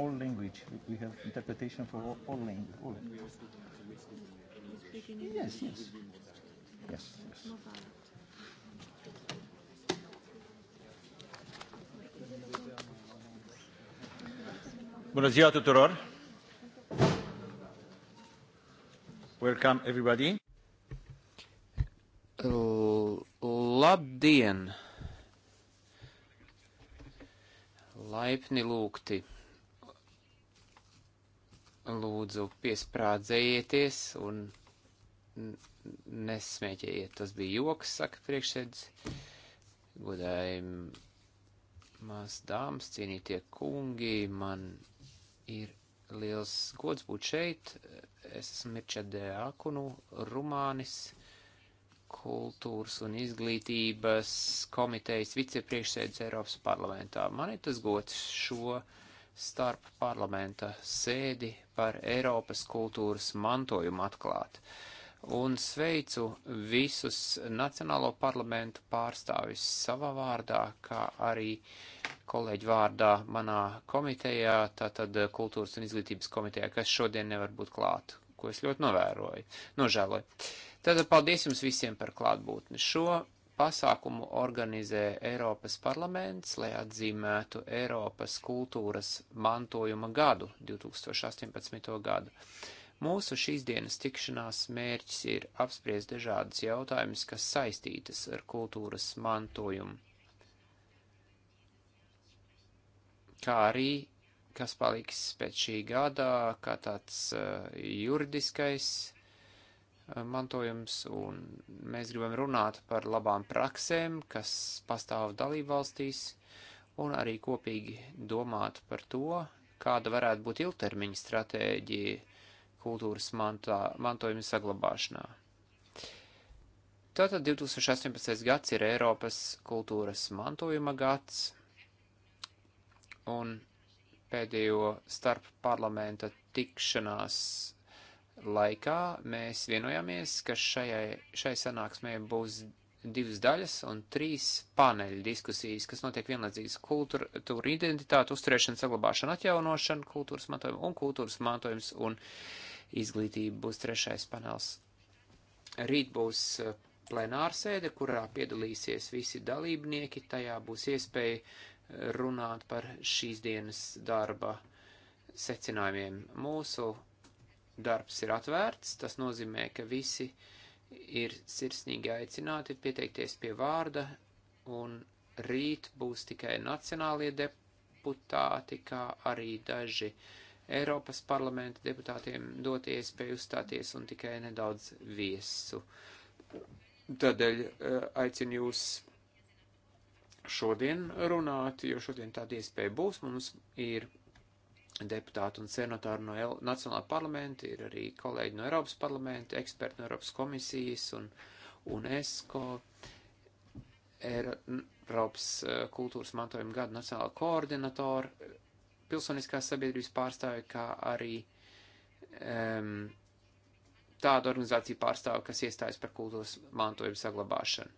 all language. We have interpretation for all, all language. All. Yes, yes. Yes, yes. Bună ziua tuturor! Welcome everybody! L labdien! Laipni lūgti! lūdzu piesprādzējieties un nesmēķējiet. Tas bija joks, saka priekšsēdz. Godājumi mās dāmas, cienītie kungi, man ir liels gods būt šeit. Es esmu Mirča Deakunu, Rumānis, kultūras un izglītības komitejas vicepriekšsēdz Eiropas parlamentā. Man ir tas gods šo starp parlamenta sēdi par Eiropas kultūras mantojumu atklāt. Un sveicu visus Nacionālo parlamentu pārstāvis savā vārdā, kā arī kolēģi vārdā manā komitejā, tātad Kultūras un izglītības komitejā, kas šodien nevar būt klāt, ko es ļoti novēroju, nožēloju. Tātad paldies jums visiem par klātbūtni. Šo pasākumu organizē Eiropas parlaments, lai atzīmētu Eiropas kultūras mantojuma gadu, 2018. gadu. Mūsu šīs dienas tikšanās mērķis ir apspriest dažādas jautājumas, kas saistītas ar kultūras mantojumu, kā arī kas paliks pēc šī gada, kā tāds uh, juridiskais mantojums, un mēs gribam runāt par labām praksēm, kas pastāv dalībvalstīs, un arī kopīgi domāt par to, kāda varētu būt ilgtermiņa stratēģija kultūras mantā, mantojuma saglabāšanā. Tātad 2018. gads ir Eiropas kultūras mantojuma gads, un pēdējo starp parlamenta tikšanās laikā mēs vienojāmies, ka šajai, šai sanāksmē būs divas daļas un trīs paneļa diskusijas, kas notiek vienlaicīgi kultūra, tūra identitāte, uzturēšana, saglabāšana, atjaunošana, kultūras mantojuma un kultūras mantojums un izglītība būs trešais panels. Rīt būs eh, plenārsēde, kurā piedalīsies visi dalībnieki, tajā būs iespēja eh, runāt par šīs dienas darba secinājumiem. Mūsu darbs ir atvērts, tas nozīmē, ka visi ir sirsnīgi aicināti pieteikties pie vārda, un rīt būs tikai nacionālie deputāti, kā arī daži Eiropas parlamenta deputātiem dot iespēju uzstāties un tikai nedaudz viesu. Tādēļ eh, aicinu jūs šodien runāt, jo šodien tāda iespēja būs. Mums ir deputāti un senatori no El Nacionālā parlamenta, ir arī kolēģi no Eiropas parlamenta, eksperti no Eiropas komisijas un UNESCO, Eiropas eh, kultūras mantojuma gada nacionāla koordinatora, pilsoniskās sabiedrības pārstāvi, kā arī um, tāda organizācija pārstāvi, kas iestājas par kultūras mantojuma saglabāšanu.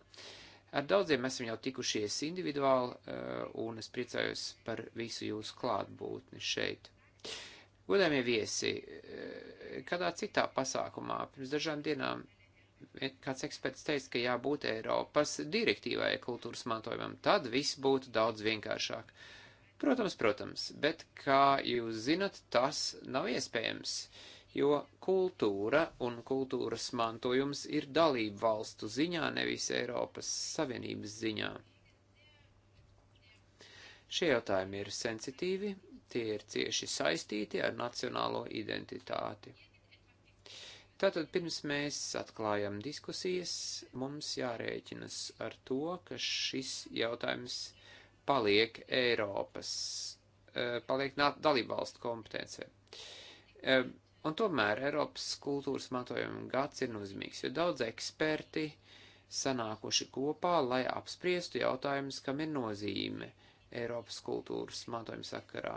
Ar daudziem esam jau tikušies individuāli, eh, un es priecājos par visu jūsu klātbūtni šeit. Godāmie viesi, eh, kādā citā pasākumā pirms dažām dienām eh, kāds eksperts teica, ka jābūt Eiropas direktīvai kultūras mantojumam, tad viss būtu daudz vienkāršāk. Protams, protams, bet kā jūs zinat, tas nav iespējams, jo kultūra un kultūras mantojums ir dalību valstu ziņā, nevis Eiropas Savienības ziņā. Šie jautājumi ir sensitīvi, tie ir cieši saistīti ar nacionālo identitāti. Tātad pirms mēs atklājam diskusijas, mums jārēķinas ar to, ka šis jautājums paliek Eiropas, eh, paliek dalībvalstu kompetencē. Eh, un tomēr Eiropas kultūras mantojuma gads ir nozīmīgs, jo daudz eksperti sanākuši kopā, lai apspriestu jautājumus, kam ir nozīme – Eiropas kultūras mantojuma sakarā.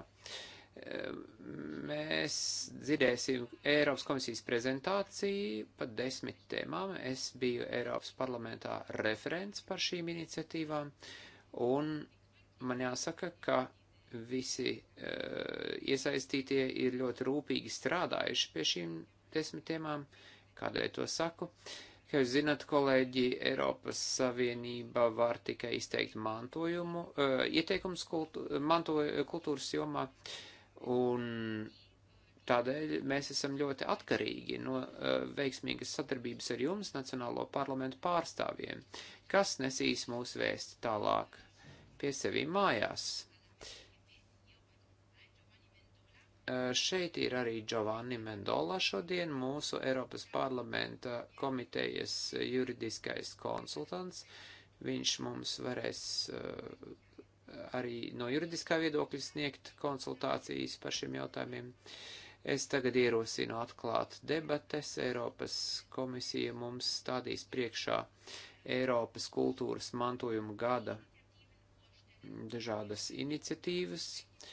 Mēs dzirdēsim Eiropas komisijas prezentāciju par desmit tēmām. Es biju Eiropas parlamentā referents par šīm iniciatīvām, un man jāsaka, ka visi e, iesaistītie ir ļoti rūpīgi strādājuši pie šīm desmit tēmām. Kādēļ to saku? E, Kā jūs zināt, kolēģi, Eiropas Savienība var tikai izteikt mantojumu, uh, ieteikums kultu, manto, kultūras jomā, un tādēļ mēs esam ļoti atkarīgi no uh, veiksmīgas sadarbības ar jums, Nacionālo parlamentu pārstāvjiem, kas nesīs mūsu vēsti tālāk pie sevi mājās. Eh, šeit ir arī Giovanni Mendola šodien, mūsu Eiropas parlamenta komitejas juridiskais konsultants. Viņš mums varēs eh, arī no juridiskā viedokļa sniegt konsultācijas par šiem jautājumiem. Es tagad ierosinu atklāt debates. Eiropas komisija mums stādīs priekšā Eiropas kultūras mantojuma gada dažādas iniciatīvas. Uh,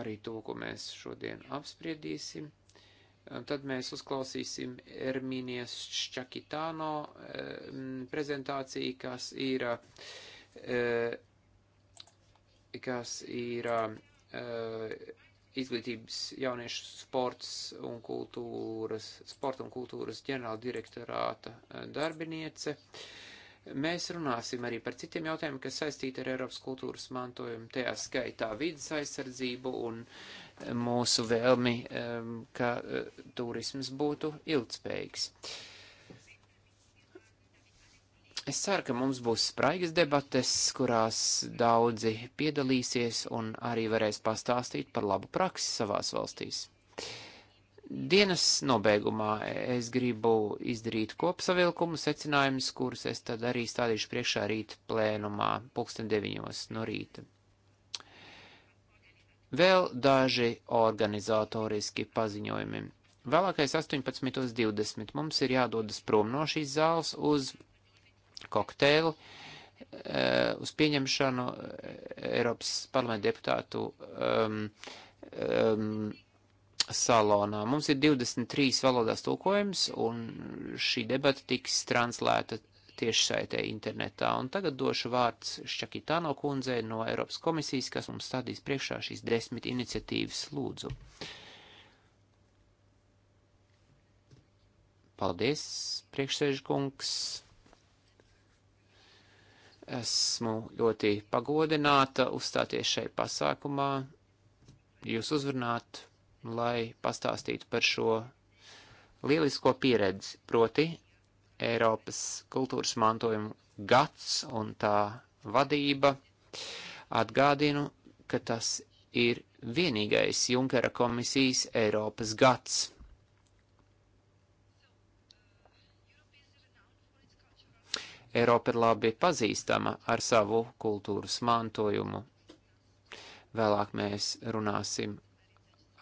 arī to, ko mēs šodien apspriedīsim. Tad mēs uzklausīsim Ermīnijas Šķakitāno eh, prezentāciju, kas ir, eh, kas ir eh, izglītības jauniešu sports un kultūras, sporta un kultūras ģenerāla direktorāta darbiniece. Uh, Mēs runāsim arī par citiem jautājumiem, kas saistīti ar Eiropas kultūras mantojumu, tajā skaitā vidas aizsardzību un eh, mūsu vēlmi, eh, ka eh, turisms būtu ilgspējīgs. Es ceru, ka mums būs spraigas debates, kurās daudzi piedalīsies un arī varēs pastāstīt par labu praksi savās valstīs. Uh, Dienas nobeigumā es gribu izdarīt kopsavilkumu secinājumus, kurus es tad arī stādīšu priekšā rīt plēnumā, pulksten deviņos no rīta. Vēl daži organizatoriski paziņojumi. Vēlākais 18.20 mums ir jādodas prom no šīs zāles uz kokteili, eh, uz pieņemšanu eh, Eiropas parlamenta deputātu um, um, salonā. Mums ir 23 valodās tulkojums, un šī debata tiks translēta tiešsaitē internetā. Un tagad došu vārds Šķakitāno kundzei no Eiropas komisijas, kas mums stādīs priekšā šīs desmit iniciatīvas lūdzu. Paldies, priekšsēžkungs. Esmu ļoti pagodināta uzstāties šai pasākumā. Jūs uzrunāt lai pastāstītu par šo lielisko pieredzi, proti Eiropas kultūras mantojuma gads un tā vadība. Atgādinu, ka tas ir vienīgais Junkera komisijas Eiropas gads. Eiropa ir labi pazīstama ar savu kultūras mantojumu. Vēlāk mēs runāsim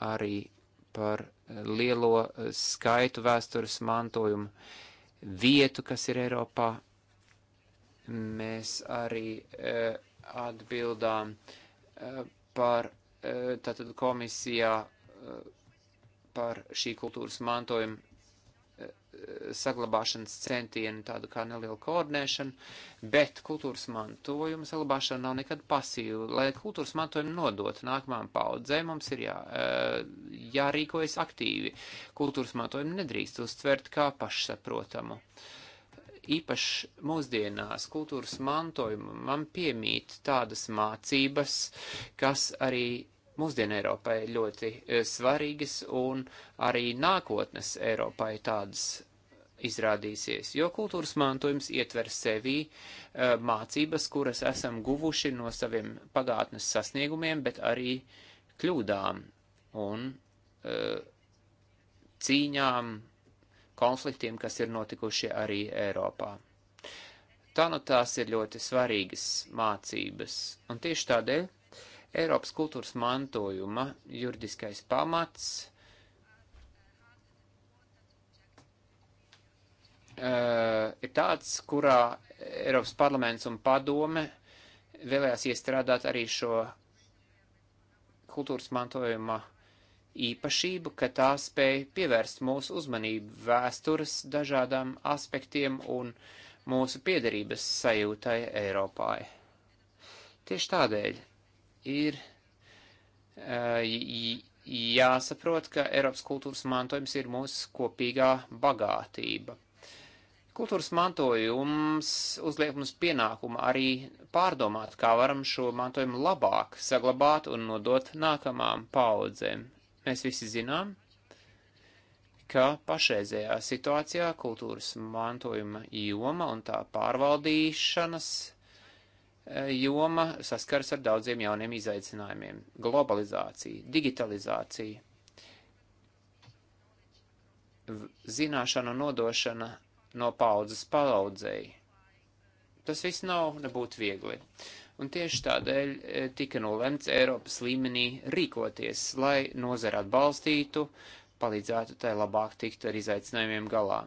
arī par eh, lielo eh, skaitu vēstures mantojumu vietu, kas ir Eiropā. Mēs arī uh, atbildām uh, par uh, tātad komisijā uh, par šī kultūras mantojuma saglabāšanas centienu, tādu kā nelielu koordinēšanu, bet kultūras mantojuma saglabāšana nav nekad pasīva. Lai kultūras mantojumu nodotu nākamajām paudzēm, mums ir jā, eh, jārīkojas aktīvi. Kultūras mantojumu nedrīkst uztvert kā pašsaprotamu. Īpaši mūsdienās kultūras mantojumam piemīt tādas mācības, kas arī mūsdienu Eiropai ļoti e, svarīgas un arī nākotnes Eiropai tādas izrādīsies, jo kultūras mantojums ietver sevī e, mācības, kuras esam guvuši no saviem pagātnes sasniegumiem, bet arī kļūdām un e, cīņām, konfliktiem, kas ir notikuši arī Eiropā. Tā no nu tās ir ļoti svarīgas mācības, un tieši tādēļ Eiropas kultūras mantojuma juridiskais pamats uh, ir tāds, kurā Eiropas parlaments un padome vēlējās iestrādāt arī šo kultūras mantojuma īpašību, ka tā spēja pievērst mūsu uzmanību vēstures dažādām aspektiem un mūsu piederības sajūtai Eiropā. Tieši tādēļ ir jāsaprot, ka Eiropas kultūras mantojums ir mūsu kopīgā bagātība. Kultūras mantojums uzliek mums pienākumu arī pārdomāt, kā varam šo mantojumu labāk saglabāt un nodot nākamām paudzēm. Mēs visi zinām, ka pašreizējā situācijā kultūras mantojuma joma un tā pārvaldīšanas joma saskars ar daudziem jauniem izaicinājumiem - globalizācija, digitalizācija, zināšanu nodošana no paudzes paudzei. Tas viss nav nebūtu viegli. Un tieši tādēļ e, tika nolemts Eiropas līmenī rīkoties, lai nozara atbalstītu, palīdzētu tai labāk tikt ar izaicinājumiem galā.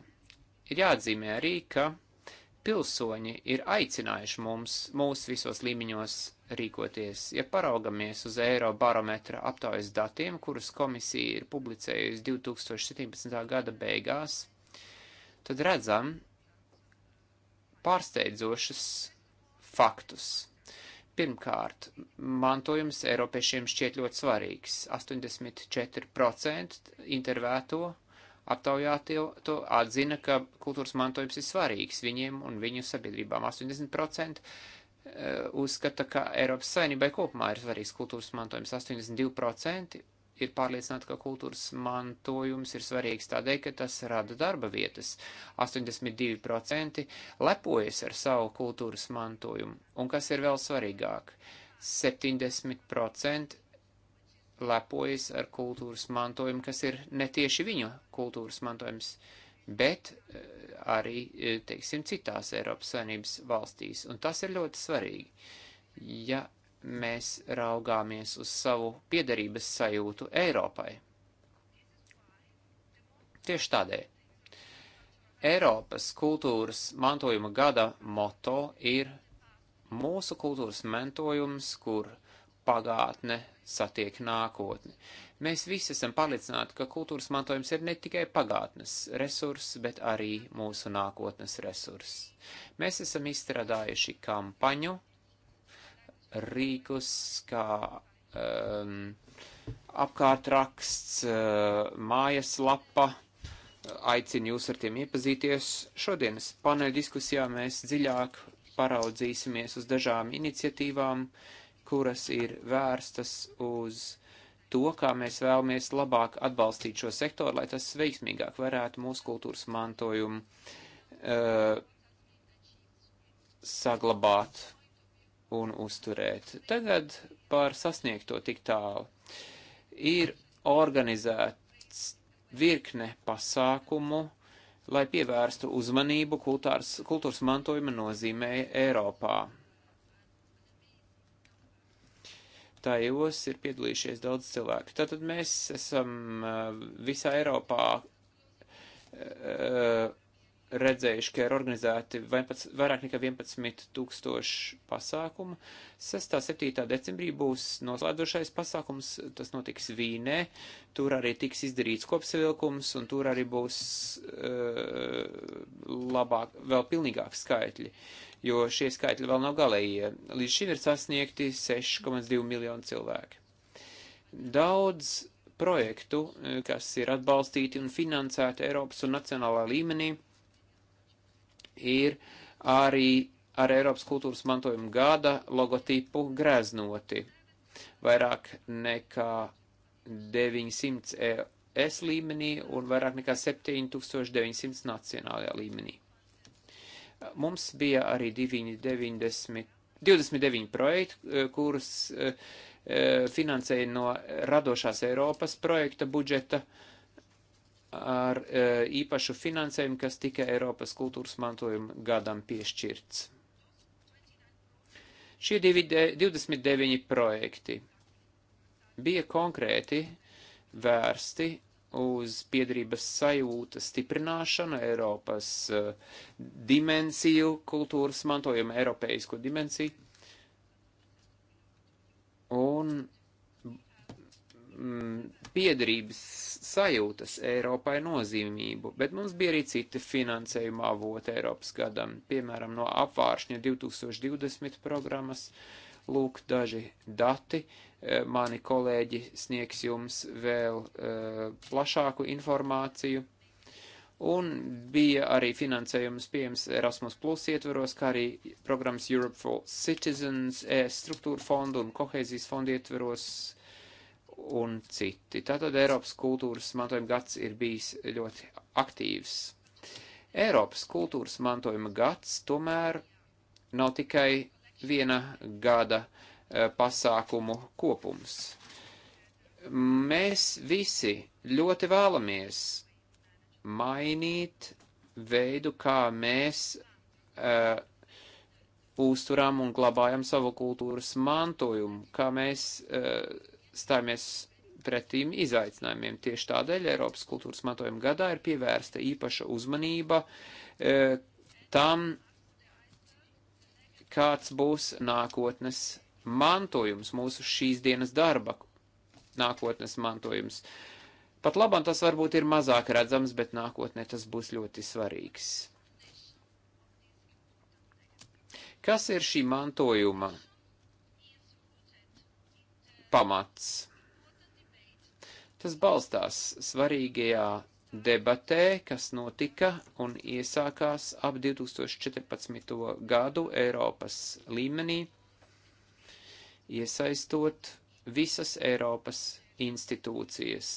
Ir jāatzīmē arī, ka pilsoņi ir aicinājuši mums, mūs visos līmeņos rīkoties. Ja paraugamies uz eiro barometra aptaujas datiem, kurus komisija ir publicējusi 2017. gada beigās, tad redzam pārsteidzošus faktus. Pirmkārt, mantojums Eiropiešiem šķiet ļoti svarīgs. 84% intervēto aptaujā to atzina, ka kultūras mantojums ir svarīgs viņiem un viņu sabiedrībām. 80% eh, uzskata, ka Eiropas Savienībai kopumā ir svarīgs kultūras mantojums. 82% ir pārliecināti, ka kultūras mantojums ir svarīgs tādēļ, ka tas rada darba vietas. 82% lepojas ar savu kultūras mantojumu. Un kas ir vēl svarīgāk? 70% lepojas ar kultūras mantojumu, kas ir ne tieši viņu kultūras mantojums, bet eh, arī, eh, teiksim, citās Eiropas Savienības valstīs. Un tas ir ļoti svarīgi. Ja mēs raugāmies uz savu piedarības sajūtu Eiropai. Tieši tādēļ. Eiropas kultūras mantojuma gada moto ir mūsu kultūras mantojums, kur pagātne satiek nākotni. Mēs visi esam pārliecināti, ka kultūras mantojums ir ne tikai pagātnes resurss, bet arī mūsu nākotnes resurss. Mēs esam izstrādājuši kampaņu, rīkus, kā um, apkārtraksts, uh, mājaslapa. Aicinu jūs ar tiem iepazīties. Šodienas paneļa diskusijā mēs dziļāk paraudzīsimies uz dažām iniciatīvām, uh, kuras ir vērstas uz to, kā mēs vēlamies labāk atbalstīt šo sektoru, lai tas veiksmīgāk varētu mūsu kultūras mantojumu uh, saglabāt un uzturēt. Tagad par sasniegto tik tālu. Ir organizēts virkne pasākumu, lai pievērstu uzmanību kultūras, kultūras mantojuma nozīmē Eiropā. tajos ir piedalījušies daudz cilvēku. Tātad mēs esam uh, visā Eiropā uh, redzējuši, ka ir organizēti 11, vairāk nekā 11 tūkstoši pasākumu. 6. 7. decembrī būs noslēdzošais pasākums, tas notiks Vīnē, tur arī tiks izdarīts kopsavilkums, un tur arī būs uh, labāk, vēl pilnīgāk skaitļi, jo šie skaitļi vēl nav galējie. Līdz šim ir sasniegti 6,2 miljoni cilvēki. Daudz projektu, eh, kas ir atbalstīti un finansēti Eiropas un nacionālā līmenī, ir arī ar Eiropas kultūras mantojuma gada logotipu greznoti. Vairāk nekā 900 ES līmenī un vairāk nekā 7900 nacionālajā līmenī. Mums bija arī 90, 29 projekti, eh, kurus eh, eh, finansēja no Radošās Eiropas projekta budžeta. Uh, ar e, īpašu finansējumu, kas tika Eiropas kultūras mantojuma gadam piešķirts. Šie 29 projekti bija konkrēti vērsti uz piedrības sajūta stiprināšanu, Eiropas e, dimensiju, kultūras mantojuma, eiropeisko dimensiju. Un mm, piedarības sajūtas Eiropai nozīmību, bet mums bija arī citi finansējuma avoti Eiropas gadam, piemēram, no apvāršņa 2020 programmas. Lūk, daži dati. Eh, mani kolēģi sniegs jums vēl uh, plašāku informāciju. Un bija arī finansējums pieejams Erasmus Plus ietveros, kā arī programmas Europe for Citizens, e struktūra fondu un kohēzijas fondu ietveros un citi. Tātad Eiropas kultūras mantojuma gads ir bijis ļoti aktīvs. Eiropas kultūras mantojuma gads tomēr nav tikai viena gada e, pasākumu kopums. Mēs visi ļoti vēlamies mainīt veidu, kā mēs uh, uzturam un glabājam savu kultūras mantojumu, kā mēs uh, stājamies pretīm izaicinājumiem. Tieši tādēļ Eiropas kultūras mantojuma gadā ir pievērsta īpaša uzmanība e, tam, kāds būs nākotnes mantojums, mūsu šīs dienas darba nākotnes mantojums. Pat labam tas varbūt ir mazāk redzams, bet nākotnē tas būs ļoti svarīgs. Kas ir šī mantojuma pamats. Tas balstās svarīgajā debatē, kas notika un iesākās ap 2014. gadu Eiropas līmenī, iesaistot visas Eiropas institūcijas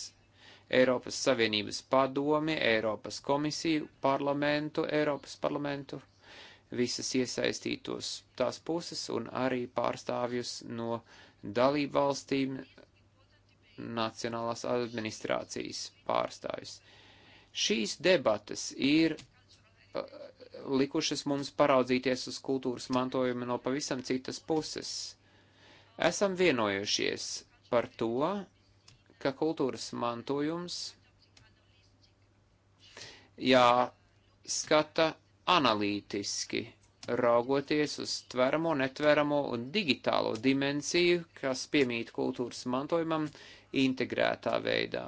Eiropas Savienības padomi, Eiropas komisiju, parlamentu, Eiropas parlamentu, visas iesaistītos tās puses un arī pārstāvjus no dalību valstīm, nacionālās administrācijas pārstāvis. Šīs debatas ir uh, likušas mums paraudzīties uz kultūras mantojumu no pavisam citas puses. Esam vienojušies par to, ka kultūras mantojums jāskata analītiski raugoties uz tveramo, netveramo un digitālo dimensiju, kas piemīt kultūras mantojumam integrētā veidā.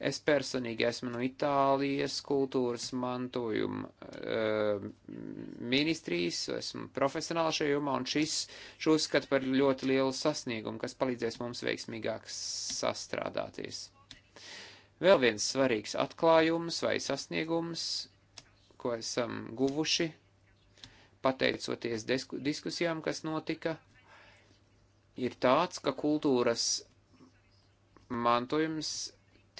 Es personīgi esmu no Itālijas kultūras mantojuma uh, ministrijas, esmu profesionāli šajā jomā, un šis šo uzskatu par ļoti lielu sasniegumu, kas palīdzēs mums veiksmīgāk sastrādāties. Vēl viens svarīgs atklājums vai sasniegums, ko esam guvuši pateicoties diskusijām, kas notika, ir tāds, ka kultūras mantojums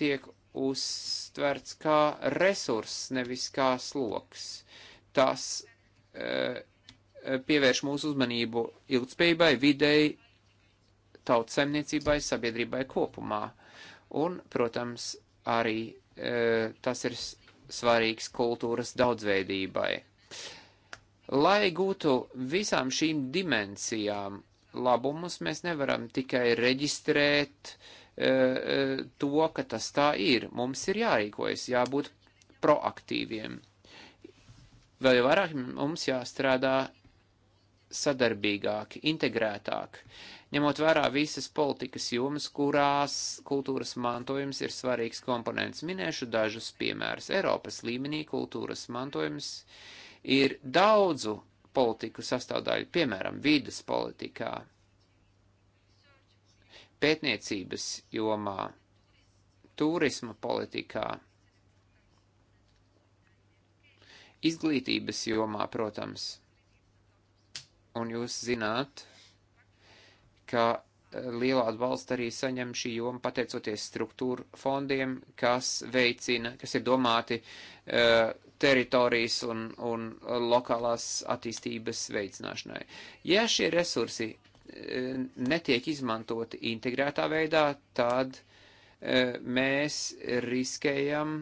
tiek uztverts kā resurss, nevis kā sloks. Tas e, e pievērš mūsu uzmanību ilgspējībai, videi, tautsemniecībai, sabiedrībai kopumā. Un, protams, arī e, tas ir svarīgs kultūras daudzveidībai. Lai gūtu visām šīm dimensijām labumus, mēs nevaram tikai reģistrēt e, e, to, ka tas tā ir. Mums ir jārīkojas, jābūt proaktīviem. Vēl vairāk mums jāstrādā sadarbīgāk, integrētāk, ņemot vērā visas politikas jomas, kurās kultūras mantojums ir svarīgs komponents. Minēšu dažus piemērus. Eiropas līmenī kultūras mantojums ir ir daudzu politiku sastāvdaļu, piemēram, vidas politikā, pētniecības jomā, turisma politikā, izglītības jomā, protams. Un jūs zināt, ka eh, lielu atbalstu arī saņem šī joma pateicoties struktūru fondiem, kas veicina, kas ir domāti uh, teritorijas un, un uh, lokālās attīstības veicināšanai. Ja šie resursi uh, netiek izmantoti integrētā veidā, tad uh, mēs riskējam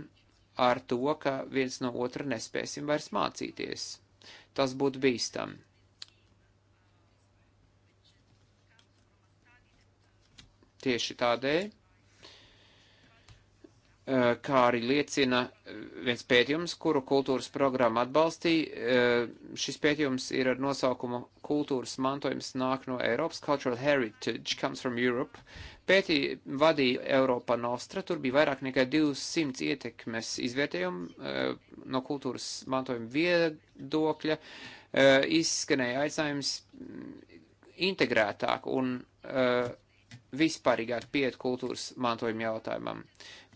ar to, ka viens no otra nespēsim vairs mācīties. Tas būtu bīstami. Tieši tādēļ Eh, kā arī liecina eh, viens pētījums, kuru kultūras programma atbalstīja. Eh, šis pētījums ir ar nosaukumu Kultūras mantojums nāk no Eiropas, Cultural Heritage comes from Europe. Pētī vadīja Eiropa Nostra, tur bija vairāk nekā 200 ietekmes izvērtējumu no kultūras mantojuma viedokļa. Izskanēja aicinājums integrētāk un uh, vispārīgāk pieiet kultūras mantojuma jautājumam.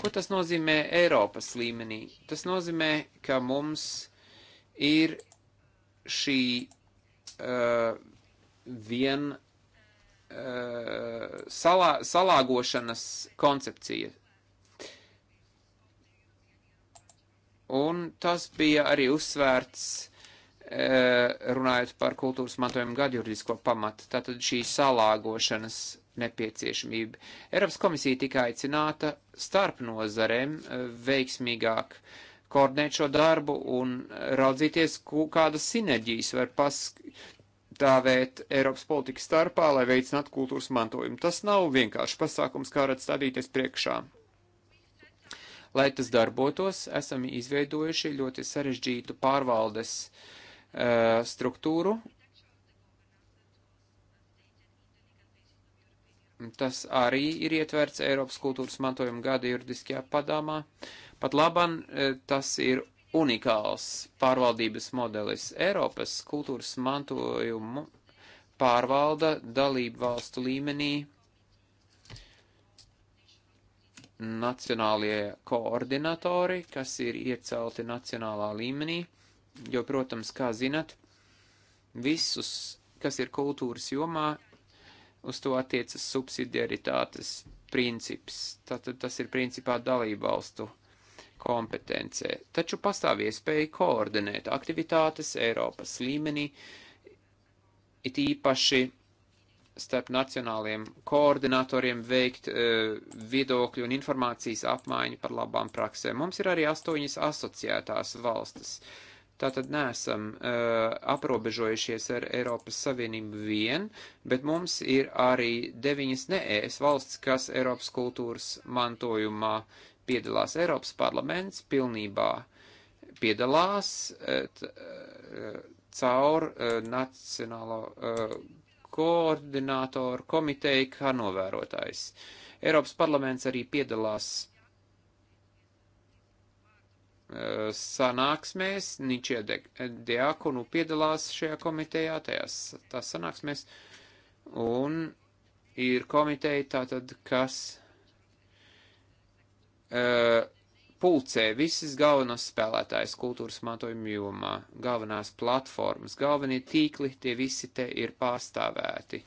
Ko tas nozīmē Eiropas līmenī? Tas nozīmē, ka mums ir šī uh, vien uh, salā, salāgošanas koncepcija. Un tas bija arī uzsvērts uh, runājot par kultūras mantojuma gadjuridisko pamatu. Tātad šī salāgošanas nepieciešamība. Eiropas komisija tika aicināta starp nozarēm eh, veiksmīgāk koordinēt šo darbu un raudzīties, kādas sinerģijas var pastāvēt Eiropas politikas starpā, lai veicinātu kultūras mantojumu. Tas nav vienkārši pasākums, kā varat stādīties priekšā. Lai tas darbotos, esam izveidojuši ļoti sarežģītu pārvaldes uh, struktūru, Tas arī ir ietverts Eiropas kultūras mantojuma gada juridiskajā padāmā. Pat laban e, tas ir unikāls pārvaldības modelis. Eiropas kultūras mantojumu pārvalda dalību valstu līmenī nacionālie koordinatori, kas ir iecelti nacionālā līmenī, jo, protams, kā zinat, visus, kas ir kultūras jomā, uz to attiecas subsidiaritātes princips. Tātad tas ir principā dalībvalstu kompetencē. Taču pastāv iespēja koordinēt aktivitātes Eiropas līmenī, it īpaši starp nacionāliem koordinatoriem veikt uh, viedokļu un informācijas apmaiņu par labām praksēm. Mums ir arī astoņas asociētās valstis. Uh, Tātad neesam uh, aprobežojušies ar Eiropas Savienību vien, bet mums ir arī deviņas neēs valsts, kas Eiropas kultūras mantojumā piedalās. Eiropas parlaments pilnībā piedalās t, caur Nacionālo koordinātoru komiteju kā novērotājs. Eiropas parlaments arī piedalās sanāksmēs, Ničie Diakonu piedalās šajā komitejā, tajās tās sanāksmēs, un ir komiteja tātad, kas uh, pulcē visas galvenās spēlētājas kultūras mantojuma jomā, galvenās platformas, galvenie tīkli, tie visi te ir pārstāvēti.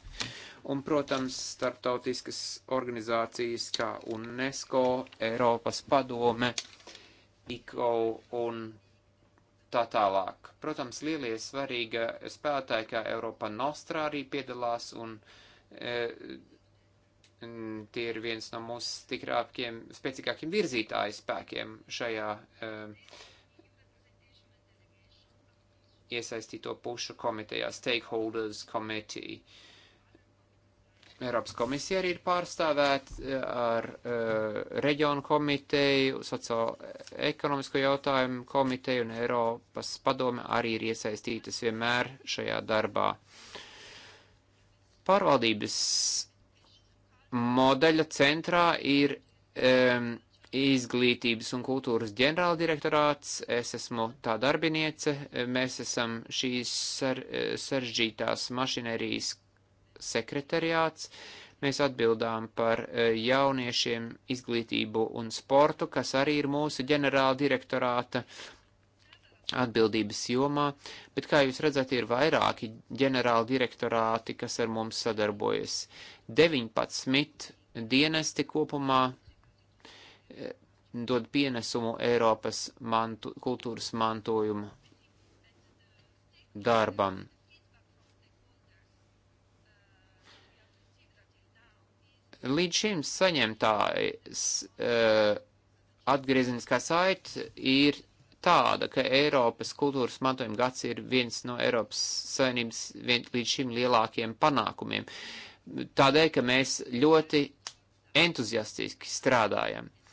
Un, protams, starptautiskas organizācijas kā UNESCO, Eiropas padome, uh, ICO un tā tālāk. Protams, lielie svarīga spēlētāji, kā Eiropa Nostra arī piedalās, un e, tie ir viens no mūsu stiprākiem, spēcīgākiem virzītāju spēkiem šajā e, iesaistīto pušu komitejā, stakeholders committee. E, Eiropas komisija arī ir pārstāvēta eh, ar uh, reģionu komiteju, sociālo-ekonomisko jautājumu komiteju un Eiropas padome arī ir iesaistītas vienmēr šajā darbā. Pārvaldības modeļa centrā ir um, izglītības un kultūras ģenerāldirektorāts, es esmu tā darbiniece, mēs esam šīs sar, eh, saržģītās mašinērijas sekretariāts. Mēs atbildām par e, jauniešiem, izglītību un sportu, kas arī ir mūsu ģenerāla direktorāta atbildības jomā, bet, kā jūs redzat, ir vairāki ģenerāli direktorāti, kas ar mums sadarbojas. 19 dienesti kopumā e, dod pienesumu Eiropas mantu, kultūras mantojumu darbam. Līdz šim saņemtā uh, atgriezeniskā saite ir tāda, ka Eiropas kultūras mantojuma gads ir viens no Eiropas savienības vien, līdz šim lielākiem panākumiem. Tādēļ, ka mēs ļoti entuziastiski strādājam. Uh,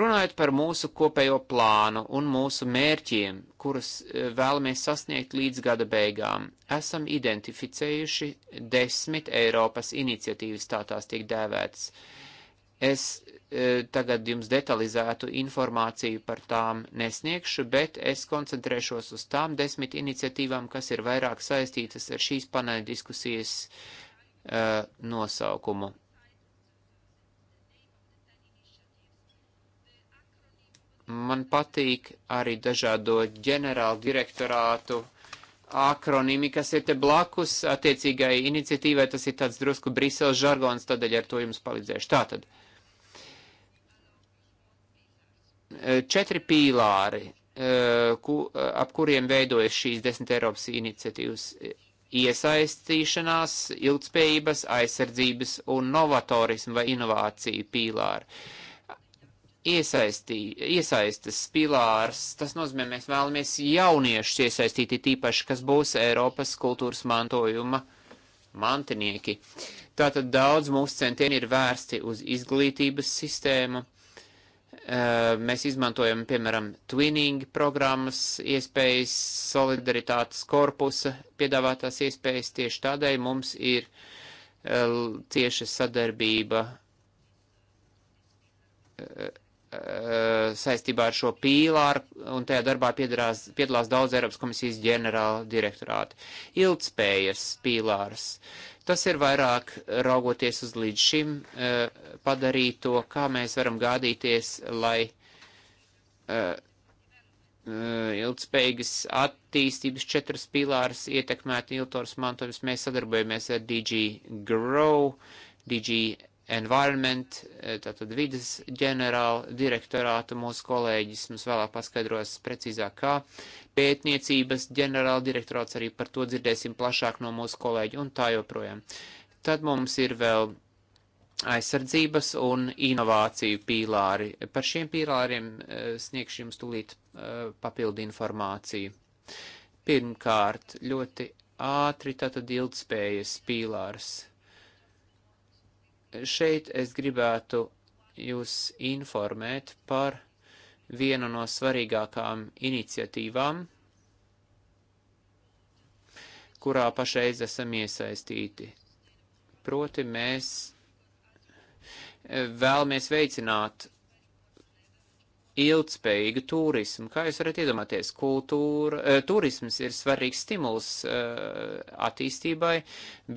Runājot par mūsu kopējo plānu un mūsu mērķiem, kurus eh, vēlamies sasniegt līdz gada beigām, esam identificējuši desmit Eiropas iniciatīvas, tā tās tiek dēvētas. Es e, tagad jums detalizētu informāciju par tām nesniegšu, bet es koncentrēšos uz tām desmit iniciatīvām, kas ir vairāk saistītas ar šīs paneļa diskusijas e, nosaukumu. Man patīk arī dažādo ģenerālu direktorātu akronīmi, kas ir te blakus attiecīgai iniciatīvai. Tas ir tāds drusku Briseles žargons, tādēļ ar to jums palīdzēšu. Tātad. E, četri pīlāri, e, ku, e, ap kuriem veidojas šīs desmit Eiropas iniciatīvas iesaistīšanās, ilgspējības, aizsardzības un novatorismu vai inovāciju pīlāri. Uh, iesaistī, iesaistas pilārs. Tas nozīmē, mēs vēlamies jauniešus iesaistīt, tīpaši, kas būs Eiropas kultūras mantojuma mantinieki. Tātad daudz mūsu centieni ir vērsti uz izglītības sistēmu. Mēs izmantojam, piemēram, twinning programmas, iespējas, solidaritātes korpusa piedāvātās iespējas. Tieši tādēļ mums ir cieša sadarbība Eh, saistībā ar šo pīlāru, un tajā darbā piedarās, piedalās daudz Eiropas komisijas ģenerāla direktorāta. Ilgspējas pīlārs. Tas ir vairāk raugoties uz līdz šim eh, padarīto, kā mēs varam gādīties, lai eh, ilgspējīgas attīstības četras pīlāras ietekmētu Iltors mantojums. Mēs sadarbojamies ar DG Grow, DG Environment, e, tātad vidas ģenerāla direktorāta mūsu kolēģis mums vēlāk paskaidros precīzāk kā. Pētniecības ģenerāla direktorāts arī par to dzirdēsim plašāk no mūsu kolēģi un tā joprojām. Tad mums ir vēl aizsardzības un inovāciju pīlāri. Par šiem pīlāriem e, sniegšu jums tūlīt e, papildu informāciju. Pirmkārt, ļoti ātri tātad ilgspējas pīlārs Šeit es gribētu jūs informēt par vienu no svarīgākām iniciatīvām, kurā pašreiz esam iesaistīti. Proti mēs e, vēlamies veicināt ilgspējīgu turismu. Kā jūs varat iedomāties, kultūra, e, turisms ir svarīgs stimuls e, attīstībai,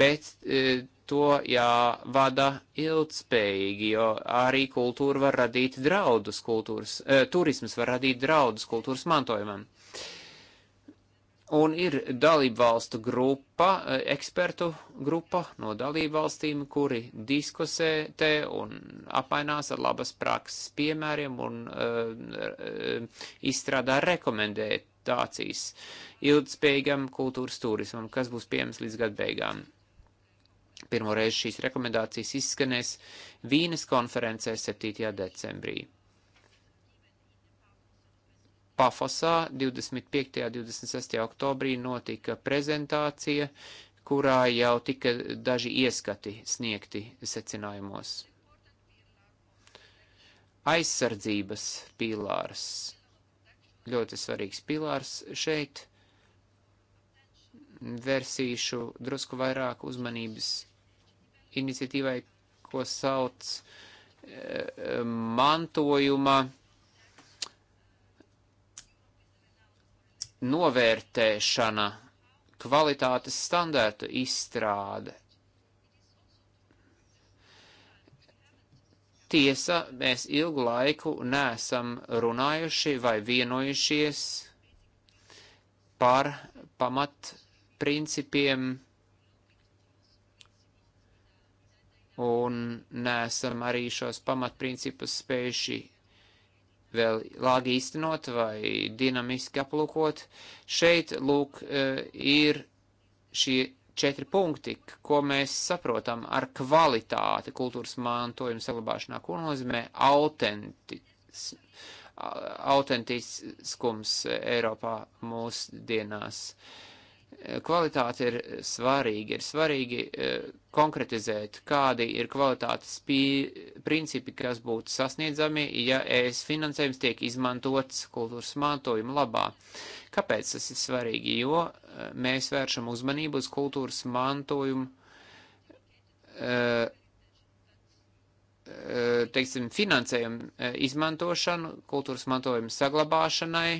bet e, to jāvada ilgspējīgi, jo arī kultūra var radīt draudus kultūras, e, eh, turismas var radīt draudus kultūras mantojumam. Un ir dalību valstu grupa, eh, ekspertu grupa no dalību valstīm, kuri diskusē te un apmainās ar labas prakses piemēriem un uh, e, uh, e, izstrādā rekomendētācijas ilgspējīgam kultūras turismam, kas būs pieejams līdz gadu beigām. Pirmo reizi šīs rekomendācijas izskanēs Vīnes konferencē 7. decembrī. Pafosā 25. un 26. oktobrī notika prezentācija, kurā jau tika daži ieskati sniegti secinājumos. Aizsardzības pīlārs. Ļoti svarīgs pīlārs šeit. Versīšu drusku vairāk uzmanības iniciatīvai, ko sauc eh, eh, mantojuma novērtēšana, kvalitātes standārtu izstrāde. Tiesa, mēs ilgu laiku nesam runājuši vai vienojušies par pamatprincipiem un nesam arī šos pamatprincipus spējuši vēl lāgi īstenot vai dinamiski aplūkot. Šeit, lūk, ir šie četri punkti, ko mēs saprotam ar kvalitāti kultūras mantojuma saglabāšanā, ko nozīmē autentis, autentiskums Eiropā mūsdienās. Uh, Kvalitāte ir svarīga, ir svarīgi eh, konkretizēt, kādi ir kvalitātes principi, kas būtu sasniedzami, ja ES finansējums tiek izmantots kultūras mantojuma labā. Kāpēc tas ir svarīgi? Jo eh, mēs vēršam uzmanību uz kultūras mantojumu eh, teiksim, finansējumu izmantošanu, kultūras mantojuma saglabāšanai,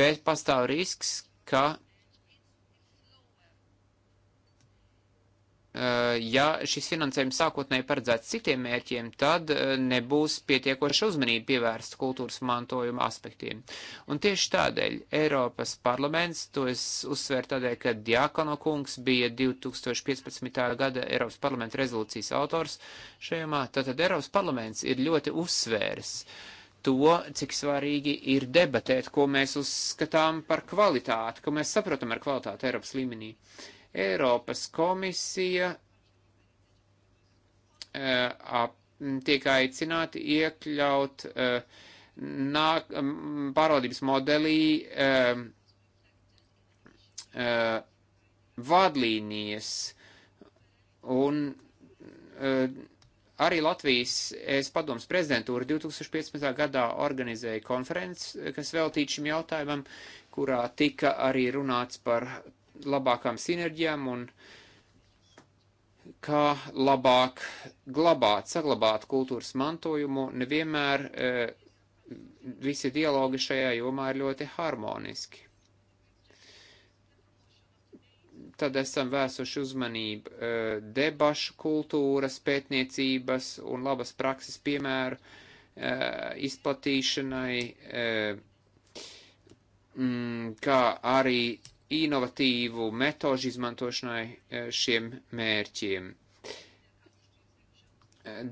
bet pastāv risks, ka eh, ja šis finansējums sākotnēji paredzēts citiem mērķiem, tad eh, nebūs pietiekoša uzmanība pievērsta kultūras mantojuma aspektiem. Un tieši tādēļ Eiropas parlaments, to es uzsvēru tādēļ, ka Diakono kungs bija 2015. gada Eiropas parlamenta rezolūcijas autors šajomā, tātad Eiropas parlaments ir ļoti uzsvērs uh, to, cik svarīgi ir debatēt, ko mēs uzskatām par kvalitāti, ko mēs saprotam ar kvalitāti Eiropas līmenī. Eiropas komisija uh, tiek aicināti iekļaut uh, nāk, um, pārvaldības modelī uh, uh, vadlīnijas un uh, Arī Latvijas es padoms prezidentūra 2015. gadā organizēja konferences, kas veltīta šim jautājumam, kurā tika arī runāts par labākām sinerģijām un kā labāk glabāt, saglabāt kultūras mantojumu. Nevienmēr e, visi dialogi šajā jomā ir ļoti harmoniski. tad esam vēsuši uzmanību e, debašu kultūras, pētniecības un labas prakses piemēru e, izplatīšanai, e, kā arī inovatīvu metožu izmantošanai šiem mērķiem.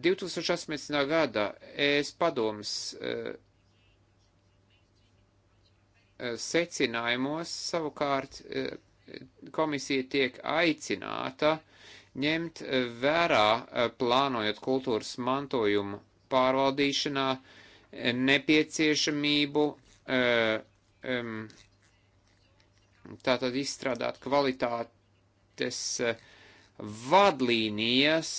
2018. gada ES padomas secinājumos savukārt komisija tiek aicināta ņemt vērā, eh, plānojot kultūras mantojumu pārvaldīšanā, eh, nepieciešamību eh, tātad izstrādāt kvalitātes vadlīnijas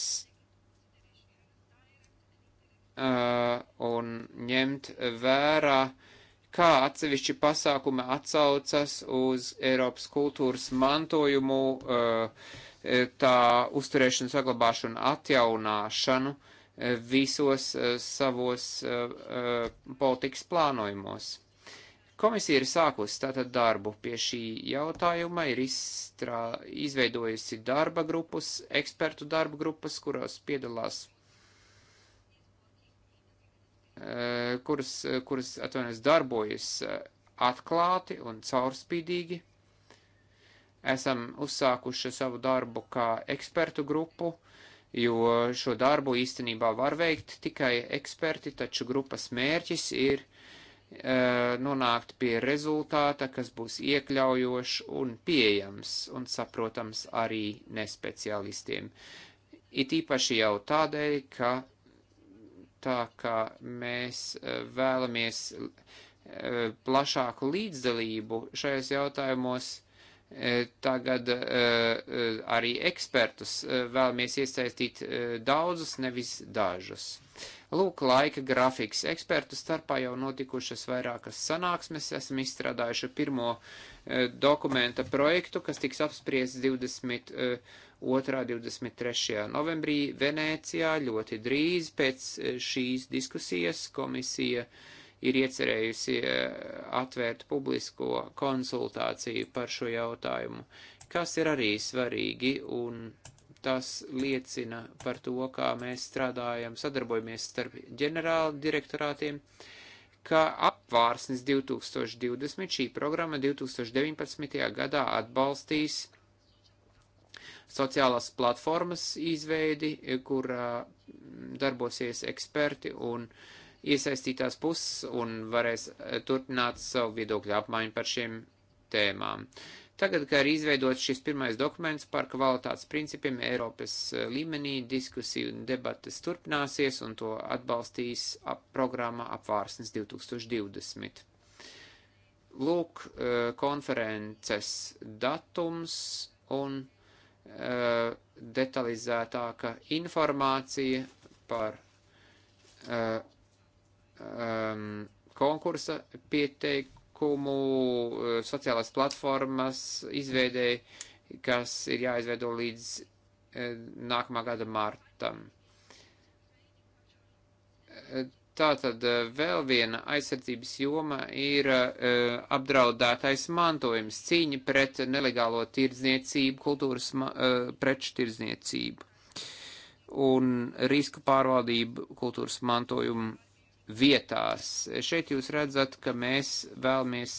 un ņemt vērā uh, kā atsevišķi pasākumi atsaucas uz Eiropas kultūras mantojumu, eh, eh, tā uzturēšanu, saglabāšanu, atjaunāšanu eh, visos savos politikas plānojumos. Komisija ir sākusi tātad darbu pie šī jautājuma, ir izstrā, izveidojusi darba grupus, ekspertu darba grupas, kurās piedalās Eh, kuras, eh, kuras atvainojas, darbojas eh, atklāti un caurspīdīgi. Esam uzsākuši savu darbu kā ekspertu grupu, jo šo darbu īstenībā var veikt tikai eksperti, taču grupas mērķis ir nonākt pie rezultāta, kas būs iekļaujošs un pieejams un saprotams arī nespecialistiem. It īpaši jau tādēļ, ka tā ka mēs e, vēlamies e, plašāku līdzdalību šajos jautājumos. E, tagad arī ekspertus vēlamies iesaistīt daudzus, nevis dažus. Lūk, laika grafiks. Ekspertu starpā jau notikušas vairākas sanāksmes. Esam izstrādājuši pirmo dokumenta projektu, kas tiks apspriests 20 2. 23. novembrī Venēcijā ļoti drīz pēc e, šīs diskusijas komisija ir iecerējusi e, atvērt publisko konsultāciju par šo jautājumu, kas ir arī svarīgi un tas liecina par to, kā mēs strādājam, sadarbojamies starp ģenerāla direktorātiem, ka apvārsnes 2020 šī programma 2019. gadā atbalstīs sociālās platformas izveidi, kur darbosies eksperti un iesaistītās puses un varēs turpināt savu viedokļu apmaiņu par šiem tēmām. Tagad, kā ir izveidots šis pirmais dokuments par kvalitātes principiem Eiropas līmenī, diskusiju un debates turpināsies un to atbalstīs ap programma apvārsnes 2020. Lūk, konferences datums un Eh, detalizētāka informācija par um, konkursa pieteikumu, eh, sociālās platformas izveidēji, kas ir jāizveido līdz nākamā gada martam. Tātad eh, vēl viena aizsardzības joma ir uh, apdraudētais mantojums, cīņa pret nelegālo tirdzniecību, kultūras uh, eh, preču tirdzniecību un risku pārvaldību kultūras mantojumu vietās. Šeit jūs redzat, ka mēs vēlamies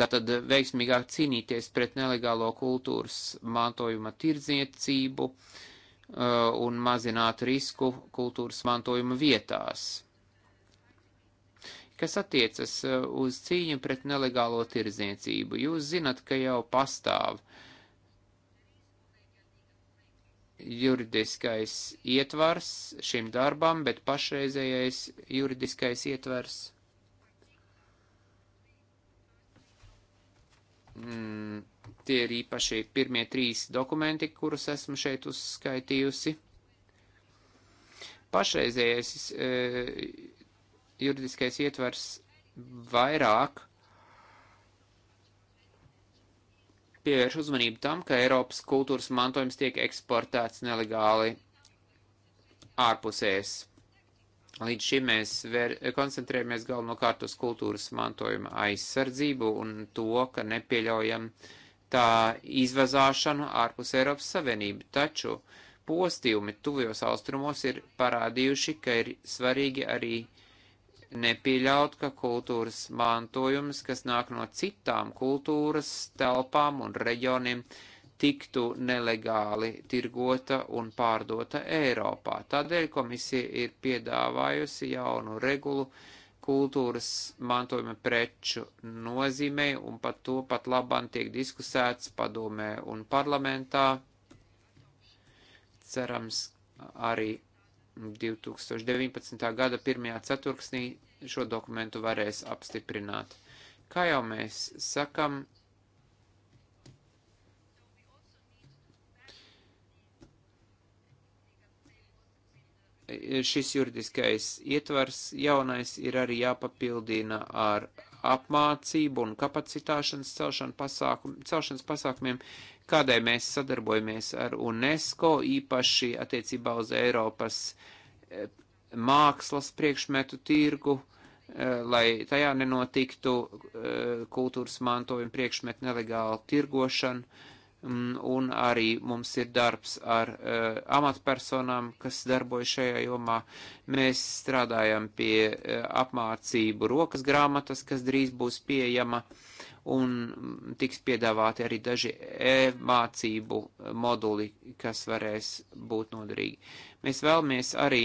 tātad veiksmīgāk cīnīties pret nelegālo kultūras mantojuma tirdzniecību. Uh, Uh, un mazināt risku kultūras mantojuma vietās. Kas attiecas uh, uz cīņu pret nelegālo tirzniecību, jūs zinat, ka jau pastāv juridiskais ietvars šim darbam, bet pašreizējais juridiskais ietvars mm, Tie ir īpaši pirmie trīs dokumenti, kurus esmu šeit uzskaitījusi. Pašreizējais e, juridiskais ietvers vairāk pievērš uzmanību tam, ka Eiropas kultūras mantojums tiek eksportēts nelegāli ārpusēs. Līdz šim mēs vēr, koncentrējamies galvenokārt uz kultūras mantojuma aizsardzību un to, ka nepieļaujam uh, tā izvazāšanu ārpus Eiropas Savienību, taču postījumi tuvajos austrumos ir parādījuši, ka ir svarīgi arī nepieļaut, ka kultūras mantojums, kas nāk no citām kultūras telpām un reģioniem, tiktu nelegāli tirgota un pārdota Eiropā. Tādēļ komisija ir piedāvājusi jaunu regulu, uh, kultūras mantojuma preču nozīmei, un par to pat labam tiek diskusēts padomē un parlamentā. Cerams, arī 2019. gada 1. ceturksnī šo dokumentu varēs apstiprināt. Kā jau mēs sakam, šis juridiskais ietvars jaunais ir arī jāpapildina ar apmācību un kapacitāšanas celšanu pasākum, celšanas pasākumiem, kādai mēs sadarbojamies ar UNESCO, īpaši attiecībā uz Eiropas eh, mākslas priekšmetu tirgu, eh, lai tajā nenotiktu eh, kultūras mantojuma priekšmetu nelegāla tirgošana Mm, un arī mums ir darbs ar uh, amatpersonām, kas darbojas šajā jomā. Mēs strādājam pie uh, apmācību rokas grāmatas, kas drīz būs pieejama, un mm, tiks piedāvāti arī daži e-mācību eh, moduli, kas varēs būt noderīgi. Mēs vēlamies arī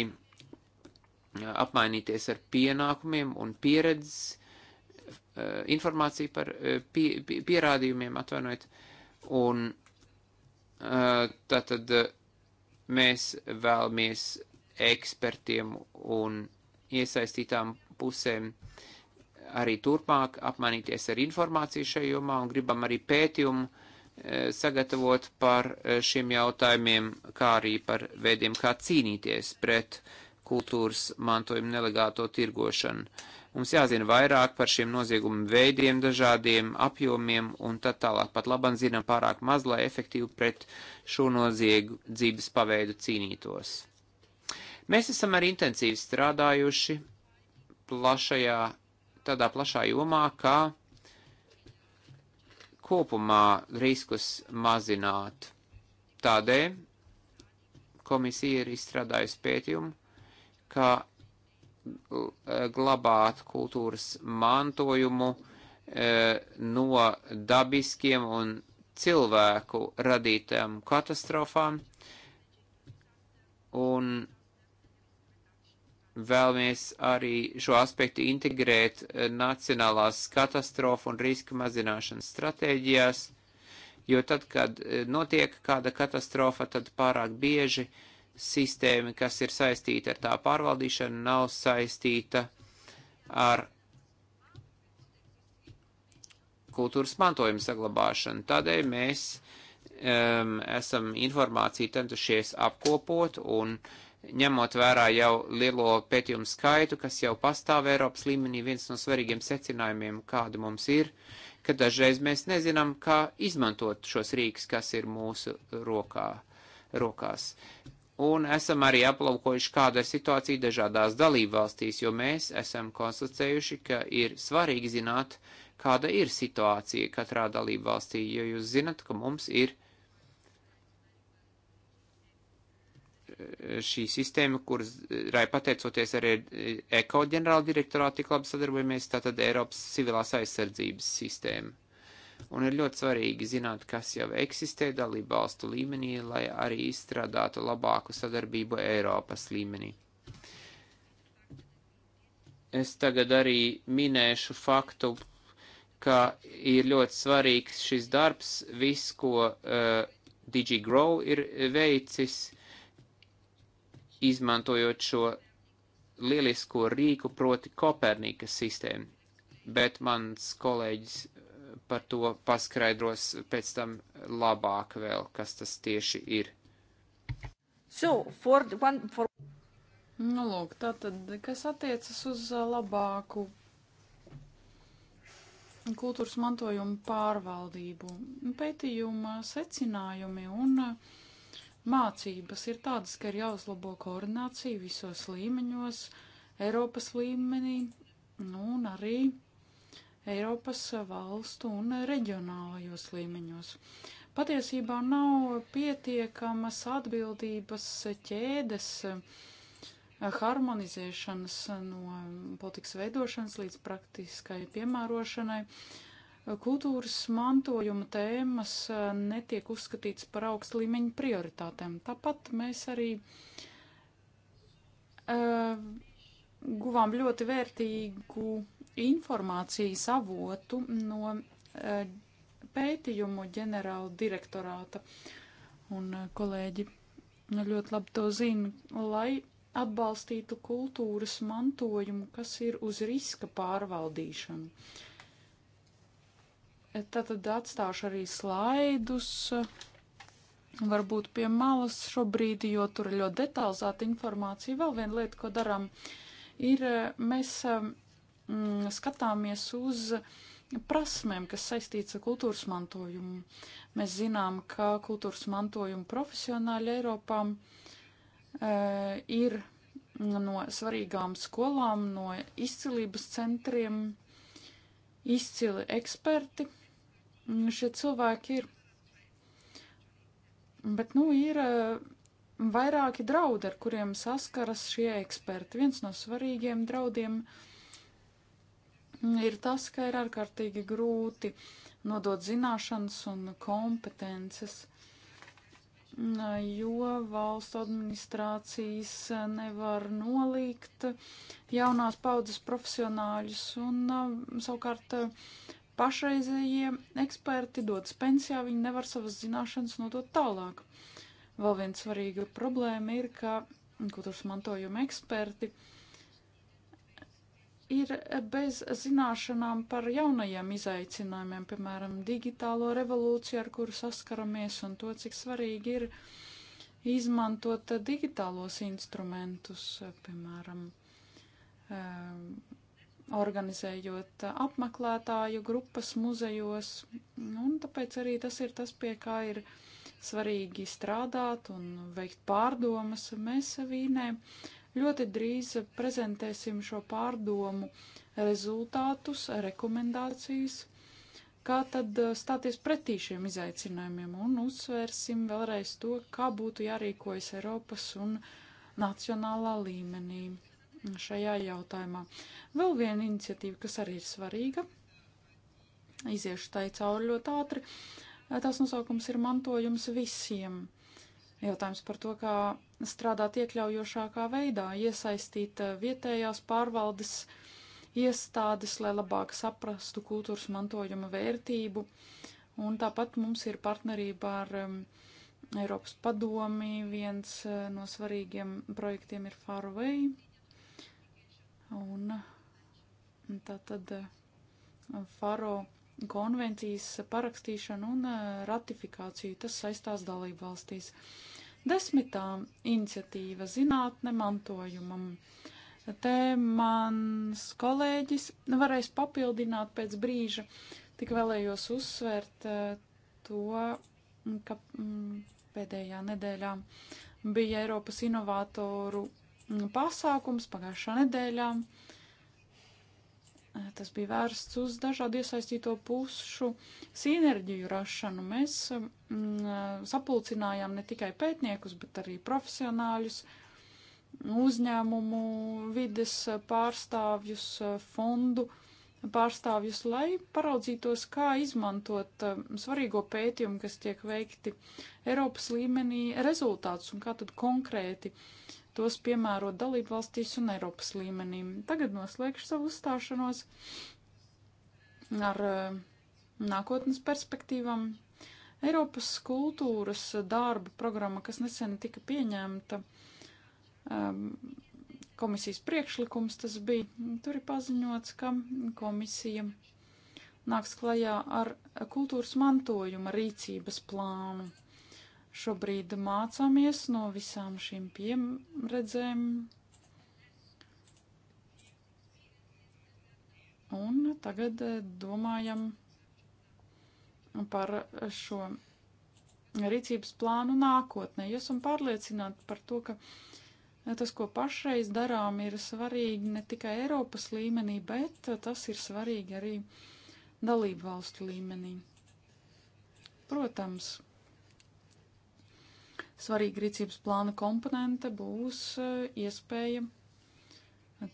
apmainīties ar pienākumiem un pieredzes, uh, informāciju par pie, pie, pierādījumiem, atvainojiet, uh, Un tātad eh, eh, mēs vēlamies ekspertiem un iesaistītām pusēm arī turpmāk apmainīties ar informāciju šajā jomā un gribam arī pētījumu eh, sagatavot par šiem jautājumiem, kā arī par veidiem, kā cīnīties pret kultūras mantojuma nelegāto tirgošanu. Mums jāzina vairāk par šiem noziegumu veidiem, dažādiem apjomiem un tā tālāk. Pat labam zinām pārāk maz, lai efektīvi pret šo noziedzības paveidu cīnītos. Mēs esam arī intensīvi strādājuši plašajā, tādā plašā jomā, kā kopumā riskus mazināt. Tādēļ komisija ir izstrādājusi pētījumu, ka Eh, glabāt kultūras mantojumu eh, no dabiskiem un cilvēku radītām katastrofām un vēlamies arī šo aspektu integrēt eh, nacionālās katastrofu un riska mazināšanas stratēģijās, jo tad, kad notiek kāda katastrofa, tad pārāk bieži uh, sistēma, kas ir saistīta ar tā pārvaldīšanu, nav saistīta ar kultūras mantojuma saglabāšanu. Tādēļ mēs um, esam informāciju centušies apkopot un ņemot vērā jau lielo pētījumu skaitu, kas jau pastāv Eiropas līmenī, viens no svarīgiem secinājumiem, kāda mums ir, ka dažreiz mēs nezinām, kā izmantot šos rīks, kas ir mūsu rokā, rokās un esam arī aplaukojuši, kāda ir situācija dažādās dalībvalstīs, jo mēs esam konstatējuši, ka ir svarīgi zināt, kāda ir situācija katrā dalībvalstī, jo jūs zinat, ka mums ir eh, šī sistēma, kuras, rai pateicoties arī eko ģenerāla direktorā tik labi sadarbojamies, tātad Eiropas civilās aizsardzības sistēma. Un ir ļoti svarīgi zināt, kas jau eksistē dalību valstu līmenī, lai arī izstrādātu labāku sadarbību Eiropas līmenī. Es tagad arī minēšu faktu, ka ir ļoti svarīgs šis darbs, viss, ko uh, DigiGrow ir veicis, izmantojot šo lielisko rīku, proti Kopernikas sistēmu. Bet mans kolēģis par to paskaidros pēc tam labāk vēl, kas tas tieši ir. So, for one, for... Nu, lūk, tā tad, kas attiecas uz labāku kultūras mantojumu pārvaldību, pētījuma secinājumi un mācības ir tādas, ka ir jāuzlabo koordinācija visos līmeņos, Eiropas līmenī, nu, un arī Eiropas valstu un reģionālajos līmeņos. Patiesībā nav pietiekamas atbildības ķēdes eh, harmonizēšanas no politikas veidošanas līdz praktiskai piemērošanai. Kultūras mantojuma tēmas eh, netiek uzskatīts par augstu līmeņu prioritātēm. Tāpat mēs arī uh, guvām ļoti vērtīgu informācijas avotu no eh, pētījumu ģenerāla direktorāta. Un eh, kolēģi nu, ļoti labi to zina, lai atbalstītu kultūras mantojumu, kas ir uz riska pārvaldīšanu. Eh, tātad atstāšu arī slaidus, varbūt pie malas šobrīd, jo tur ir ļoti detalizēta informācija. Vēl viena lieta, ko darām, ir mēs Mm, skatāmies uz prasmēm, kas saistīts ar kultūras mantojumu. Mēs zinām, ka kultūras mantojuma profesionāļi Eiropā e, ir no svarīgām skolām, no izcilības centriem, izcili eksperti. Mm, šie cilvēki ir. Bet, nu, ir e, vairāki draudi, ar kuriem saskaras šie eksperti. Viens no svarīgiem draudiem ir ir tas, ka ir ārkārtīgi grūti nodot zināšanas un kompetences, jo valsts administrācijas nevar nolīgt jaunās paudzes profesionāļus un savukārt eh, pašreizējie eksperti dodas pensijā, viņi nevar savas zināšanas nodot tālāk. Vēl viena svarīga problēma ir, ka kultūras mantojuma eksperti uh, ir bez zināšanām par jaunajiem izaicinājumiem, piemēram, digitālo revolūciju, ar kuru saskaramies, un to, cik svarīgi ir izmantot digitālos instrumentus, piemēram, ehm, organizējot apmeklētāju grupas muzejos, un tāpēc arī tas ir tas, pie kā ir svarīgi strādāt un veikt pārdomas. Mēs Vīnē Ļoti drīz prezentēsim šo pārdomu rezultātus, rekomendācijas, kā tad uh, stāties pretī šiem izaicinājumiem un uzsvērsim vēlreiz to, kā būtu jārīkojas Eiropas un nacionālā līmenī šajā jautājumā. Vēl viena iniciatīva, kas arī ir svarīga, iziešu tai cauri ļoti ātri, tās nosaukums ir mantojums visiem – Jautājums par to, kā strādāt iekļaujošākā veidā, iesaistīt eh, vietējās pārvaldes iestādes, lai labāk saprastu kultūras mantojuma vērtību. Un tāpat mums ir partnerība ar um, Eiropas padomi. Viens uh, no svarīgiem projektiem ir Faraway. Un tā tad uh, Faro konvencijas parakstīšanu un uh, ratifikāciju. Tas saistās dalību valstīs. Uh, Desmitā iniciatīva zinātne mantojumam. Te mans kolēģis varēs papildināt pēc brīža, tik vēlējos uzsvērt eh, to, ka mm, pēdējā nedēļā bija Eiropas inovātoru mm, pasākums pagājušā nedēļā. Uh, Tas bija vērsts uz dažādu iesaistīto pušu sinerģiju rašanu. Mēs mm, sapulcinājām ne tikai pētniekus, bet arī profesionāļus, uzņēmumu vides pārstāvjus, fondu pārstāvjus, lai paraudzītos, kā izmantot mm, svarīgo pētījumu, kas tiek veikti Eiropas līmenī, rezultātus un kā tad konkrēti uh, tos piemērot dalību valstīs un Eiropas līmenī. Tagad noslēgšu savu uzstāšanos ar eh, nākotnes perspektīvām. Eiropas kultūras darba programma, kas nesen tika pieņemta, ehm, komisijas priekšlikums tas bija, tur ir paziņots, ka komisija nāks klajā ar kultūras mantojuma rīcības plānu šobrīd mācāmies no visām šīm pieredzēm. Un tagad eh, domājam par šo rīcības plānu nākotnē. Jūs esam pārliecināti par to, ka eh, tas, ko pašreiz darām, ir svarīgi ne tikai Eiropas līmenī, bet eh, tas ir svarīgi arī dalību valstu līmenī. Protams, svarīga rīcības plāna komponente būs eh, iespēja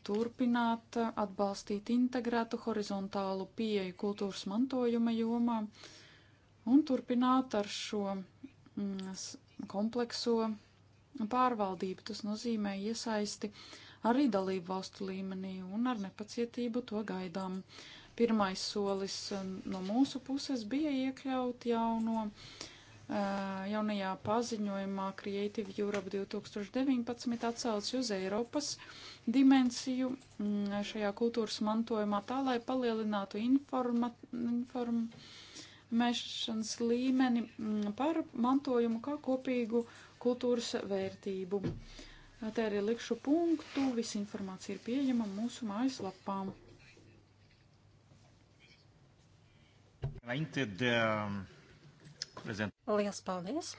turpināt eh, atbalstīt integrētu horizontālu pieeju kultūras mantojuma jomā un turpināt ar šo mm, komplekso pārvaldību. Tas nozīmē iesaisti arī dalību valstu līmenī un ar nepacietību to gaidām. Pirmais solis eh, no mūsu puses bija iekļaut jauno no Eh, jaunajā paziņojumā Creative Europe 2019 atsaucis uz Eiropas dimensiju mm, šajā kultūras mantojumā tā, lai palielinātu informa, informēšanas līmeni mm, par mantojumu kā kopīgu kultūras vērtību. Eh, tā arī likšu punktu, visa informācija ir pieejama mūsu mājaslapām. Înainte de um, prezent. Liels paldies!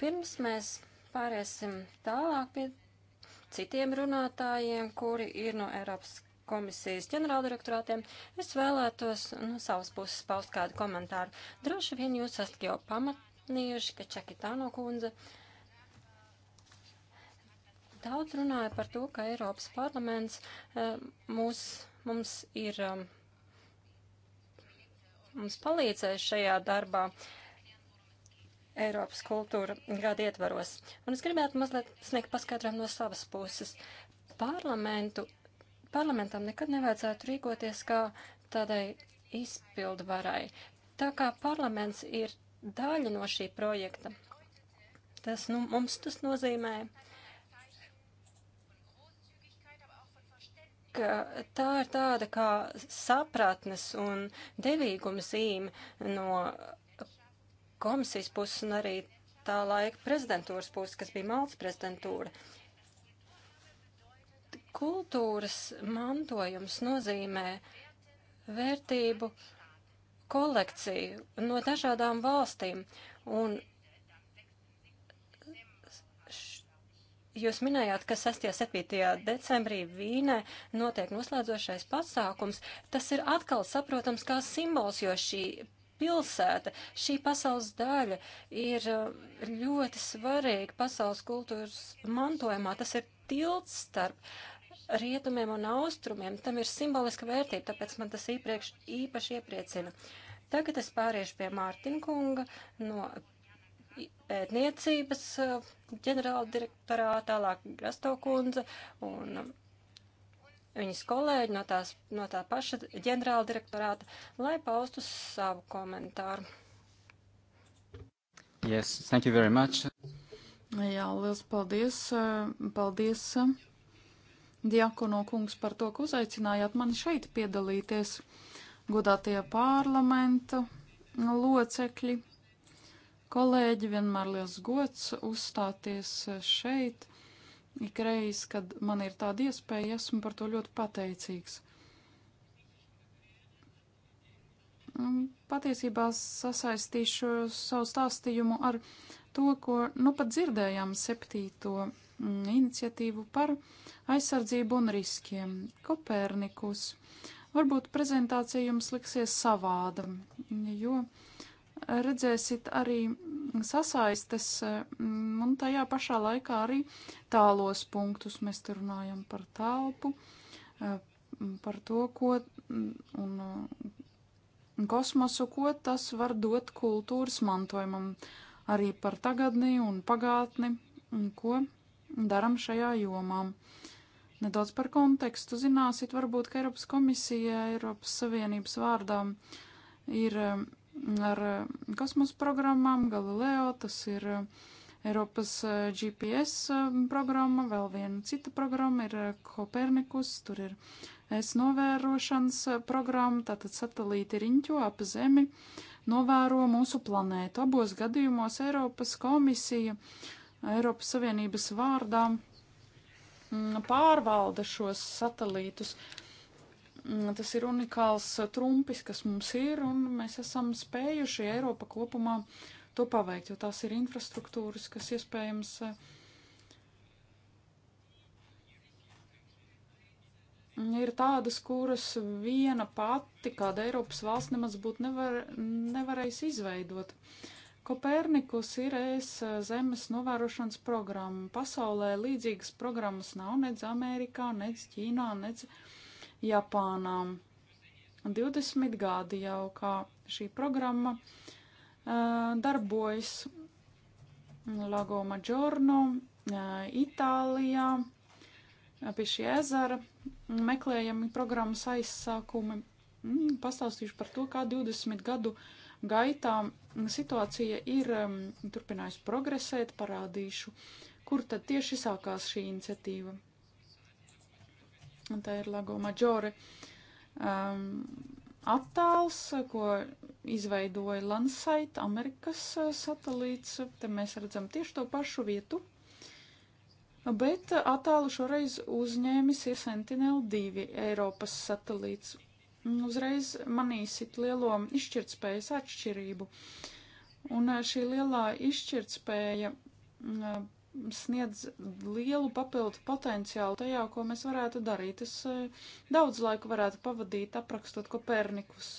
Pirms mēs pāriesim tālāk pie citiem runātājiem, kuri ir no Eiropas komisijas ģenerāldirektorātiem, es vēlētos no savas puses paust kādu komentāru. Droši vien jūs esat jau pamatnījuši, ka Čekitāno kundze daudz runāja par to, ka Eiropas parlaments eh, mūs, mums ir um, mums palīdzēs šajā darbā. Eiropas kultūra gada ietvaros. Un es gribētu mazliet sniegt paskaidrojumu no savas puses. Parlamentu, parlamentam nekad nevajadzētu rīkoties kā tādai izpildvarai. Tā kā parlaments ir daļa no šī projekta, tas nu, mums tas nozīmē, ka tā ir tāda kā sapratnes un devīguma zīme no komisijas puses un arī tā laika prezidentūras puses, kas bija Maltas prezidentūra. Kultūras mantojums nozīmē vērtību kolekciju no dažādām valstīm, un Jūs minējāt, ka 6. un 7. decembrī Vīnē notiek noslēdzošais pasākums. Tas ir atkal saprotams kā simbols, jo šī pilsēta, šī pasaules daļa ir eh, ļoti svarīga pasaules kultūras mantojumā. Tas ir tilts starp rietumiem un austrumiem. Tam ir simboliska vērtība, tāpēc man tas iepriekš īpaši iepriecina. Tagad es pāriešu pie Mārtiņa kunga no pētniecības eh, ģenerāla direktorā, tālāk Grasto kundze un viņas kolēģi no, tās, no tā paša ģenerāla direktorāta, lai paustu savu komentāru. Yes, thank you very much. Jā, liels paldies. Eh, paldies, eh, Diakono kungs, par to, ka uzaicinājāt mani šeit piedalīties, godātie parlamenta locekļi kolēģi, vienmēr liels gods uzstāties šeit. Ikreiz, kad man ir tāda iespēja, esmu par to ļoti pateicīgs. Patiesībā sasaistīšu savu stāstījumu ar to, ko nu pat dzirdējām septīto mm, iniciatīvu par aizsardzību un riskiem. Kopernikus. Varbūt prezentācija jums liksies savāda, jo uh, redzēsit arī sasaistes mm, un tajā pašā laikā arī tālos punktus. Mēs te runājam par telpu, eh, par to, ko eh, un kosmosu, ko tas var dot kultūras mantojumam, arī par tagadni un pagātni, un ko daram šajā jomā. Nedaudz par kontekstu zināsit, varbūt, ka Eiropas komisija Eiropas Savienības vārdām ir ar eh, kosmos programmām, Galileo, tas ir eh, Eiropas eh, GPS programma, vēl viena cita programma ir Kopernikus, tur ir es novērošanas programma, tātad satelīti riņķo ap Zemi, novēro mūsu planētu. Abos gadījumos Eiropas komisija Eiropas Savienības vārdā mm, pārvalda šos satelītus. Mm, tas ir unikāls uh, trumpis, kas mums ir, un mēs esam spējuši Eiropa kopumā to paveikt, jo tās ir infrastruktūras, kas iespējams. Uh, ir tādas, kuras viena pati, kāda Eiropas valsts nemaz būtu nevar, nevarējis izveidot. Kopernikus ir es uh, zemes novērošanas programma. Pasaulē līdzīgas programmas nav nec Amerikā, nec Ķīnā, nec. Uh, Japānām. 20 gadi jau kā šī programma darbojas Lago Maggiorno, Itālijā, pie šī ezera. Meklējami programmas aizsākumi. Mm, pastāstīšu par to, kā 20 gadu gaitā situācija ir turpinājusi progresēt, parādīšu, kur tad tieši sākās šī iniciatīva. Un tā ir Lago Maggiore um, attēls, ko izveidoja Landsat, Amerikas uh, satelīts. Te mēs redzam tieši to pašu vietu. Bet attēlu šoreiz uzņēmis ir Sentinel-2 Eiropas satelīts. Uzreiz manīsit lielo izšķirtspējas atšķirību. Un uh, šī lielā izšķirtspēja uh, sniedz lielu papildu potenciālu tajā, ko mēs varētu darīt. Es e, daudz laika varētu pavadīt aprakstot Kopernikus,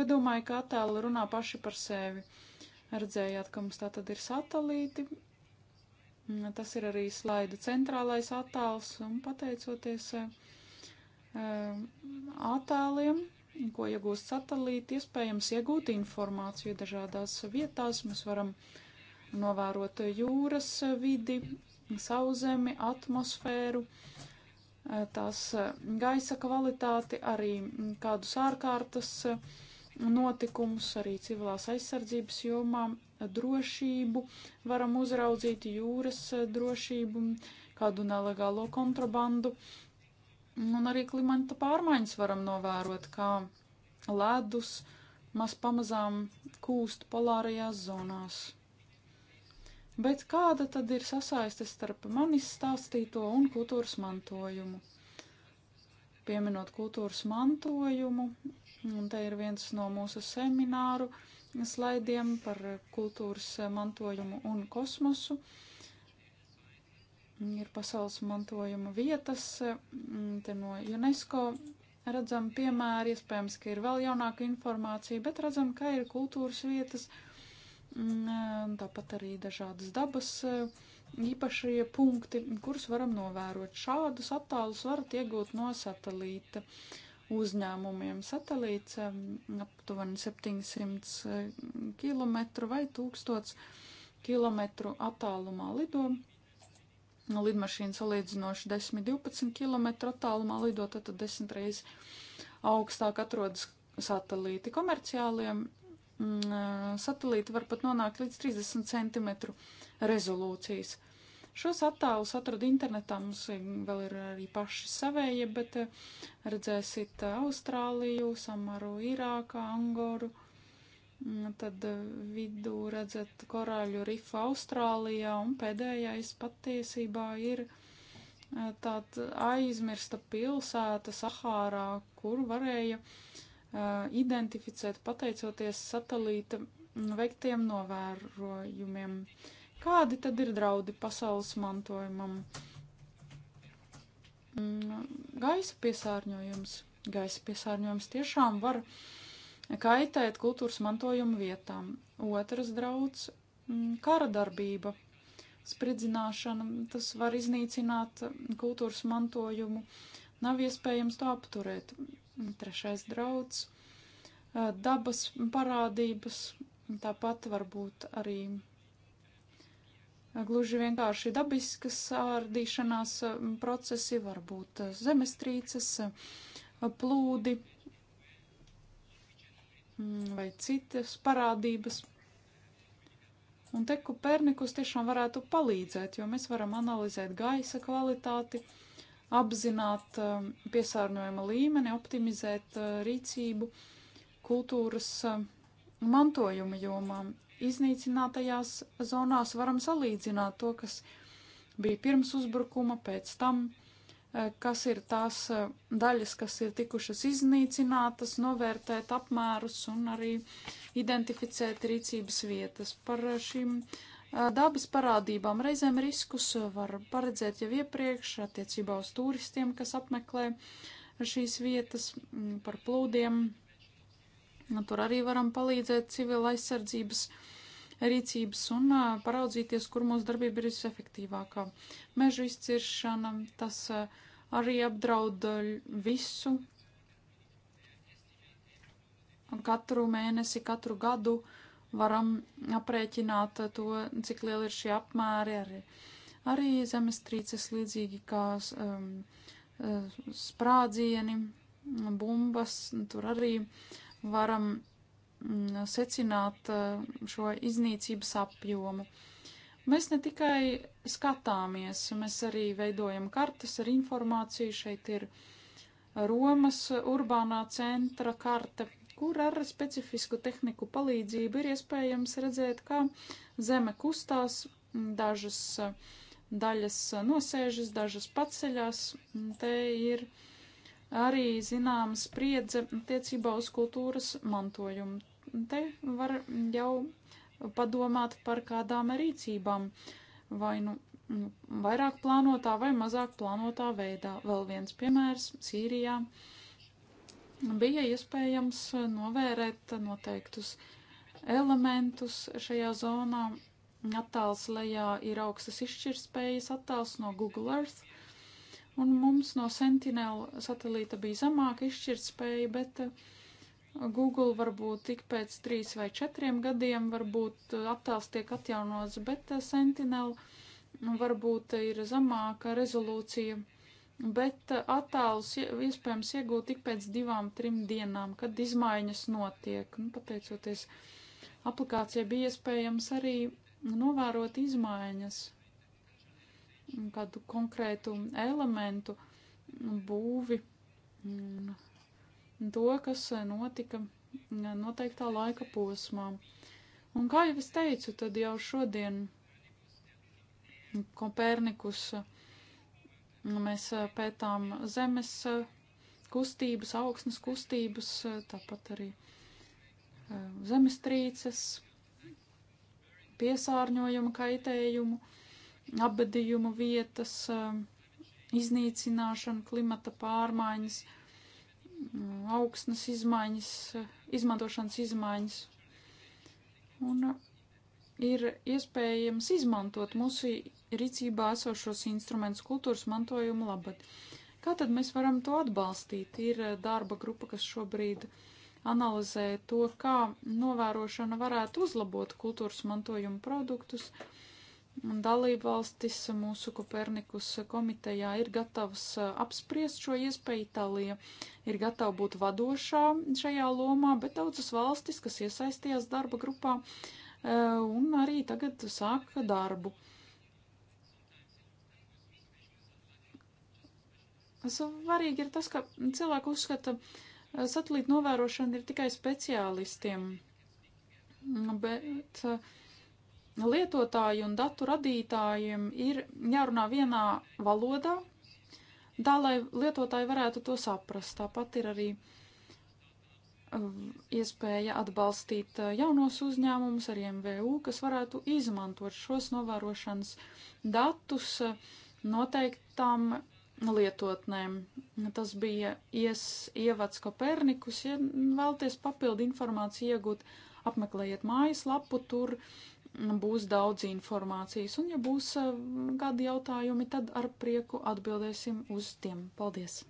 bet domāju, ka attēli runā paši par sevi. Redzējāt, ka mums tā tad ir satelīti, mm, tas ir arī slaida centrālais attēls, un pateicoties e, e, attēliem, ko iegūst satelīti, iespējams iegūt informāciju dažādās vietās, mēs varam uh, novērot jūras vidi, sauszemi, atmosfēru, eh, tās eh, gaisa kvalitāti, arī kādus ārkārtas eh, notikumus, arī civilās aizsardzības jomā, drošību varam uzraudzīt, jūras drošību, kādu nelegālo kontrabandu, un arī klimata pārmaiņas varam novērot, kā ledus maz pamazām kūst polārajās zonās. Bet kāda tad ir sasaiste starp manis stāstīto un kultūras mantojumu? Pieminot kultūras mantojumu, un te ir viens no mūsu semināru slaidiem par kultūras mantojumu un kosmosu. Ir pasaules mantojuma vietas, te no UNESCO redzam piemēri, iespējams, ka ir vēl jaunāka informācija, bet redzam, ka ir kultūras vietas, uh, Mm, eh, tāpat arī dažādas dabas eh, īpašie punkti, kurus varam novērot. Šādus attēlus varat iegūt no satelīta uzņēmumiem. Satelīts eh, aptuveni 700 km vai 1000 km attālumā lido. Lidmašīna salīdzinoši 10-12 km attālumā lido, tad desmit reizes augstāk atrodas satelīti komerciāliem Mm, satelīti var pat nonākt līdz 30 cm rezolūcijas. Šos attēlus atradu internetā, mums vēl ir arī paši savējie, bet redzēsit Austrāliju, Samaru, Irāku, Angoru, mm, tad vidū redzat korāļu rifu Austrālijā, un pēdējais patiesībā ir tāda aizmirsta pilsēta Sahārā, kur varēja uh, identificēt pateicoties satelīta veiktiem novērojumiem. Kādi tad ir draudi pasaules mantojumam? Mm, gaisa piesārņojums. Gaisa piesārņojums tiešām var kaitēt kultūras mantojuma vietām. Otrs drauds mm, - kara darbība, spridzināšana. Tas var iznīcināt kultūras mantojumu. Nav iespējams to apturēt. Trešais draudz - dabas parādības, tāpat varbūt arī gluži vienkārši dabiskas ārdīšanās procesi, varbūt zemestrīces, plūdi mm, vai citas parādības. Un te Kopernikus tiešām varētu palīdzēt, jo mēs varam analizēt gaisa kvalitāti, uh, apzināt um, piesārņojuma līmeni, optimizēt uh, rīcību kultūras um, mantojuma jomā. Iznīcinātajās zonās varam salīdzināt to, kas bija pirms uzbrukuma, pēc tam, uh, kas ir tās uh, daļas, kas ir tikušas iznīcinātas, novērtēt apmērus un arī identificēt rīcības vietas. Par šīm uh, dabas parādībām. Reizēm riskus var paredzēt jau iepriekš attiecībā uz turistiem, kas apmeklē šīs vietas mm, par plūdiem. Tur arī varam palīdzēt civila aizsardzības rīcības un paraudzīties, kur mūsu darbība ir visefektīvākā. Mežu izciršana, tas arī apdraud visu. Katru mēnesi, katru gadu uh, varam aprēķināt to, cik liela ir šie apmēri. Arī, arī zemestrīces līdzīgi kā um, eh, sprādzieni, bumbas, tur arī varam mm, secināt eh, šo iznīcības apjomu. Mēs ne tikai skatāmies, mēs arī veidojam kartes ar informāciju. Šeit ir Romas urbānā centra karte, kur ar specifisku tehniku palīdzību ir iespējams redzēt, kā zeme kustās, dažas eh, daļas eh, nosēžas, dažas paceļās. Te ir arī zināma spriedze attiecībā uz kultūras mantojumu. Te var jau padomāt par kādām rīcībām, vai nu, nu vairāk plānotā vai mazāk plānotā veidā. Vēl viens piemērs - Sīrijā. Uh, bija iespējams eh, novērēt noteiktus elementus šajā zonā. Attēls lejā ir augstas izšķirtspējas attēls no Google Earth, un mums no Sentinel satelīta bija zemāka izšķirtspēja, bet eh, Google varbūt tik pēc trīs vai četriem gadiem varbūt eh, attēls tiek atjaunots, bet Sentinel varbūt ir zemāka rezolūcija bet uh, attēlus iespējams iegūt tik pēc divām, trim dienām, kad izmaiņas notiek. Nu, pateicoties aplikācijai, bija iespējams arī novērot izmaiņas, kādu konkrētu elementu mm, būvi un to, kas uh, notika mm, noteiktā laika posmā. Un kā jau es teicu, tad jau šodien Kopernikus uh, Nu, mēs eh, pētām zemes eh, kustības, augsnes kustības, eh, tāpat arī zemestrīces, piesārņojumu, kaitējumu, apbedījumu vietas, iznīcināšanu, klimata pārmaiņas, mm, augsnes izmaiņas, izmantošanas izmaiņas. Un ir iespējams izmantot mūsu rīcībā esošos instrumentus kultūras mantojuma labad. Kā tad mēs varam to atbalstīt? Ir eh, darba grupa, kas šobrīd analizē to, kā novērošana varētu uzlabot kultūras mantojuma produktus. Dalībvalstis mūsu Kopernikus komitejā ir gatavs eh, apspriest šo iespēju. Itālija ir gatava būt vadošā šajā lomā, bet daudzas valstis, kas iesaistījās darba grupā, eh, un arī tagad sāka darbu. Svarīgi ir tas, ka cilvēki uzskata, eh, satelīta novērošana ir tikai speciālistiem, bet eh, lietotāji un datu radītājiem ir jārunā vienā valodā, tā lai lietotāji varētu to saprast. Tāpat ir arī eh, iespēja atbalstīt jaunos uzņēmumus, arī MVU, kas varētu izmantot šos novērošanas datus noteiktām lietotnēm. Tas bija ies, ievads Kopernikus. Ja vēlties papildu informāciju iegūt, apmeklējiet mājaslapu, tur būs daudz informācijas. Un, ja būs eh, kādi jautājumi, tad ar prieku atbildēsim uz tiem. Paldies!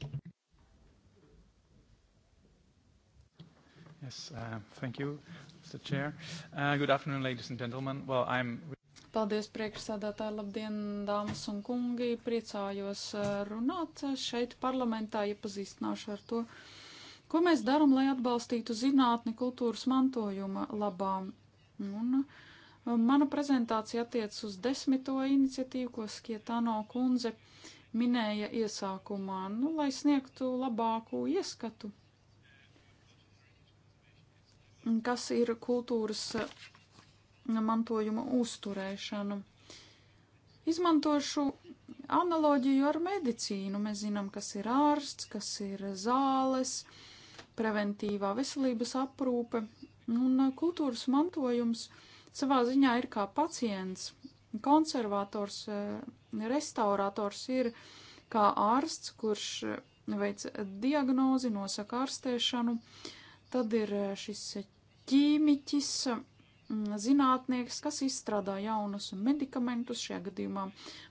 Yes, uh, thank you, Mr. Chair. Uh, good afternoon, ladies and gentlemen. Well, I'm Paldies, priekšsādātāji, labdien, dāmas un kungi. Priecājos eh, runāt šeit parlamentā, iepazīstināšu ar to, ko mēs darām, lai atbalstītu zinātni kultūras mantojuma labā. Un, eh, mana prezentācija attiec uz desmito iniciatīvu, ko Skietano kundze minēja iesākumā, nu, lai sniegtu labāku ieskatu, kas ir kultūras mantojuma uzturēšanu. Izmantošu analoģiju ar medicīnu. Mēs zinām, kas ir ārsts, kas ir zāles, preventīvā veselības aprūpe, un uh, kultūras mantojums savā ziņā ir kā pacients. Konservators, uh, restaurators ir kā ārsts, kurš uh, veic diagnozi, nosaka ārstēšanu. Tad ir šis ķīmiķis, Mm, zinātnieks, kas izstrādā jaunus medikamentus, šajā gadījumā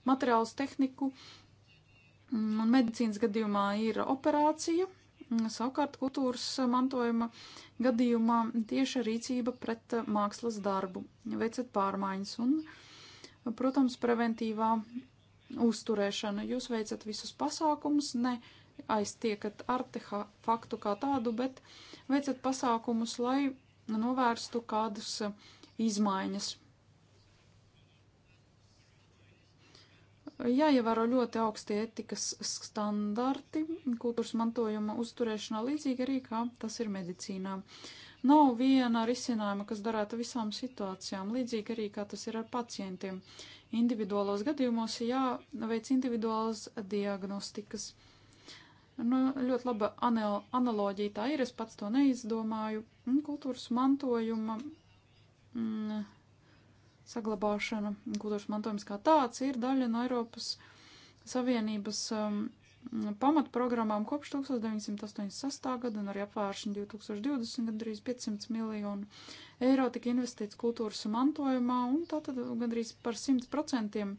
materiālus tehniku, mm, un medicīnas gadījumā ir operācija, mm, savukārt kultūras mantojuma gadījumā tieša rīcība pret mākslas darbu, veicat pārmaiņas un, protams, preventīvā uzturēšana. Jūs veicat visus pasākumus, ne aiztiekat artefaktu kā tādu, bet veicat pasākumus, lai novērstu kādas eh, izmaiņas. Jāievēro ļoti augsti etikas standarti kultūras mantojuma uzturēšanā, līdzīgi arī kā tas ir medicīnā. Nav viena risinājuma, kas darētu visām situācijām, līdzīgi arī kā tas ir ar pacientiem. Individuālos gadījumos jāveic individuālas diagnostikas. Nu, ļoti laba analoģija tā ir, es pats to neizdomāju, Un kultūras mantojuma mm, saglabāšana, kultūras mantojums kā tāds, ir daļa no Eiropas Savienības um, pamatprogrammām kopš 1986. gada un arī apvēršana 2020 gandrīz 500 miljonu eiro tika investīts kultūras mantojumā un tātad gandrīz par 100% eh,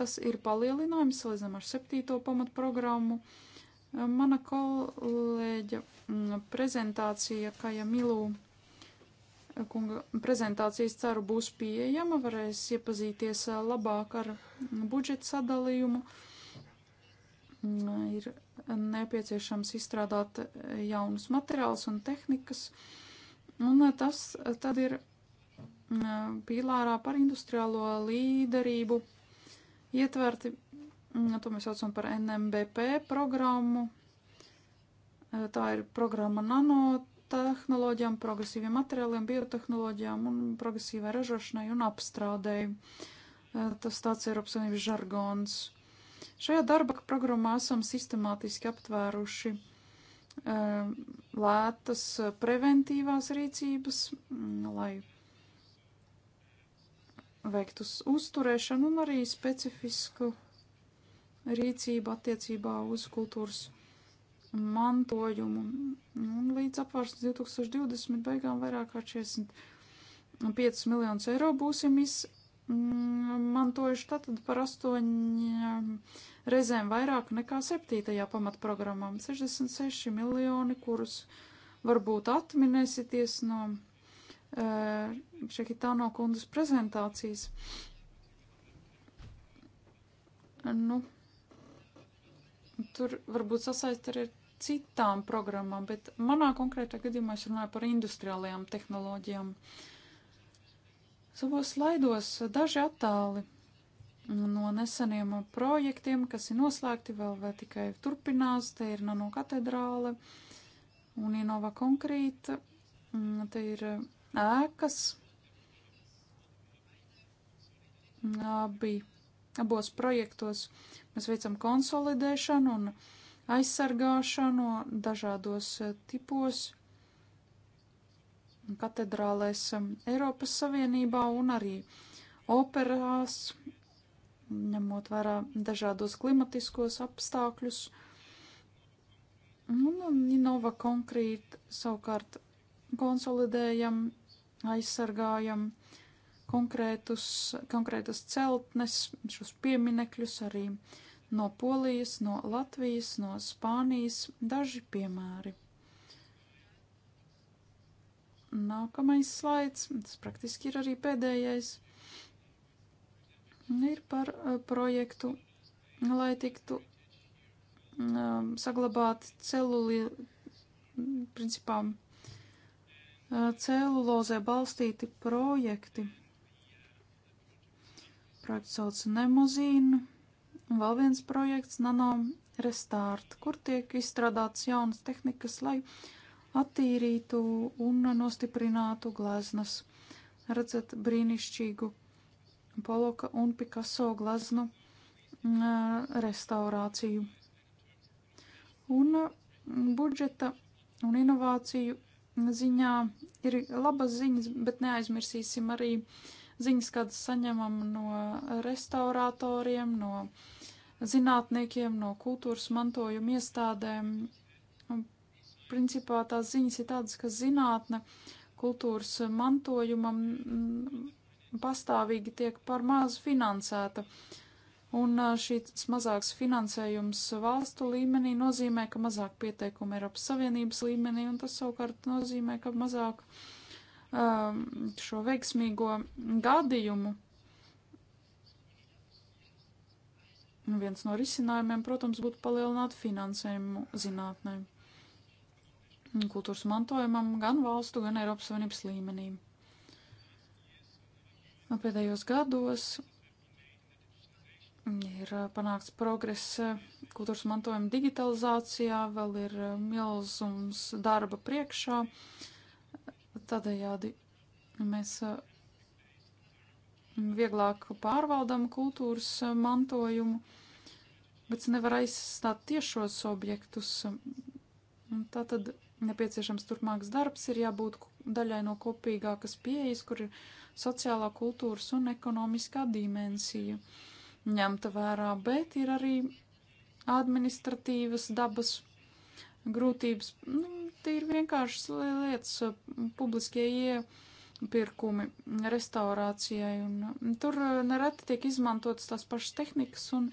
tas ir palielinājums salīdzinām ar septīto pamatprogrammu. programmu Mana kolēģa mm, prezentācija, kā jau Milū kunga prezentācijas ceru būs pieejama, varēs iepazīties labāk ar mm, budžeta sadalījumu. Mm, ir nepieciešams izstrādāt jaunus materiālus un tehnikas, un tas tad ir pīlārā par industriālo līderību ietverti Mm, to mēs saucam par NMBP programmu. E, tā ir programma nanotehnoloģijām, progresīviem materiāliem, biotehnoloģijām un progresīvai ražošanai un apstrādēji. E, tas tāds ir Eiropas Savienības žargons. Šajā darba programmā esam sistemātiski aptvēruši e, lētas preventīvās rīcības, mm, lai veiktu uzturēšanu un arī specifisku rīcība attiecībā uz kultūras mantojumu. Un līdz apvārs 2020 beigām vairāk kā 45 miljonus eiro būsim izmantojuši mm, tātad par astoņām reizēm vairāk nekā septītajā pamatprogrammā. 66 miljoni, kurus varbūt atminēsities no eh, Šekitāno kundas prezentācijas. Nu, Tur varbūt sasaist arī ar citām programmām, bet manā konkrētā gadījumā es runāju par industriālajām tehnoloģijām. Savos slaidos daži attāli no neseniem projektiem, kas ir noslēgti vēl vai tikai turpinās, te ir nano katedrāle un Inova konkrīta, mm, te ir ēkas, abi Abos projektos mēs veicam konsolidēšanu un aizsargāšanu dažādos e, tipos katedrālēs e, Eiropas Savienībā un arī operās, ņemot vērā dažādos klimatiskos apstākļus. Un Nova konkrīt savukārt konsolidējam, aizsargājam konkrētus, konkrētas celtnes, šos pieminekļus arī no Polijas, no Latvijas, no Spānijas daži piemēri. Nākamais slaids, tas praktiski ir arī pēdējais, ir par eh, projektu, lai tiktu um, saglabāti celuli, principā, ehm, celulozē balstīti projekti Projekts sauc Nemozīnu. Un vēl viens projekts Nano Restart, kur tiek izstrādāts jaunas tehnikas, lai attīrītu un nostiprinātu gleznas. Redzat brīnišķīgu Poloka un Picasso gleznu mm, restaurāciju. Un mm, budžeta un inovāciju ziņā ir labas ziņas, bet neaizmirsīsim arī uh, ziņas, kādas saņemam no restauratoriem, no zinātniekiem, no kultūras mantojuma iestādēm. Un, principā tās ziņas ir tādas, ka zinātne kultūras mantojumam mm, pastāvīgi tiek par maz finansēta. Un šīs mazāks finansējums valstu līmenī nozīmē, ka mazāk pieteikumu Eiropas Savienības līmenī, un tas savukārt nozīmē, ka mazāk uh, Um, šo veiksmīgo gadījumu. Viens no risinājumiem, protams, būtu palielināt finansējumu zinātnēm, kultūras mantojumam gan valstu, gan Eiropas Savienības līmenī. Nu, pēdējos gados ir uh, panākts progress uh, kultūras mantojuma digitalizācijā, vēl ir uh, milzums darba priekšā. Uh, Tādējādi mēs vieglāk pārvaldam kultūras mantojumu, bet nevar aizstāt tiešos objektus. Tā tad nepieciešams turpmāks darbs, ir jābūt daļai no kopīgākas pieejas, kur ir sociālā, kultūras un ekonomiskā dimensija ņemta vērā, bet ir arī administratīvas dabas grūtības. Nu, tīri vienkāršas lietas, uh, publiskie iepirkumi restaurācijai. Un uh, tur uh, nereti tiek izmantotas tās pašas tehnikas, un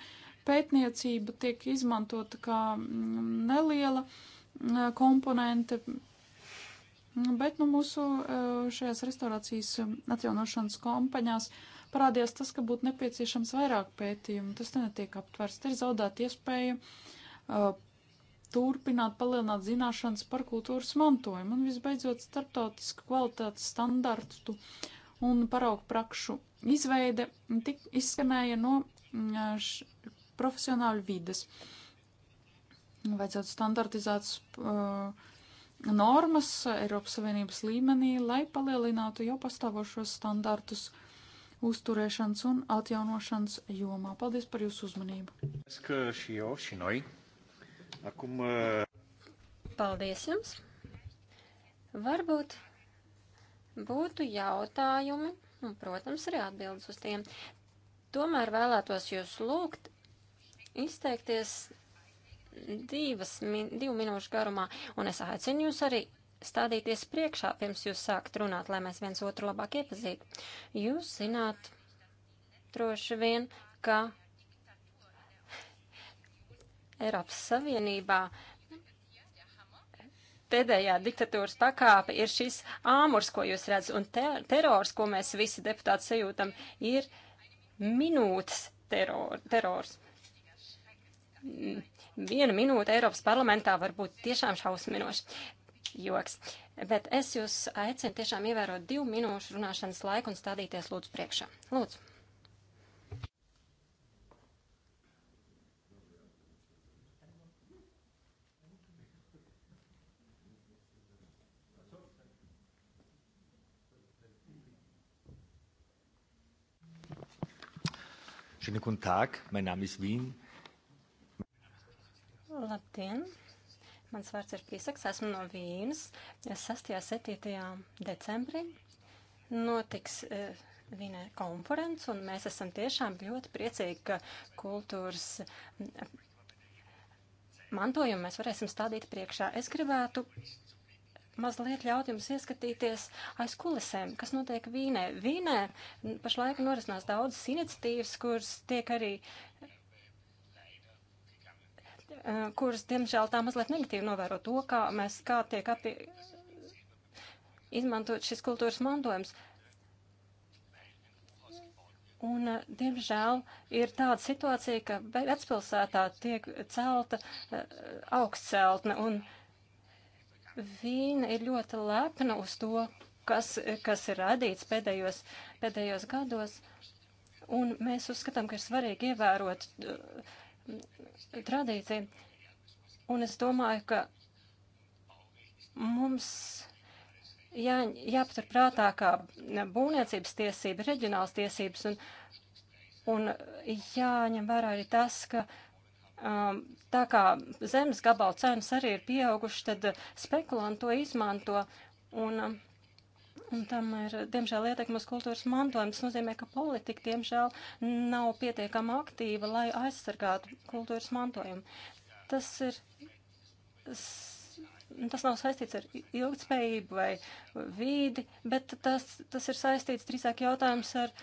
pētniecība tiek izmantota kā mm, neliela komponente. Bet nu, mūsu šajās restaurācijas um, atjaunošanas kompaņās parādījās tas, ka būtu nepieciešams vairāk pētījumu. Tas netiek aptverts, ir zaudēta iespēja uh, turpināt palielināt zināšanas par kultūras mantojumu un visbeidzot starptautisku kvalitātes standartu un paraugu prakšu izveide tik izskanēja no mm, profesionāļu vides. Vajadzētu standartizētas uh, normas Eiropas Savienības līmenī, lai palielinātu jau pastāvošos standartus uzturēšanas un atjaunošanas jomā. Paldies par jūsu uzmanību! Es, Acum... Uh, Paldies jums! Varbūt būtu jautājumi, un, protams, arī atbildes uz tiem. Tomēr vēlētos jūs lūgt izteikties divas, min, divu minūšu garumā, un es aicinu jūs arī stādīties priekšā, pirms jūs sākt runāt, lai mēs viens otru labāk iepazītu. Jūs zināt droši vien, ka Eiropas Savienībā pēdējā diktatūras pakāpe ir šis āmurs, ko jūs redzat, un te terors, ko mēs visi deputāti sajūtam, ir minūtes teror, terors. Viena minūte Eiropas parlamentā var būt tiešām šausminoši joks, bet es jūs aicinu tiešām ievērot divu minūšu runāšanas laiku un stādīties lūdzu priekšā. Lūdzu. Schönen guten Tag, mein name ir Vīna. Labdien! Mans vārds ir Pīsaks, esmu no Vīnas. 6. un 7. decembrī notiks uh, Vīnē konference, un mēs esam tiešām ļoti priecīgi, ka kultūras eh, mantojumu mēs varēsim stādīt priekšā. Es gribētu mazliet ļaut jums ieskatīties aiz kulisēm, kas notiek Vīnē. Vīnē pašlaik norisinās daudzas iniciatīvas, kuras tiek arī kuras, diemžēl, tā mazliet negatīvi novēro to, kā mēs, kā tiek apie... izmantot šis kultūras mantojums. Un, diemžēl, ir tāda situācija, ka vecpilsētā tiek celta augstceltne, un uh, Viņa ir ļoti lepna uz to, kas, kas ir radīts pēdējos, pēdējos gados, un mēs uzskatām, ka ir svarīgi ievērot uh, tradīciju. Un es domāju, ka mums jā, jāpatur prātā, kā būvniecības tiesība, reģionāls tiesības, un, un jāņem vērā arī tas, ka uh, Um, tā kā zemes gabalu cenas arī ir pieaugušas, tad spekulanti to izmanto. Un, um, Un tam ir, diemžēl, ietekme uz kultūras mantojumu. Tas nozīmē, ka politika, diemžēl, nav pietiekama aktīva, lai aizsargātu kultūras mantojumu. Tas ir. Tas nav saistīts ar ilgtspējību vai vīdi, bet tas, tas ir saistīts drīzāk jautājums ar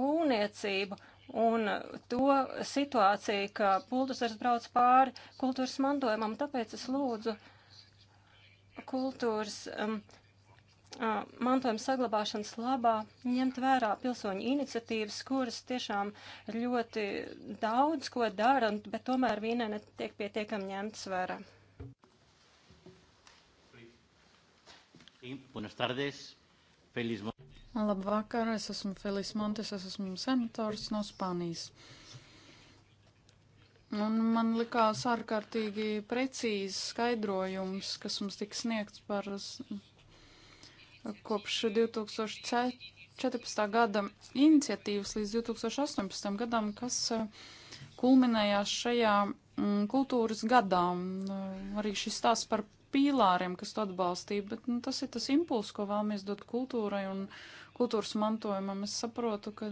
būvniecību un to situāciju, ka pultusers brauc pāri kultūras mantojumam, tāpēc es lūdzu kultūras um, uh, mantojuma saglabāšanas labā ņemt vērā pilsoņu iniciatīvas, kuras tiešām ļoti daudz ko dara, bet tomēr vienai netiek pietiekam ņemts vērā. Sí, buenas tardes. Feliz Montes. Labvakar, es esmu Feliz Montes, es esmu senators no Spānijas. Un man likās ārkārtīgi precīzi skaidrojums, kas mums tika sniegts par kopš 2014. gada iniciatīvas līdz 2018. gadam, kas eh, kulminējās šajā mm, kultūras gadā. Eh, arī šis stāsts par pīlāriem, kas to atbalstīja, bet nu, tas ir tas impuls, ko vēlamies dot kultūrai un kultūras mantojumam. Es saprotu, ka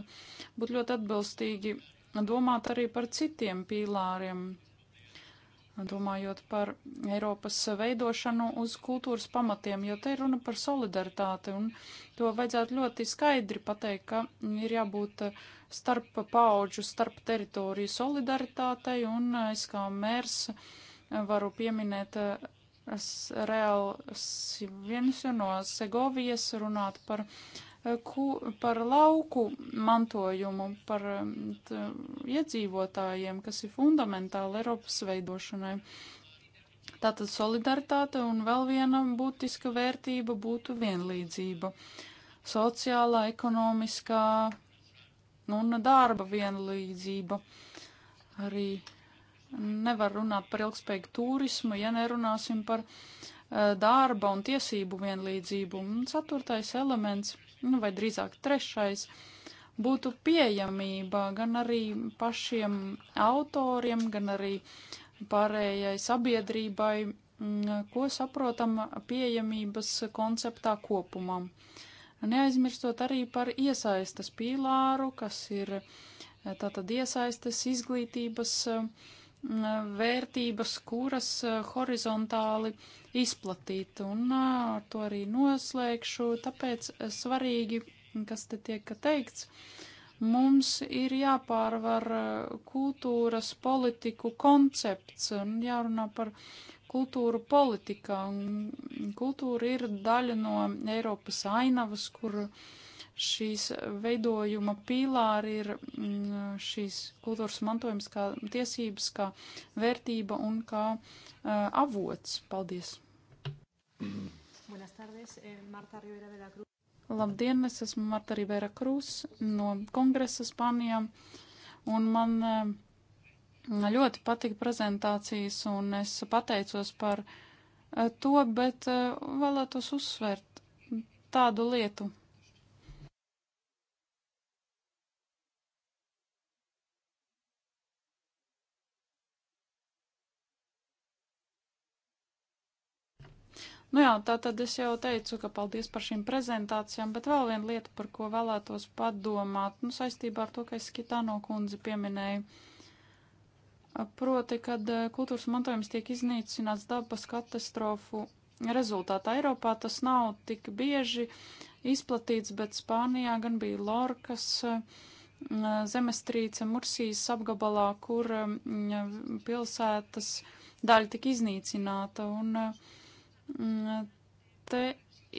būtu ļoti atbilstīgi domāt arī par citiem pīlāriem, domājot par Eiropas veidošanu uz kultūras pamatiem, jo te ir runa par solidaritāti, un to vajadzētu ļoti skaidri pateikt, ka ir jābūt starp paudžu, starp teritoriju solidaritātei, un es kā mērs varu pieminēt Real Sivienšanu no Segovijas runāt par, eh, ku, par lauku mantojumu, par eh, t, iedzīvotājiem, kas ir fundamentāli Eiropas veidošanai. Tātad solidaritāte un vēl viena būtiska vērtība būtu vienlīdzība. Sociālā, ekonomiskā un darba vienlīdzība. Arī Nevar runāt par ilgspējīgu turismu, ja nerunāsim par eh, darba un tiesību vienlīdzību. Un ceturtais elements, nu, vai drīzāk trešais, būtu pieejamība gan arī pašiem autoriem, gan arī pārējai sabiedrībai, mm, ko saprotam pieejamības konceptā kopumā. Neaizmirstot arī par iesaistas pīlāru, kas ir eh, tātad iesaistas izglītības uh, vērtības, kuras horizontāli izplatīt. Un ar to arī noslēgšu, tāpēc svarīgi, kas te tiek teikts, mums ir jāpārvar kultūras politiku koncepts un jārunā par kultūru politikā. Kultūra ir daļa no Eiropas ainavas, kur uh, šīs veidojuma pīlāri ir mm, šīs kultūras mantojums kā tiesības, kā vērtība un kā uh, avots. Paldies! Tardes, eh, Marta Labdien, es esmu Marta Rivera Krūs no Kongresa Spanijā, un man eh, ļoti patika prezentācijas, un es pateicos par to, bet vēlētos uzsvērt tādu lietu, Nu jā, tā tad es jau teicu, ka paldies par šīm prezentācijām, bet vēl viena lieta, par ko vēlētos padomāt, nu saistībā ar to, ka es Kitāno kundzi pieminēju. Proti, kad eh, kultūras mantojums tiek iznīcināts dabas katastrofu rezultātā Eiropā, tas nav tik bieži izplatīts, bet Spānijā gan bija Lorkas eh, zemestrīce Mursijas apgabalā, kur mm, pilsētas daļa tika iznīcināta. Un, uh, Te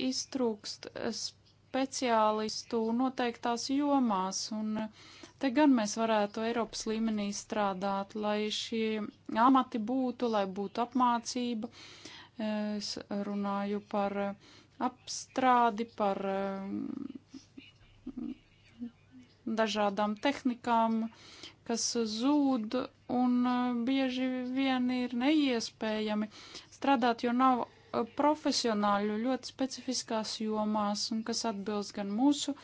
iztrūkst speciālistu noteiktās jomās, un te gan mēs varētu Eiropas līmenī strādāt, lai šie amati būtu, lai būtu apmācība. Es runāju par apstrādi, par mm, dažādām tehnikām, kas zūd un bieži vien ir neiespējami strādāt, jo nav Uh, profesionāļu ļoti specifiskās jomās un kas atbilst gan mūsu uh,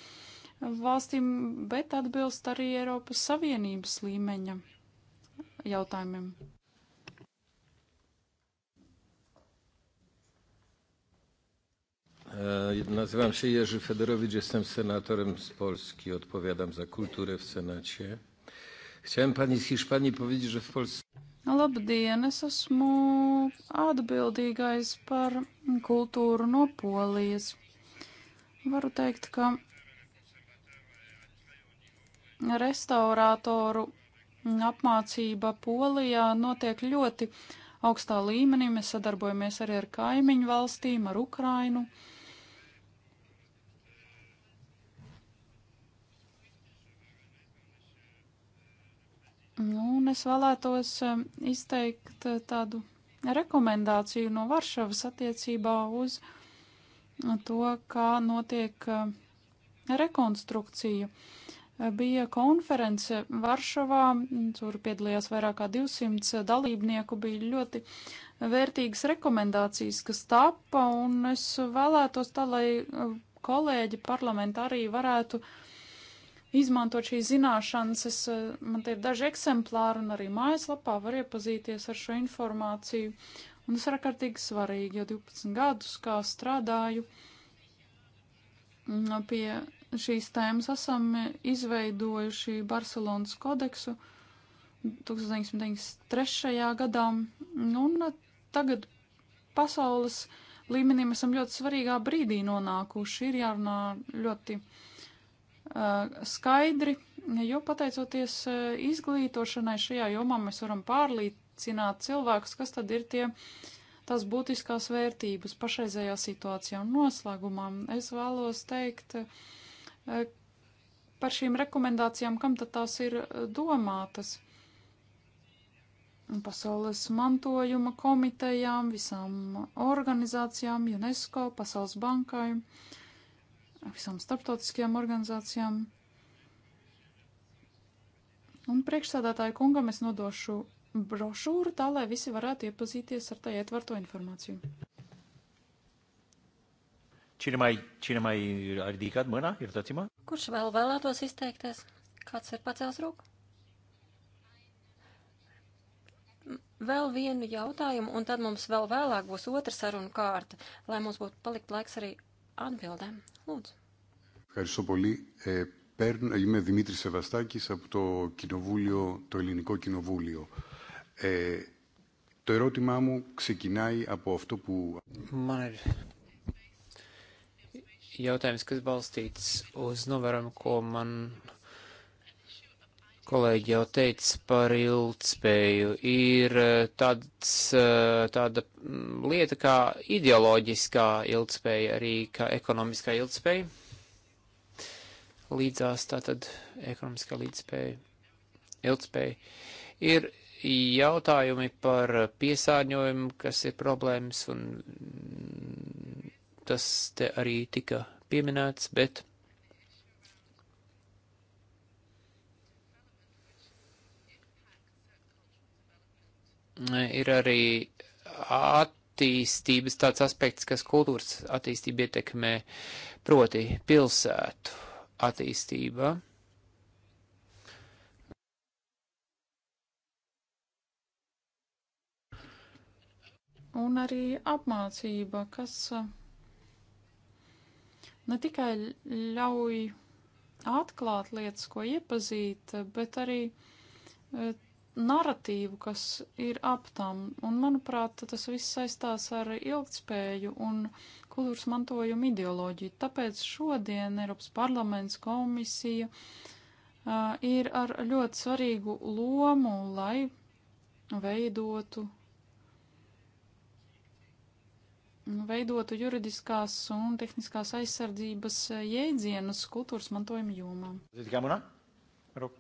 valstīm, bet atbilst arī Eiropas Savienības līmeņa jautājumiem. E, nazywam się Jerzy Federowicz, jestem senatorem z Polski, odpowiadam za kulturę w Senacie. Chciałem pani z Hiszpanii powiedzieć, że w Polsce. Nu, labdien, es esmu atbildīgais par kultūru no polijas. Varu teikt, ka restaurātoru apmācība polijā notiek ļoti augstā līmenī. Mēs sadarbojamies arī ar kaimiņu valstīm, ar Ukrainu. Uh, Nu, un es vēlētos um, izteikt uh, tādu rekomendāciju no Varšavas attiecībā uz uh, to, kā notiek uh, rekonstrukcija. Bija konference Varšavā, kur piedalījās vairāk kā 200 dalībnieku, bija ļoti vērtīgas rekomendācijas, kas tapa, un es vēlētos tā, lai kolēģi parlamentā arī varētu uh, izmantot šīs zināšanas. Es, eh, man te ir daži eksemplāri, un arī mājaslapā var iepazīties ar šo informāciju. Un tas ir ārkārtīgi svarīgi, jo 12 gadus, kā strādāju mm, pie šīs tēmas, esam izveidojuši Barcelonas kodeksu 1993. gadā, nu, un tagad pasaules līmenī mēs esam ļoti svarīgā brīdī nonākuši. Ir jārunā ļoti. Uh, Eh, skaidri, jo pateicoties eh, izglītošanai šajā jomā mēs varam pārliecināt cilvēkus, kas tad ir tie tās būtiskās vērtības pašreizējā situācijā un noslēgumā. Es vēlos teikt eh, par šīm rekomendācijām, kam tad tās ir domātas. Pasaules mantojuma komitejām, visām organizācijām, UNESCO, Pasaules bankai. Uh, visām starptautiskajām organizācijām. Un priekšsādātāju kungam es nodošu brošūru tā, lai visi varētu iepazīties ar tā ietverto informāciju. Cine mai, cine mai a ridicat mâna? Iertați-mă. Kurš vēl vēlētos izteikties? Kāds ir pacēls roku? Vēl vienu jautājumu, un tad mums vēl vēlāk būs otra saruna kārta, lai mums būtu palikt laiks arī atbildēm. Lūdzu. Ευχαριστώ πολύ. Ε, παίρν, είμαι Δημήτρης Σεβαστάκης από το, κοινοβούλιο, το Ελληνικό Κοινοβούλιο. Ε, το ερώτημά μου ξεκινάει από αυτό που... Man ir jautājums, kas balstīts uz novērojumu, ko man kolēģi jau teica par ilgtspēju, ir eh, tāds, eh, tāda mm, lieta kā ideoloģiskā ilgtspēja, arī kā ekonomiskā ilgtspēja. Līdzās tātad ekonomiskā līdzspēja, ilgtspēja. Ir jautājumi par piesārņojumu, kas ir problēmas, un tas te arī tika pieminēts, bet ir arī attīstības tāds aspekts, kas kultūras attīstību ietekmē, proti pilsētu attīstība. un arī apmācība, kas uh, ne tikai ļauj atklāt lietas, ko iepazīt, bet arī uh, naratīvu, kas ir ap tam. Un, manuprāt, tas viss saistās ar ilgtspēju un kultūras mantojuma ideoloģiju. Tāpēc šodien Eiropas parlaments komisija uh, ir ar ļoti svarīgu lomu, lai veidotu, veidotu juridiskās un tehniskās aizsardzības jēdzienus kultūras mantojuma jomā. Zit, kā munā? Rūp.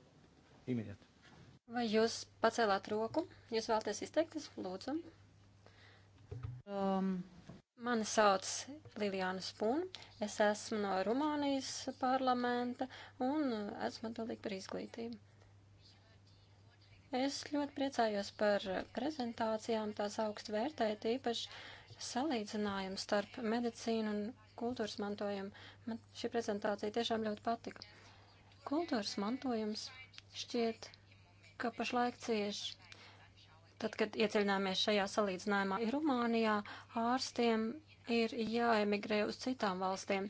Imediāti. Vai jūs pacēlāt roku? Jūs vēlaties izteikties? Lūdzu. Um. Mani sauc Liliāna Spūna, es esmu no Rumānijas parlamenta un esmu atbildīga par izglītību. Es ļoti priecājos par prezentācijām, tās augstu vērtēju, īpaši salīdzinājumu starp medicīnu un kultūras mantojumu. Man šī prezentācija tiešām ļoti patika. Kultūras mantojums šķiet ka pašlaik cieši. Tad, kad ieceļināmies šajā salīdzinājumā Rumānijā, ārstiem ir jāemigrē uz citām valstīm.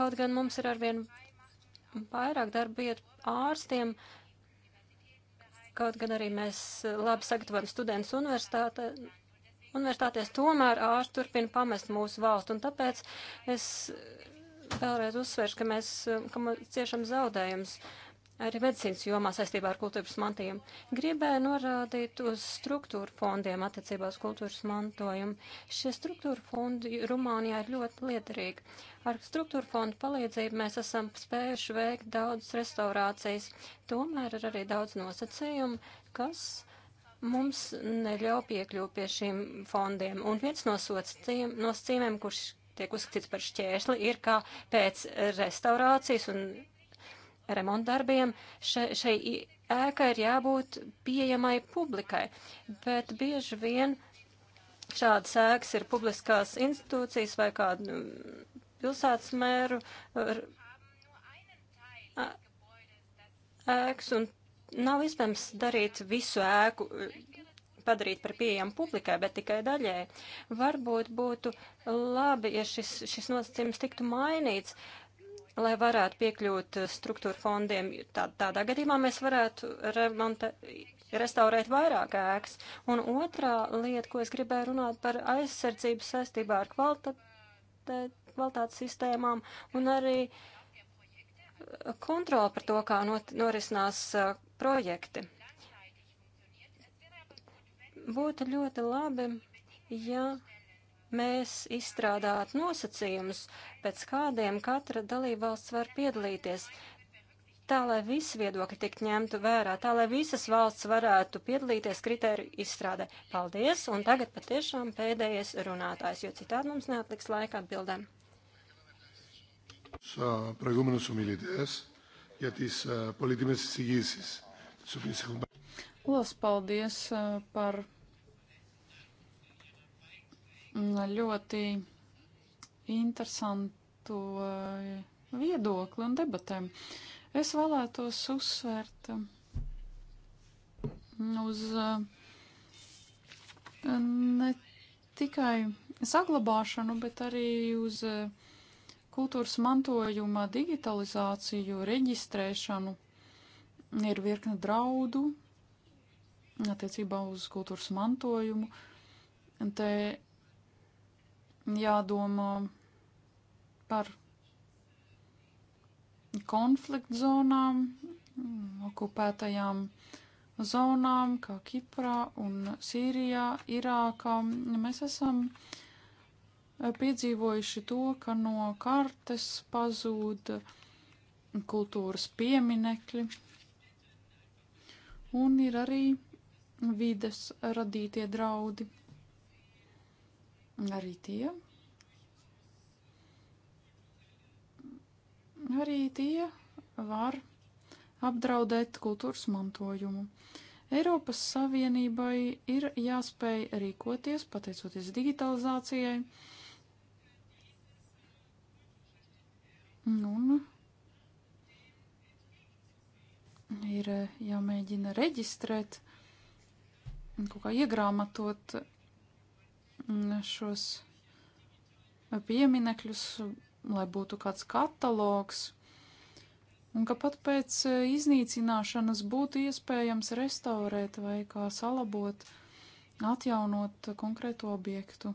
Kaut gan mums ir arvien vairāk darba iet ārstiem, kaut gan arī mēs labi sagatavojam studentus universitāte, universitātēs, tomēr ārsti turpina pamest mūsu valstu, un tāpēc es vēlreiz uzsvēršu, ka mēs ka ciešam zaudējumus. Uh, arī medicīnas jomā saistībā ar kultūras mantījumu. Gribēju norādīt uz struktūru fondiem attiecībā uz kultūras mantojumu. Šie struktūra fondi Rumānijā ir ļoti liederīgi. Ar struktūra fondu palīdzību mēs esam spējuši veikt daudz restaurācijas. Tomēr ir arī daudz nosacījumu, kas mums neļauj piekļūt pie šiem fondiem. Un viens no nosacījumiem, kurš tiek uzskatīts par šķēršli, ir, ka pēc restaurācijas un remontdarbiem. Še, šai ēkai ir jābūt pieejamai publikai, bet bieži vien šādas ēkas ir publiskās institūcijas vai kādu pilsētas mēru ēkas, un nav iespējams darīt visu ēku padarīt par pieejamu publikai, bet tikai daļai. Varbūt būtu labi, ja šis, šis nosacījums tiktu mainīts, lai varētu piekļūt eh, struktūra fondiem. Tā, tādā gadījumā mēs varētu remonta, restaurēt vairāk ēkas. Un otrā lieta, ko es gribēju runāt par aizsardzību saistībā ar kvalitātes sistēmām un arī eh, kontroli par to, kā not, norisinās uh, projekti. Būtu ļoti labi, ja mēs izstrādāt nosacījumus, pēc kādiem katra dalībvalsts var piedalīties, tā lai visi viedokļi tiktu ņemtu vērā, tā lai visas valsts varētu piedalīties kritēriju izstrādē. Paldies, un tagad patiešām pēdējais runātājs, jo citādi mums neatliks laika atbildēm. E e, Lielas paldies e, par Mm, ļoti interesantu eh, viedokli un debatēm. Es vēlētos uzsvērt mm, uz eh, ne tikai saglabāšanu, bet arī uz eh, kultūras mantojuma digitalizāciju, reģistrēšanu. Ir virkne draudu attiecībā uz kultūras mantojumu. Un te jādomā par konflikt zonām, okupētajām zonām, kā Kiprā un Sīrijā, Irākā. Mēs esam piedzīvojuši to, ka no kartes pazūd kultūras pieminekļi, un ir arī vides radītie draudi. Arī tie. Arī tie var apdraudēt kultūras mantojumu. Eiropas Savienībai ir jāspēj rīkoties pateicoties digitalizācijai. Nu, un ir jāmēģina reģistrēt, kaut kā iegrāmatot šos pieminekļus, lai būtu kāds katalogs, un ka pat pēc e, iznīcināšanas būtu iespējams restaurēt vai kā salabot, atjaunot konkrētu objektu.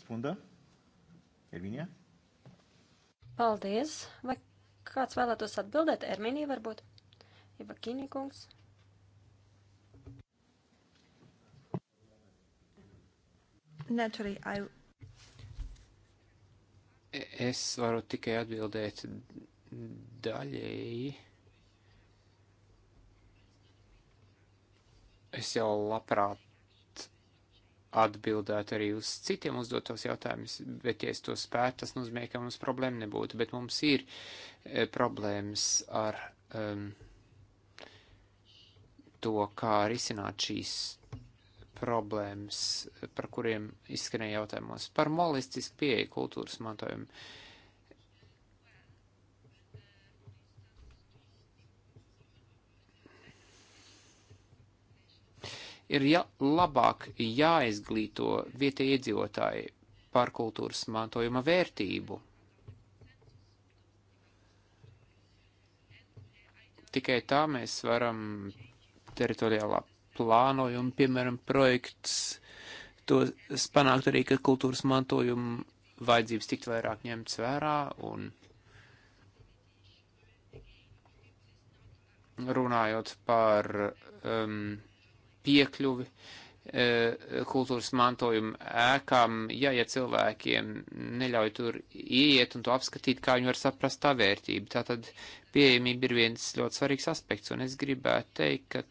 Spunda? Ermiņā? Paldies! Vai kāds vēlētos atbildēt? Ermiņā varbūt? Iba Kīnīkungs? Naturally, I... Es varu tikai atbildēt daļēji. Es jau labprāt atbildētu arī uz citiem uzdotos jautājumus, bet ja es to spētu, tas nozīmē, ka mums problēma nebūtu, bet mums ir e, problēmas ar um, to, kā risināt šīs problēmas, par kuriem izskanēja jautājumos. Par molistisku pieeju kultūras mantojumu. Ir ja, labāk jāizglīto vietējie iedzīvotāji par kultūras mantojuma vērtību. Tikai tā mēs varam teritoriālā plānojumu, piemēram, projekts, to panākt arī, ka kultūras mantojuma vajadzības tikt vairāk ņemts vērā un runājot par um, piekļuvi e, kultūras mantojuma ēkām, ja, ja cilvēkiem neļauj tur ieiet un to apskatīt, kā viņi var saprast tā vērtību. Tātad pieejamība ir viens ļoti svarīgs aspekts, un es gribētu teikt, ka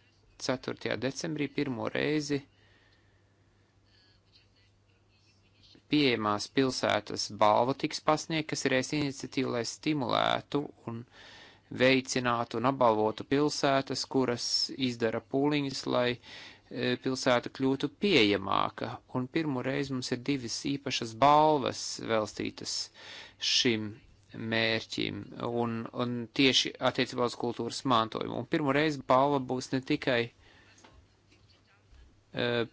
4. decembrī pirmo reizi pieejamās pilsētas balva tiks pasniegta, kas ir es iniciatīva, lai stimulētu un veicinātu un apbalvotu pilsētas, kuras izdara pūliņas, lai e, pilsēta kļūtu pieejamāka. Un pirmo reizi mums ir divas īpašas balvas velstītas šim mērķim un, un tieši attiecībā uz kultūras mantojumu. Un pirmo reizi balva būs ne tikai uh,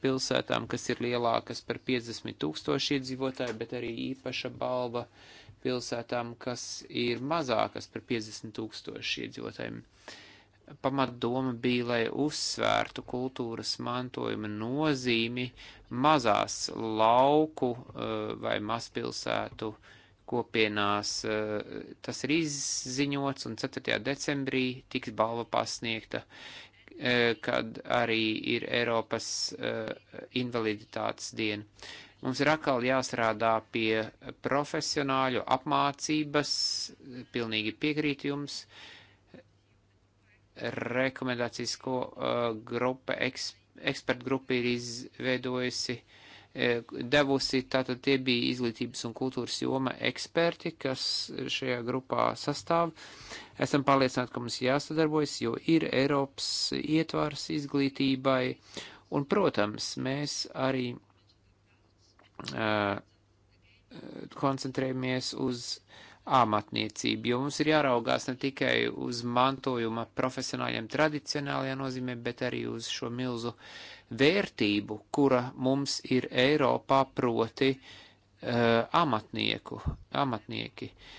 pilsētām, kas ir lielākas par 50 tūkstoši iedzīvotāju, bet arī īpaša balva pilsētām, kas ir mazākas par 50 tūkstoši iedzīvotājiem. Pamatdoma bija, lai uzsvērtu kultūras mantojuma nozīmi mazās lauku uh, vai mazpilsētu uh, kopienās. Eh, tas ir izziņots un 4. decembrī tiks balva pasniegta, eh, kad arī ir Eiropas eh, invaliditātes diena. Mums ir atkal jāstrādā pie profesionāļu apmācības, pilnīgi piekrīt jums, rekomendācijas, ko grupa, ekspertgrupa ir izveidojusi. Uh, E, devusi, tātad tie bija izglītības un kultūras joma eksperti, kas šajā grupā sastāv. Esam pārliecināti, ka mums jāsadarbojas, jo ir Eiropas ietvars izglītībai, un, protams, mēs arī uh, koncentrējamies uz uh, āmatniecību, jo mums ir jāraugās ne tikai uz mantojuma profesionāļiem tradicionālajā nozīmē, bet arī uz šo milzu vērtību, kura mums ir Eiropā proti uh, amatnieku, amatnieki. Uh,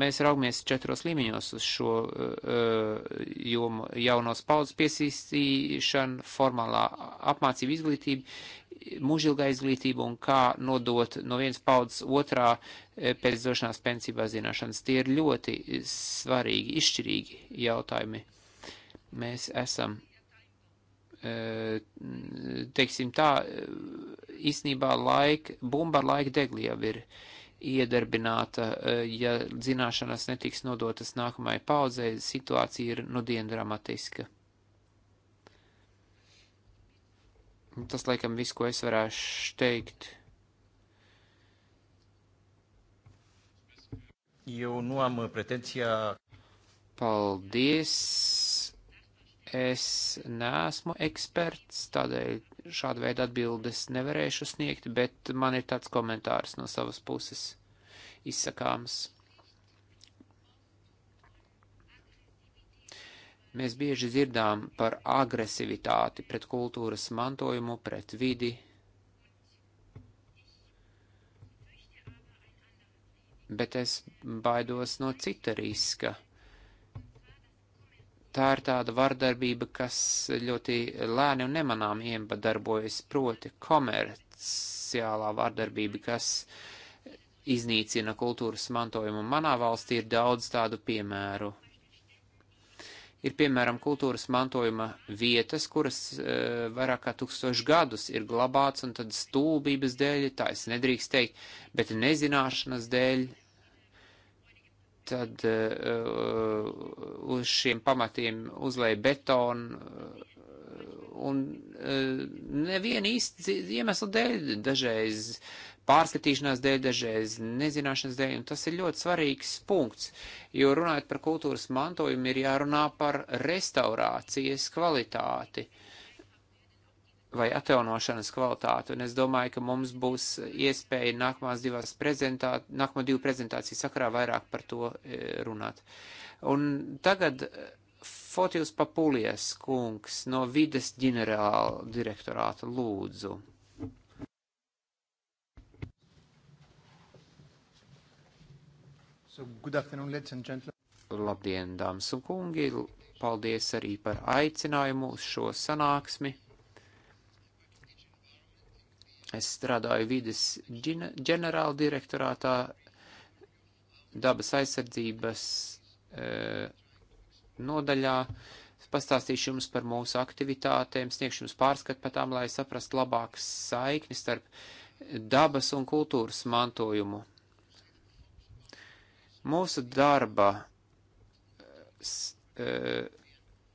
mēs raugamies četros līmeņos uz šo eh, jomu - jaunos paudzes piesīstīšanu, formālā apmācība izglītība, mūžilgā izglītība un kā nodot no vienas paudzes otrā eh, pēc došanās pensībā zināšanas. Tie ir ļoti svarīgi, izšķirīgi jautājumi. Mēs esam, eh, teiksim tā, īsnībā laika, bumba ar laika degli jau ir. Uh, iedarbināta, eh, ja zināšanas netiks nodotas nākamajai paudzei, situācija ir nudien dramatiska. Tas, laikam, viss, ko es varēšu teikt. Eu nu am uh, pretenția... Paldies! Es neesmu eksperts, tādēļ šādu veidu atbildes nevarēšu sniegt, bet man ir tāds komentārs no savas puses izsakāms. Mēs bieži dzirdām par agresivitāti pret kultūras mantojumu, pret vidi. Bet es baidos no cita riska tā ir tāda vardarbība, kas ļoti lēni un nemanām iedarbojas, proti komerciālā vardarbība, kas iznīcina kultūras mantojumu. Manā valstī ir daudz tādu piemēru. Ir piemēram kultūras mantojuma vietas, kuras e, vairāk kā tūkstoši gadus ir glabāts un tad stūbības dēļ, tā es nedrīkst teikt, bet nezināšanas dēļ tad uh, uz šiem pamatiem uzlēja betonu. Eh, un uh, neviena īsti iemesla dēļ, dažreiz pārskatīšanās dēļ, dažreiz nezināšanas dēļ, un tas ir ļoti svarīgs punkts, jo runājot par kultūras mantojumu, ir jārunā par restaurācijas kvalitāti. Uh, vai atjaunošanas kvalitāti. Un es domāju, ka mums būs iespēja nākamās divās prezentā, nākamo divu prezentāciju sakarā vairāk par to e, runāt. Un tagad e, Fotils Papulies kungs no vides ģenerāla direktorāta lūdzu. So, good afternoon, ladies and gentlemen. Labdien, dāmas un kungi! Paldies arī par aicinājumu uz šo sanāksmi. Es strādāju vides ģenerāla direktorātā, dabas aizsardzības e, nodaļā. Es pastāstīšu jums par mūsu aktivitātēm, sniegšu jums pārskatu par tām, lai saprastu labāk saikni starp dabas un kultūras mantojumu. Mūsu darba, e,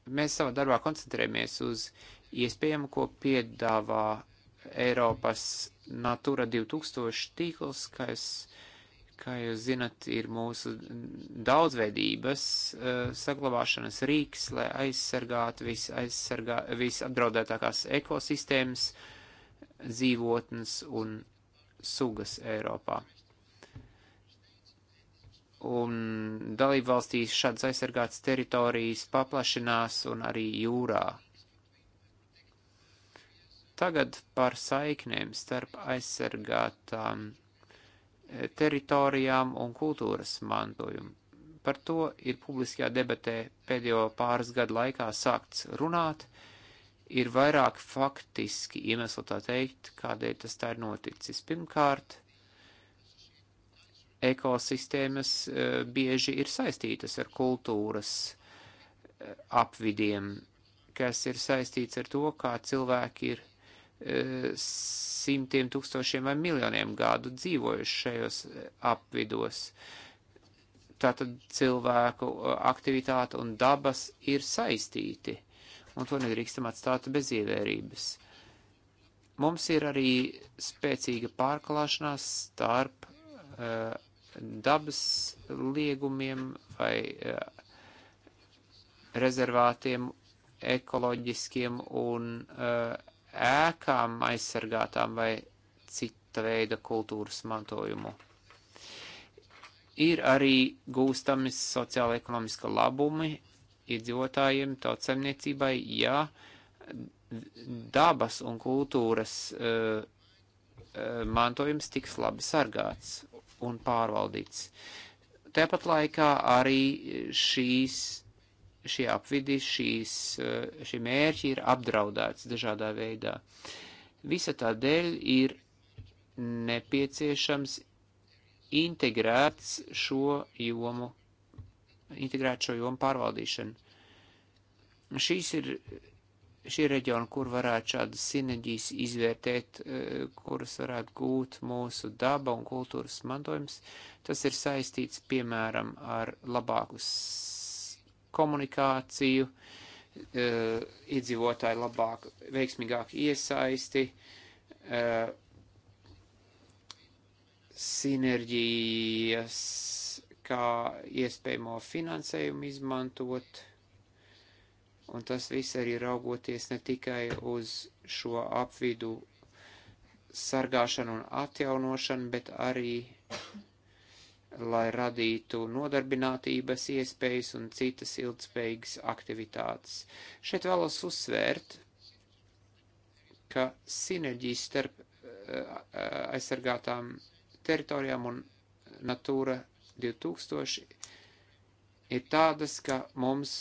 mēs savā darbā koncentrējamies uz iespējām, ko piedāvā Eiropas Natura 2000 tīkls, kā jūs, kā jūs zinat, ir mūsu daudzveidības uh, saglabāšanas rīks, lai aizsargātu visu aizsargā, visapdraudētākās ekosistēmas, dzīvotnes un sugas Eiropā. Un dalībvalstīs šādas aizsargātas teritorijas paplašinās un arī jūrā Tagad par saiknēm starp aizsargātām eh, teritorijām un kultūras mantojumu. Par to ir publiskajā debatē pēdējo pāris gadu laikā sākts runāt. Ir vairāk faktiski iemesli tā teikt, kādēļ tas tā ir noticis. Pirmkārt, ekosistēmas eh, bieži ir saistītas ar kultūras eh, apvidiem, kas ir saistīts ar to, kā cilvēki ir simtiem tūkstošiem vai miljoniem gadu dzīvojuši šajos e, apvidos. Tātad cilvēku e, aktivitāte un dabas ir saistīti, un to nedrīkstam atstāt bez ievērības. Mums ir arī spēcīga pārklāšanās starp uh, dabas liegumiem vai uh, rezervātiem ekoloģiskiem un uh, ēkām aizsargātām vai cita veida kultūras mantojumu. Ir arī gūstami sociāla-ekonomiska labumi iedzīvotājiem, tautsaimniecībai, ja dabas un kultūras uh, mantojums tiks labi sargāts un pārvaldīts. Tāpat laikā arī šīs šie apvidi, šīs, eh, šie mērķi ir apdraudēts dažādā veidā. Visa tā dēļ ir nepieciešams integrēts šo jomu, integrēt šo jomu pārvaldīšanu. Šīs ir šie reģioni, kur varētu šādas sinerģijas izvērtēt, eh, kuras varētu gūt mūsu daba un kultūras mantojums, tas ir saistīts, piemēram, ar labākus komunikāciju, e, eh, iedzīvotāju labāk, veiksmīgāk iesaisti, e, sinerģijas, kā iespējamo finansējumu izmantot, un tas viss arī raugoties ne tikai uz šo apvidu sargāšanu un atjaunošanu, bet arī lai radītu nodarbinātības iespējas un citas ilgspējīgas aktivitātes. Šeit vēlos uzsvērt, ka sinerģijas starp eh, aizsargātām teritorijām un Natūra 2000 ir tādas, ka mums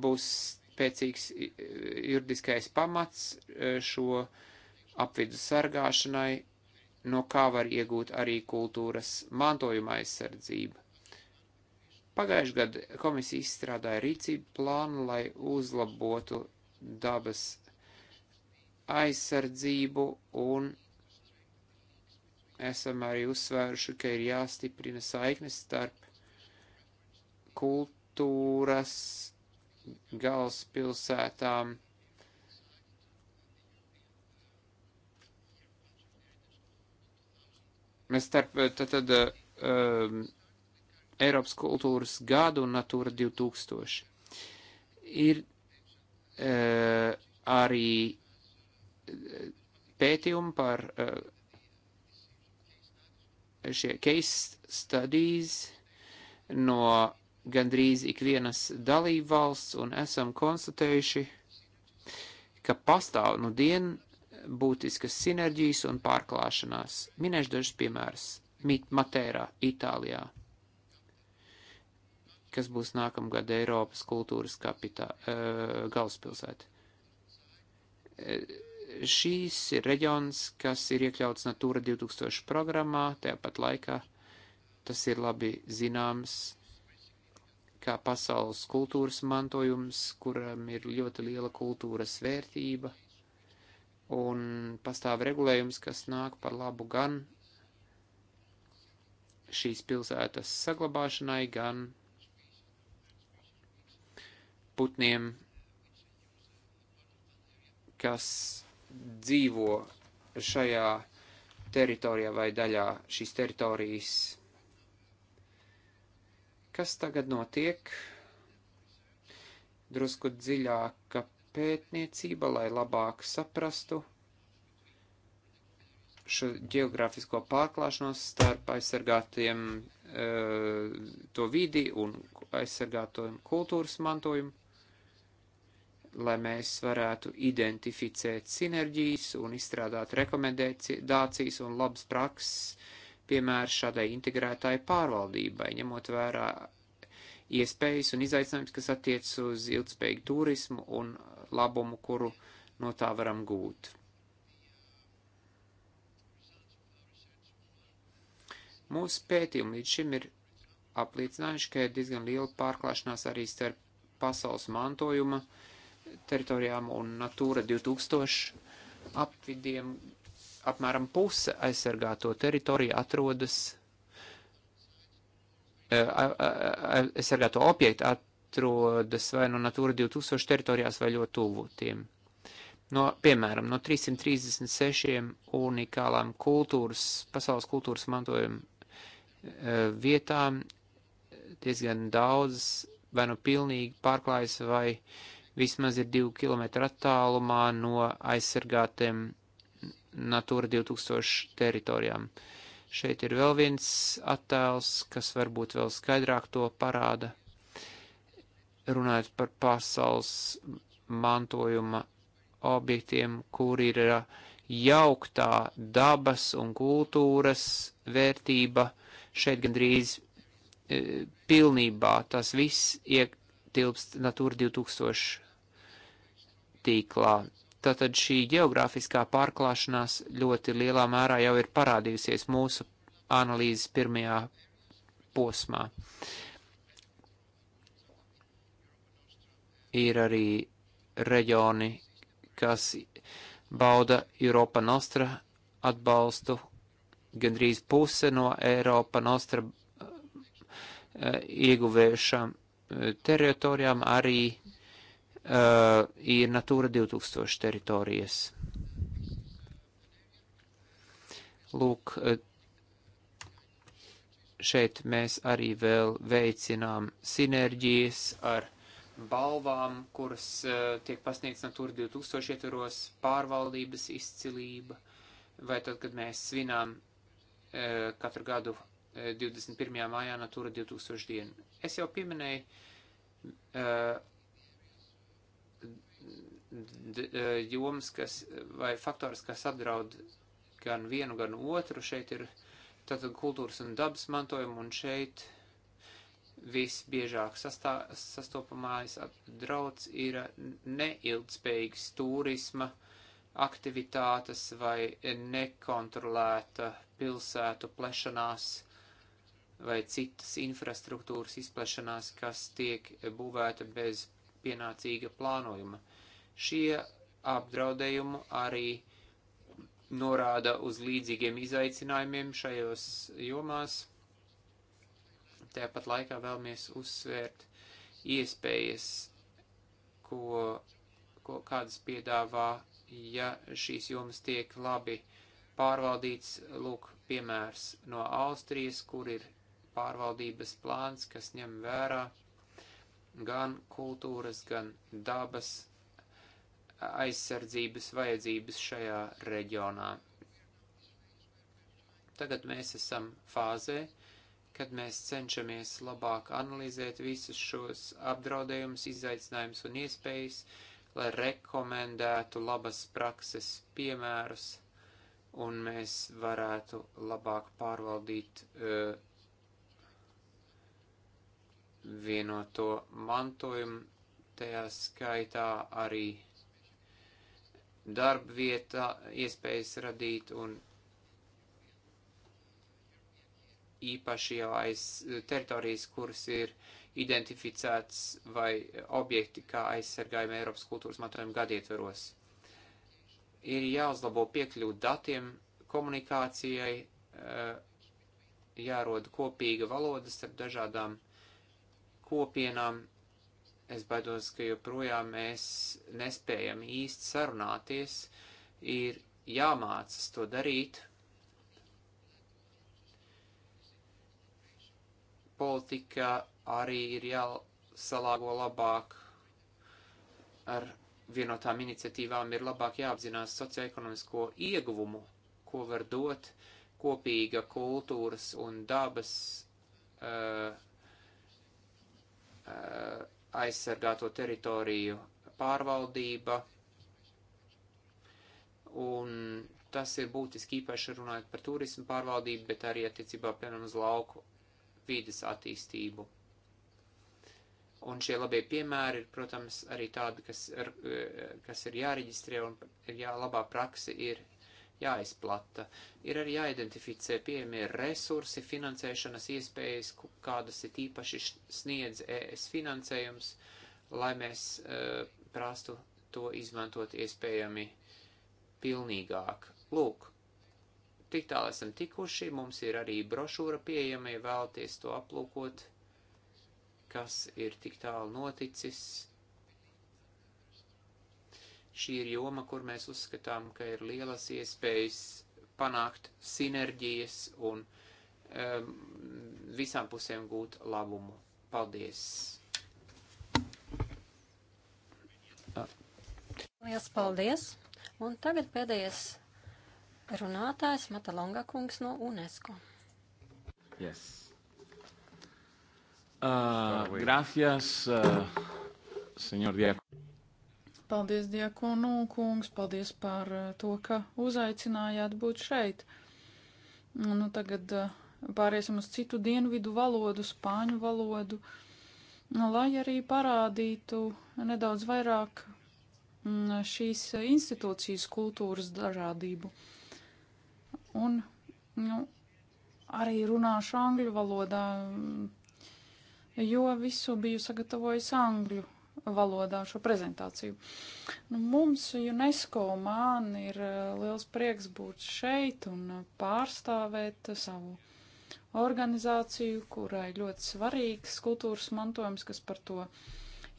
būs spēcīgs eh, juridiskais pamats eh, šo apvidu sargāšanai no kā var iegūt arī kultūras mantojuma aizsardzība. Pagājuši gadu komisija izstrādāja rīcību plānu, lai uzlabotu dabas aizsardzību un esam arī uzsvēruši, ka ir jāstiprina saiknes starp kultūras galvaspilsētām starp tātad eh, um, eh, Eiropas kultūras gadu un Natūra 2000. Ir uh, arī pētījumi par uh, šie case studies no gandrīz ikvienas dalību valsts un esam konstatējuši, ka pastāv nu dien būtiskas sinerģijas un pārklāšanās. Minēšu dažus piemērus. Matērā, Itālijā, kas būs nākamgad Eiropas kultūras kapitā, e, galvaspilsēta. E, šīs ir reģions, kas ir iekļauts Natūra 2000 programmā, tāpat laikā tas ir labi zināms kā pasaules kultūras mantojums, kuram ir ļoti liela kultūras vērtība – un pastāv regulējums, kas nāk par labu gan šīs pilsētas saglabāšanai, gan putniem, kas dzīvo šajā teritorijā vai daļā šīs teritorijas. Kas tagad notiek? Drusku dziļāka pētniecība, lai labāk saprastu šo geogrāfisko pārklāšanos starp aizsargātiem e, to vidi un aizsargātiem kultūras mantojumu, lai mēs varētu identificēt sinerģijas un izstrādāt rekomendācijas un labas prakses piemēru šādai integrētāji pārvaldībai, ņemot vērā iespējas un izaicinājums, kas attiec uz ilgspējīgu turismu un labumu, kuru no tā varam gūt. Mūsu pētījumi līdz šim ir apliecinājuši, ka ir diezgan liela pārklāšanās arī starp pasaules mantojuma teritorijām un Natūra 2000 apvidiem. Apmēram puse aizsargāto teritoriju atrodas Eh, aizsargāto objektu atrodas vai no nu Natūra 2000 teritorijās vai ļoti tuvu tiem. No, piemēram, no 336 unikālām kultūras, pasaules kultūras mantojuma eh, vietām diezgan daudz vai nu pilnīgi pārklājas vai vismaz ir 2 km attālumā no aizsargātiem Natūra 2000 teritorijām. Uh, Šeit ir vēl viens attēls, kas varbūt vēl skaidrāk to parāda, runājot par pasaules mantojuma objektiem, kur ir jauktā dabas un kultūras vērtība. Šeit gandrīz e, pilnībā tas viss ietilpst Natūra 2000 tīklā. Tātad šī geogrāfiskā pārklāšanās ļoti lielā mērā jau ir parādījusies mūsu analīzes pirmajā posmā. Ir arī reģioni, kas bauda Eiropa Nostra atbalstu. Gandrīz puse no Eiropa Nostra eh, ieguvējušām eh, teritorijām arī uh, ir Natūra 2000 teritorijas. Lūk, uh, šeit mēs arī vēl veicinām sinerģijas ar balvām, kuras uh, tiek pasniegts Natūra 2000 ietvaros pārvaldības izcilība, vai tad, kad mēs svinām uh, katru gadu 21. maijā Natūra 2000 dienu. Es jau pieminēju, uh, E, jomas, kas, vai faktors, kas apdraud gan vienu, gan otru. Šeit ir tātad kultūras un dabas mantojuma, un šeit visbiežāk sastā, sastopamājas apdrauds ir neilgspējīgs turisma aktivitātes vai nekontrolēta pilsētu plešanās vai citas infrastruktūras izplešanās, kas tiek būvēta bez pienācīga plānojuma. Šie apdraudējumi arī norāda uz līdzīgiem izaicinājumiem šajos jomās. Tāpat laikā vēlamies uzsvērt iespējas, ko, ko kādas piedāvā, ja šīs jomas tiek labi pārvaldīts. Lūk, piemērs no Austrijas, kur ir pārvaldības plāns, kas ņem vērā gan kultūras, gan dabas aizsardzības vajadzības šajā reģionā. Tagad mēs esam fāzē, kad mēs cenšamies labāk analizēt visus šos apdraudējumus, izaicinājumus un iespējas, lai rekomendētu labas prakses piemērus un mēs varētu labāk pārvaldīt uh, vienoto mantojumu, tajā skaitā arī darba vietā iespējas radīt un īpaši jau aiz teritorijas, kuras ir identificēts vai objekti, kā aizsargājumi Eiropas kultūras mantojuma gadietveros. Ir jāuzlabo piekļūt datiem, komunikācijai, eh, jāroda kopīga valoda starp dažādām kopienām, es baidos, ka joprojām mēs nespējam īsti sarunāties, ir jāmācas to darīt. Politika arī ir jāsalāgo labāk ar vienotām iniciatīvām, ir labāk jāapzinās socioekonomisko ieguvumu, ko var dot kopīga kultūras un dabas uh, uh, aizsargāto teritoriju pārvaldība, un tas ir būtiski īpaši runājot par turismu pārvaldību, bet arī attiecībā, piemēram, uz lauku vīdes attīstību. Un šie labie piemēri ir, protams, arī tādi, kas, ar, kas ir jāreģistrē un ir jā, labā praksa ir jāizplata. Ir arī jāidentificē pieejamie resursi, finansēšanas iespējas, kādas ir īpaši sniedz ES finansējums, lai mēs uh, eh, prastu to izmantot iespējami pilnīgāk. Lūk, tik tālu esam tikuši, mums ir arī brošūra pieejama, ja vēlaties to aplūkot, kas ir tik tālu noticis Šī ir joma, kur mēs uzskatām, ka ir lielas iespējas panākt sinerģijas un um, visām pusēm gūt labumu. Paldies! Liels paldies! Un tagad pēdējais runātājs Matalonga kungs no UNESCO. Yes. Uh, gracias, uh, señor Diego. Paldies, Diakonu kungs, paldies par eh, to, ka uzaicinājāt būt šeit. Nu, tagad eh, pāriesim uz citu dienvidu valodu, spāņu valodu, nu, lai arī parādītu nedaudz vairāk mm, šīs institūcijas kultūras dažādību. Un, nu, arī runāšu angļu valodā, mm, jo visu biju sagatavojis angļu valodā šo prezentāciju. Nu, mums UNESCO man ir eh, liels prieks būt šeit un eh, pārstāvēt savu organizāciju, kurai ļoti svarīgs kultūras mantojums, kas par to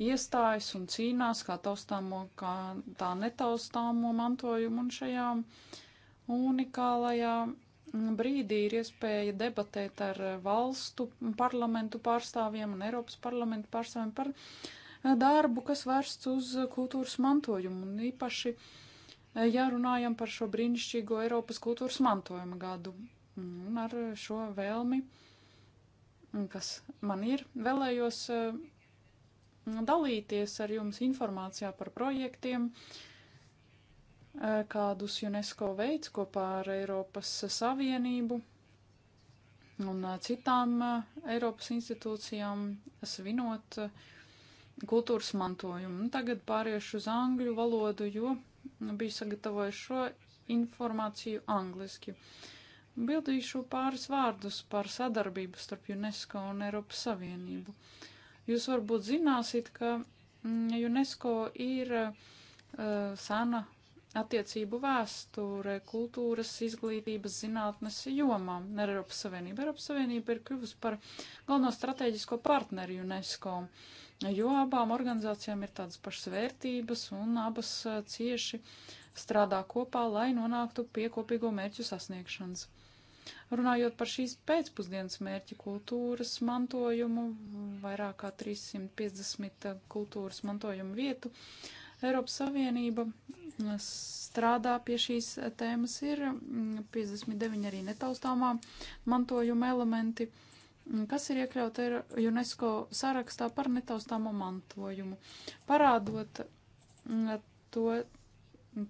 iestājas un cīnās kā taustāmo, kā tā netaustāmo mantojumu un šajā unikālajā mm, brīdī ir iespēja debatēt ar eh, valstu parlamentu pārstāvjiem un Eiropas parlamentu pārstāvjiem par Eh, darbu, kas vērsts uz eh, kultūras mantojumu. Un īpaši, eh, ja runājam par šo brīnišķīgo Eiropas kultūras mantojuma gadu mm, un ar šo vēlmi, mm, kas man ir, vēlējos dalīties ar jums informācijā par projektiem, kādus UNESCO veids kopā ar Eiropas Savienību un citām Eiropas institūcijām svinot uh, kultūras mantojumu. Nu, tagad pāriešu uz angļu valodu, jo biju sagatavojis šo informāciju angliski. Bildīšu pāris vārdus par sadarbību starp UNESCO un Eiropas Savienību. Jūs varbūt zināsit, ka mm, UNESCO ir uh, sena attiecību vēsture kultūras, izglītības, zinātnes jomā ar Eiropas Savienību. Eiropas Savienība ir kļuvusi par galveno strateģisko partneri UNESCO. Uh, jo abām organizācijām ir tādas pašas vērtības un abas cieši strādā kopā, lai nonāktu pie kopīgo mērķu sasniegšanas. Runājot par šīs pēcpusdienas mērķi kultūras mantojumu, vairāk kā 350 kultūras mantojumu vietu, Eiropas Savienība strādā pie šīs tēmas, ir 59 arī netaustāmā mantojuma elementi. Mm, kas ir iekļauta UNESCO sarakstā par netaustāmo mantojumu, parādot mm, to,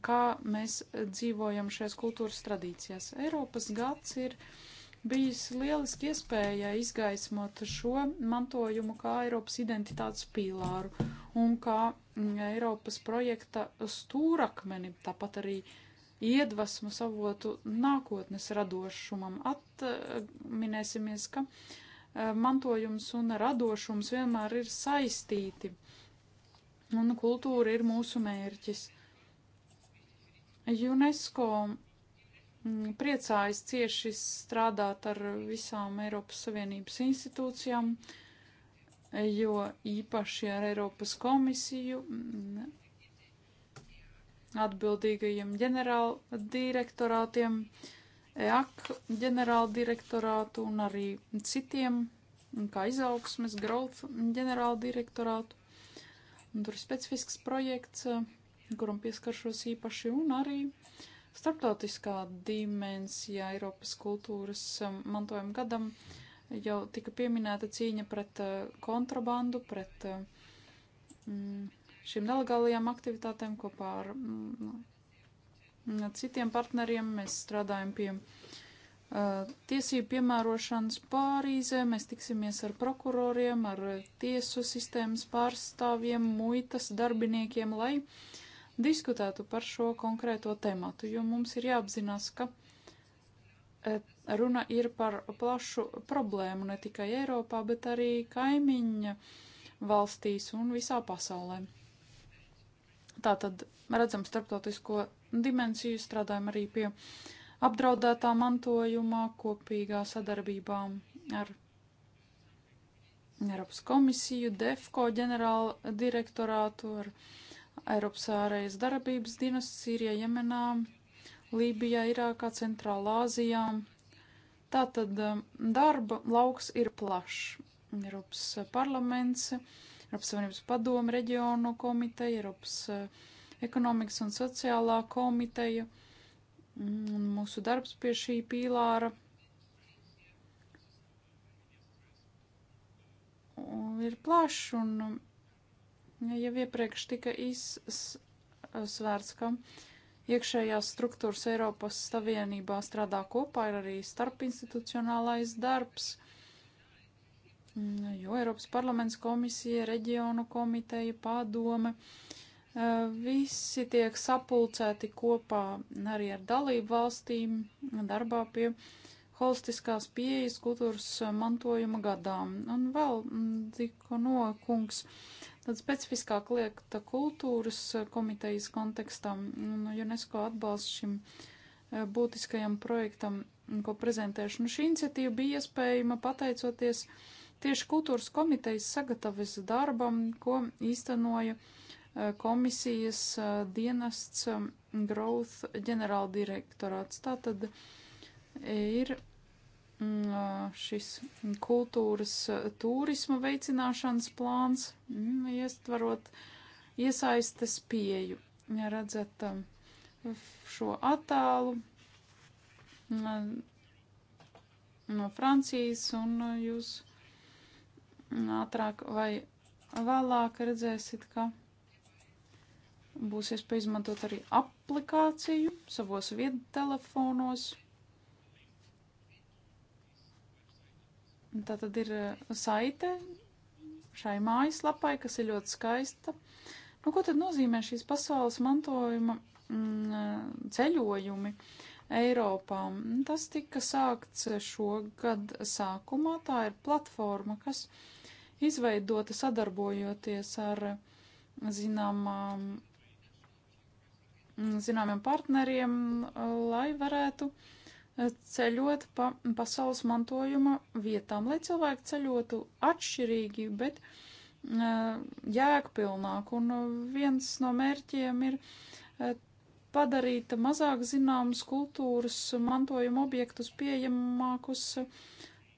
kā mēs dzīvojam šajās kultūras tradīcijās. Eiropas gads ir bijis lieliski iespēja izgaismot šo mantojumu kā Eiropas identitātes pīlāru un kā mm, Eiropas projekta stūrakmeni, tāpat arī iedvesmu savotu nākotnes radošumam. Atminēsimies, ka uh, Eh, mantojums un radošums vienmēr ir saistīti. Un kultūra ir mūsu mērķis. UNESCO mm, priecājas cieši strādāt ar visām Eiropas Savienības institūcijām, jo īpaši ar Eiropas komisiju mm, atbildīgajiem ģenerāldirektorātiem direktorātiem EAK ģenerāla direktorātu un arī citiem, kā izaugsmes growth ģenerāla direktorātu. Un tur ir specifisks projekts, e, kuram pieskaršos īpaši, un arī starptautiskā dimensija Eiropas kultūras e, mantojuma gadam jau tika pieminēta cīņa pret e, kontrabandu, pret šīm nelegālajām aktivitātēm kopā ar citiem partneriem. Mēs strādājam pie uh, tiesību piemērošanas Pārīzē, mēs tiksimies ar prokuroriem, ar tiesu sistēmas pārstāvjiem, muitas darbiniekiem, lai diskutētu par šo konkrēto tematu, jo mums ir jāapzinās, ka runa ir par plašu problēmu ne tikai Eiropā, bet arī kaimiņa valstīs un visā pasaulē. Tātad redzam starptautisko dimensiju, strādājam arī pie apdraudētā mantojumā kopīgā sadarbībā ar Eiropas komisiju, DEFCO ģenerāla direktorātu, ar Eiropas ārējas darbības dienas Sīrijā, Jemenā, Lībijā, Irākā, Centrālā Āzijā. Tātad um, darba lauks ir plašs. Eiropas parlaments, Eiropas Savienības padoma, reģionu komiteja, Eiropas uh, ekonomikas un sociālā komiteja un mūsu darbs pie šī pīlāra ir plašs un jau iepriekš tika izsvērts, ka iekšējās struktūras Eiropas Savienībā strādā kopā, ir arī starpinstitucionālais darbs, jo Eiropas parlaments komisija, reģionu komiteja, padome, uh, Eh, visi tiek sapulcēti kopā arī ar dalību valstīm darbā pie holistiskās pieejas kultūras eh, mantojuma gadām. Un vēl mm, Dziko Nokungs, tad specifiskāk liekta kultūras eh, komitejas kontekstam un UNESCO atbalsts šim būtiskajam projektam, mm, ko prezentēšu. Nu, šī iniciatīva bija iespējama pateicoties tieši kultūras komitejas sagatavas darbam, ko īstenoja uh, Eh, komisijas eh, dienests eh, growth ģenerāldirektorāts. Tātad ir mm, šis kultūras turisma veicināšanas plāns, mm, iestvarot iesaistes pieju. Ja redzat šo attēlu mm, no Francijas, un jūs ātrāk vai vēlāk redzēsiet, ka Būs iespēja izmantot arī aplikāciju savos viedtelefonos. Tā tad ir uh, saite šai mājaslapai, kas ir ļoti skaista. Nu, ko tad nozīmē šīs pasaules mantojuma mm, uh, ceļojumi? Eiropā. Nu, tas tika sākts šogad sākumā. Tā ir platforma, kas izveidota sadarbojoties ar zināmām um, zināmiem partneriem, lai varētu ceļot pa pasaules mantojuma vietām, lai cilvēki ceļotu atšķirīgi, bet jēgpilnāk. Un viens no mērķiem ir padarīt mazāk zināmas kultūras mantojuma objektus pieejamākus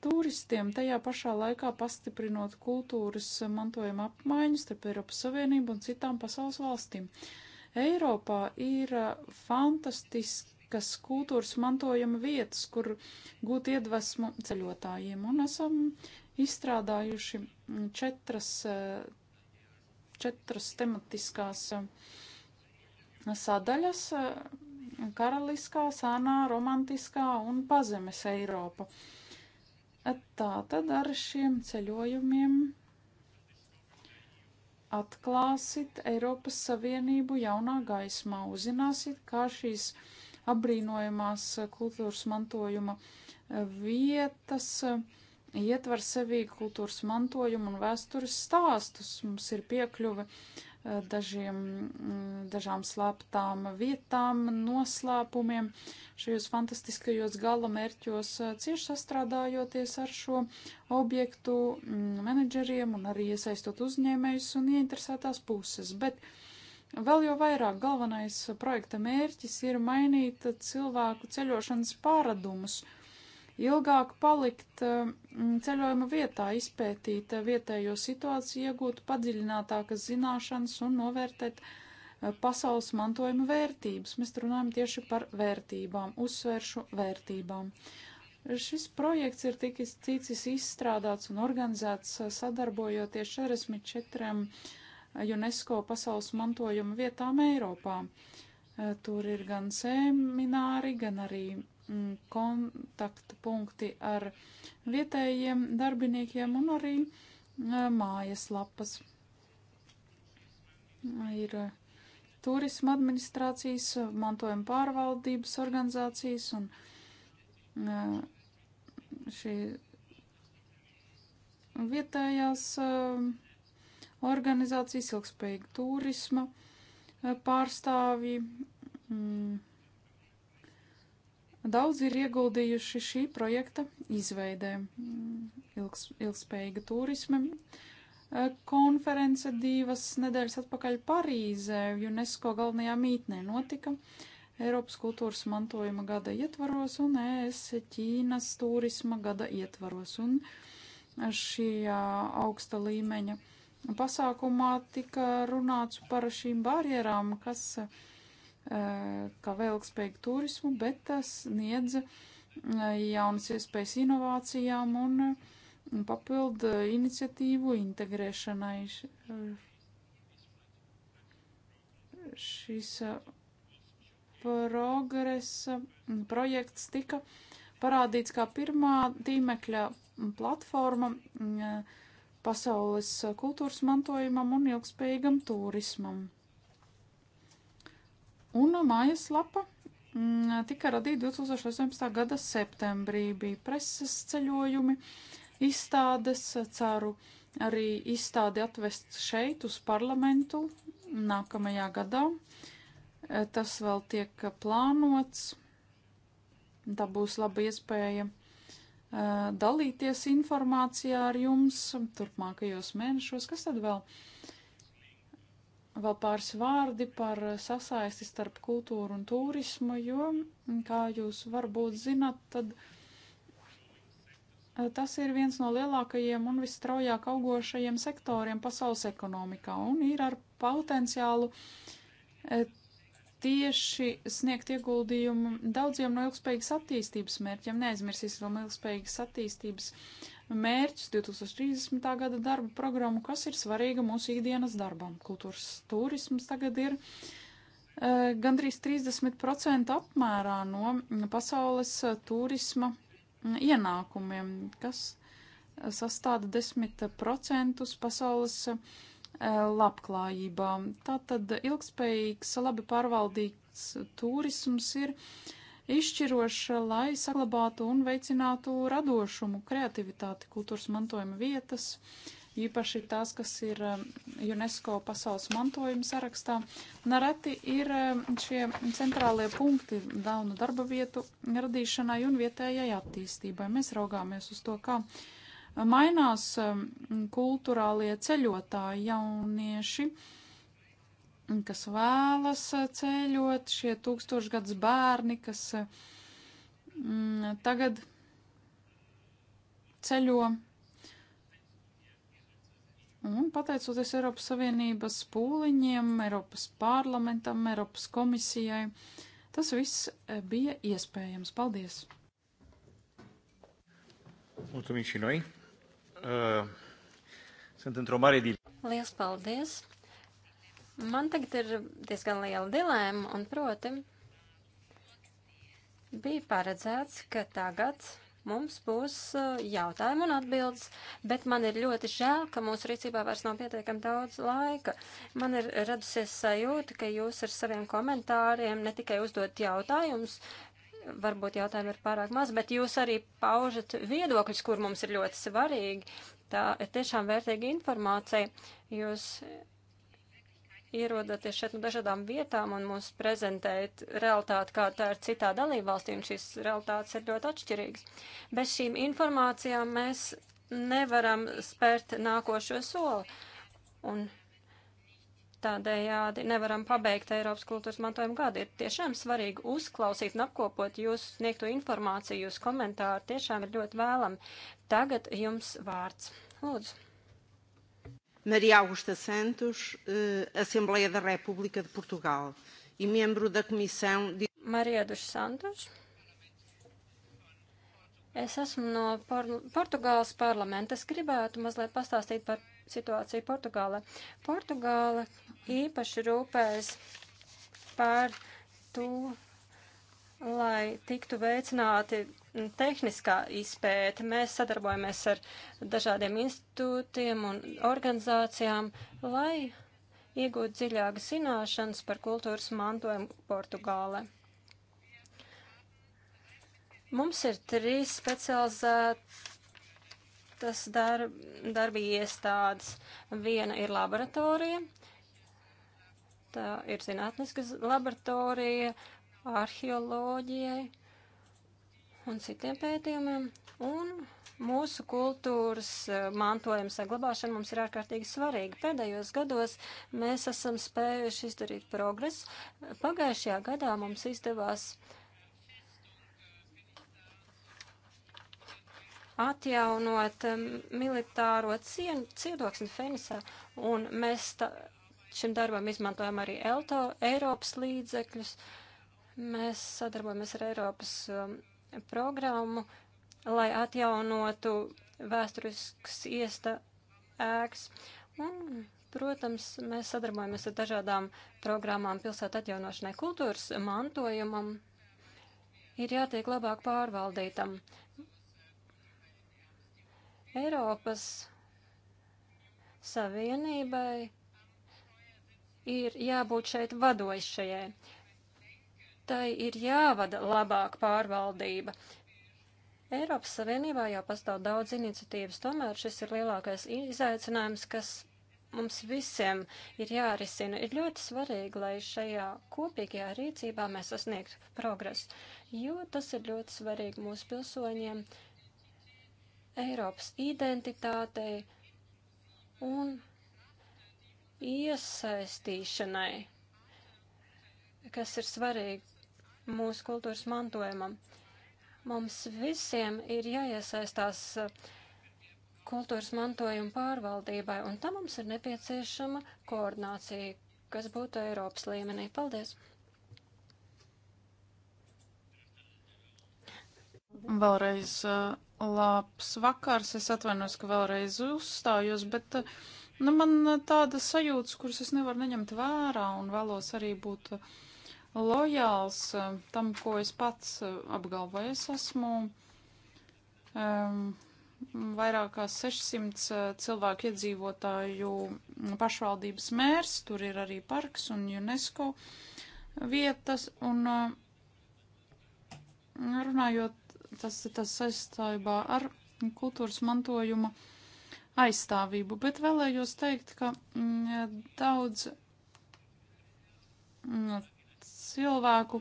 turistiem, tajā pašā laikā pastiprinot kultūras mantojuma apmaiņu starp Eiropas Savienību un citām pasaules valstīm. Uh, Eiropā ir uh, fantastiskas kultūras mantojuma vietas, kur gūt iedvesmu ceļotājiem, un esam izstrādājuši mm, četras, uh, četras tematiskās uh, sadaļas - karaliskā, sānā, romantiskā un pazemes Eiropa. Tā tad ar šiem ceļojumiem atklāsit Eiropas Savienību jaunā gaismā, uzzināsit, kā šīs apbrīnojamās kultūras mantojuma eh, vietas eh, ietver sevī kultūras mantojumu un vēstures stāstus. Mums ir piekļuve uh, dažiem, mm, dažām slēptām vietām, noslēpumiem, šajos fantastiskajos gala mērķos, eh, cieši sastrādājoties ar šo objektu mm, menedžeriem un arī iesaistot uzņēmējus un ieinteresētās puses. Bet vēl jau vairāk galvenais projekta mērķis ir mainīt cilvēku ceļošanas pāradumus ilgāk palikt eh, mm, ceļojuma vietā, izpētīt eh, vietējo situāciju, iegūt padziļinātākas zināšanas un novērtēt eh, pasaules mantojuma vērtības. Mēs runājam tieši par vērtībām, uzsvēršu vērtībām. Šis projekts ir ticis, ticis izstrādāts un organizēts sadarbojoties 44 UNESCO pasaules mantojuma vietām Eiropā. Tur ir gan semināri, gan arī Mm, kontaktpunkti ar vietējiem darbiniekiem un arī mm, eh, mājaslapas. Ir eh, turisma administrācijas, mantojuma pārvaldības organizācijas un eh, šī vietējās organizācijas ilgspējīga turisma pārstāvji. Mm, Daudz ir ieguldījuši šī projekta izveidē. Mm, ilgs, ilgspējīga turisma eh, konference divas nedēļas atpakaļ Parīzē UNESCO galvenajā mītnē notika. Eiropas kultūras mantojuma gada ietvaros un ES Ķīnas turisma gada ietvaros. Un šajā augsta līmeņa pasākumā tika runāts par šīm barjerām, kas uh, Eh, kā vēl ilgspējīgu turismu, bet tas niedz eh, jaunas iespējas inovācijām un, un eh, papildu iniciatīvu integrēšanai. Šis progresa mm, projekts tika parādīts kā pirmā tīmekļa platforma mm, pasaules kultūras mantojumam un ilgspējīgam turismam. Un mājaslapa mm, tika radīta 2018. gada septembrī. Bija preses ceļojumi, izstādes, ceru arī izstādi atvest šeit uz parlamentu nākamajā gadā. Tas vēl tiek plānots. Tā būs laba iespēja eh, dalīties informācijā ar jums turpmākajos mēnešos. Kas tad vēl? Uh, Vēl pāris vārdi par sasaisti starp kultūru un turismu, jo, kā jūs varbūt zinat, tad eh, tas ir viens no lielākajiem un visstraujāk augošajiem sektoriem pasaules ekonomikā un ir ar potenciālu eh, tieši sniegt ieguldījumu daudziem no ilgspējīgas attīstības mērķiem. Neaizmirsīsim, ka ilgspējīgas attīstības mērķus 2030. gada darba programmu, kas ir svarīga mūsu ikdienas darbam. Kultūras turisms tagad ir e, gandrīz 30% apmērā no pasaules e, turisma ienākumiem, kas e, sastāda 10% pasaules labklājībā. Tātad ilgspējīgs, labi pārvaldīts turisms ir izšķiroša, lai saglabātu un veicinātu radošumu, kreativitāti, kultūras mantojuma vietas, īpaši tās, kas ir um, UNESCO pasaules mantojuma sarakstā. Nereti ir um, šie centrālie punkti daunu darba vietu radīšanai un vietējai attīstībai. Mēs raugāmies uz to, kā mainās um, kultūrālie ceļotāji jaunieši kas vēlas eh, ceļot, šie tūkstošgads bērni, kas eh, mm, tagad ceļo. Un pateicoties Eiropas Savienības pūliņiem, Eiropas parlamentam, Eiropas komisijai, tas viss eh, bija iespējams. Paldies! Mulțumim și noi. Uh, sunt într-o mare dilemă. Liels paldies! Man tagad ir diezgan liela dilēma, un proti bija paredzēts, ka tagad mums būs uh, jautājumi un atbildes, bet man ir ļoti žēl, ka mūsu rīcībā vairs nav pietiekami daudz laika. Man ir radusies sajūta, ka jūs ar saviem komentāriem ne tikai uzdot jautājumus, varbūt jautājumi ir pārāk maz, bet jūs arī paužat viedokļus, kur mums ir ļoti svarīgi. Tā ir tiešām vērtīga informācija. Jūs ierodaties šeit no nu, dažādām vietām un mums prezentēt realitāti, kā tā ir citā dalībvalstī, un šīs realitātes ir ļoti atšķirīgas. Bez šīm informācijām mēs nevaram spērt nākošo soli, un tādējādi nevaram pabeigt Eiropas kultūras mantojuma gadu. Ir tiešām svarīgi uzklausīt un apkopot jūsu sniegto informāciju, jūsu komentāru, tiešām ir ļoti vēlam. Tagad jums vārds. Lūdzu. Maria Augusta Santos, eh, Assembleia da República de Portugal e membro da Comissão de. Maria dos Santos. Es esmu no Por Portugāles parlamenta. Es gribētu mazliet pastāstīt par situāciju Portugālē. Portugāla īpaši rūpējas par to, lai tiktu veicināti tehniskā izpēte. Mēs sadarbojamies ar dažādiem institūtiem un organizācijām, lai iegūtu dziļākas zināšanas par kultūras mantojumu Portugāle. Mums ir trīs specializētas darb, darbi iestādes. Viena ir laboratorija, tā ir zinātniska laboratorija, arheoloģijai un citiem pētījumiem. Un mūsu kultūras e, mantojuma saglabāšana mums ir ārkārtīgi svarīga. Pēdējos gados mēs esam spējuši izdarīt progresu. Pagājušajā gadā mums izdevās atjaunot e, militāro cien, ciedoksni Fenisā, un mēs ta, šim darbam izmantojam arī ELTO, Eiropas līdzekļus. Uh, Mēs sadarbojamies ar Eiropas um, programmu, lai atjaunotu vēsturisks iesta ēks. Un, protams, mēs sadarbojamies ar dažādām programmām pilsētu atjaunošanai kultūras mantojumam. Ir jātiek labāk pārvaldītam. Eiropas Savienībai ir jābūt šeit vadošajai tai ir jāvada labāk pārvaldība. Eiropas Savienībā jau pastāv daudz iniciatīvas, tomēr šis ir lielākais izaicinājums, kas mums visiem ir jārisina. Ir ļoti svarīgi, lai šajā kopīgajā rīcībā mēs sasniegtu progresu, jo tas ir ļoti svarīgi mūsu pilsoņiem, Eiropas identitātei un iesaistīšanai, kas ir svarīgi mūsu kultūras mantojumam. Mums visiem ir jāiesaistās eh, kultūras mantojuma pārvaldībai, un tam mums ir nepieciešama koordinācija, kas būtu Eiropas līmenī. Paldies! Vēlreiz eh, labs vakars. Es atvainojos, ka vēlreiz uzstājos, bet eh, nu, man tādas sajūtas, kuras es nevaru neņemt vērā un vēlos arī būt. Uh, lojāls eh, tam, ko es pats eh, apgalvoju. Es esmu um, vairāk kā 600 eh, cilvēku iedzīvotāju pašvaldības mērs, tur ir arī parks un UNESCO vietas, un runājot, tas ir tas saistībā ar kultūras mantojuma aizstāvību, bet vēlējos teikt, ka m, mm, daudz m, mm, cilvēku.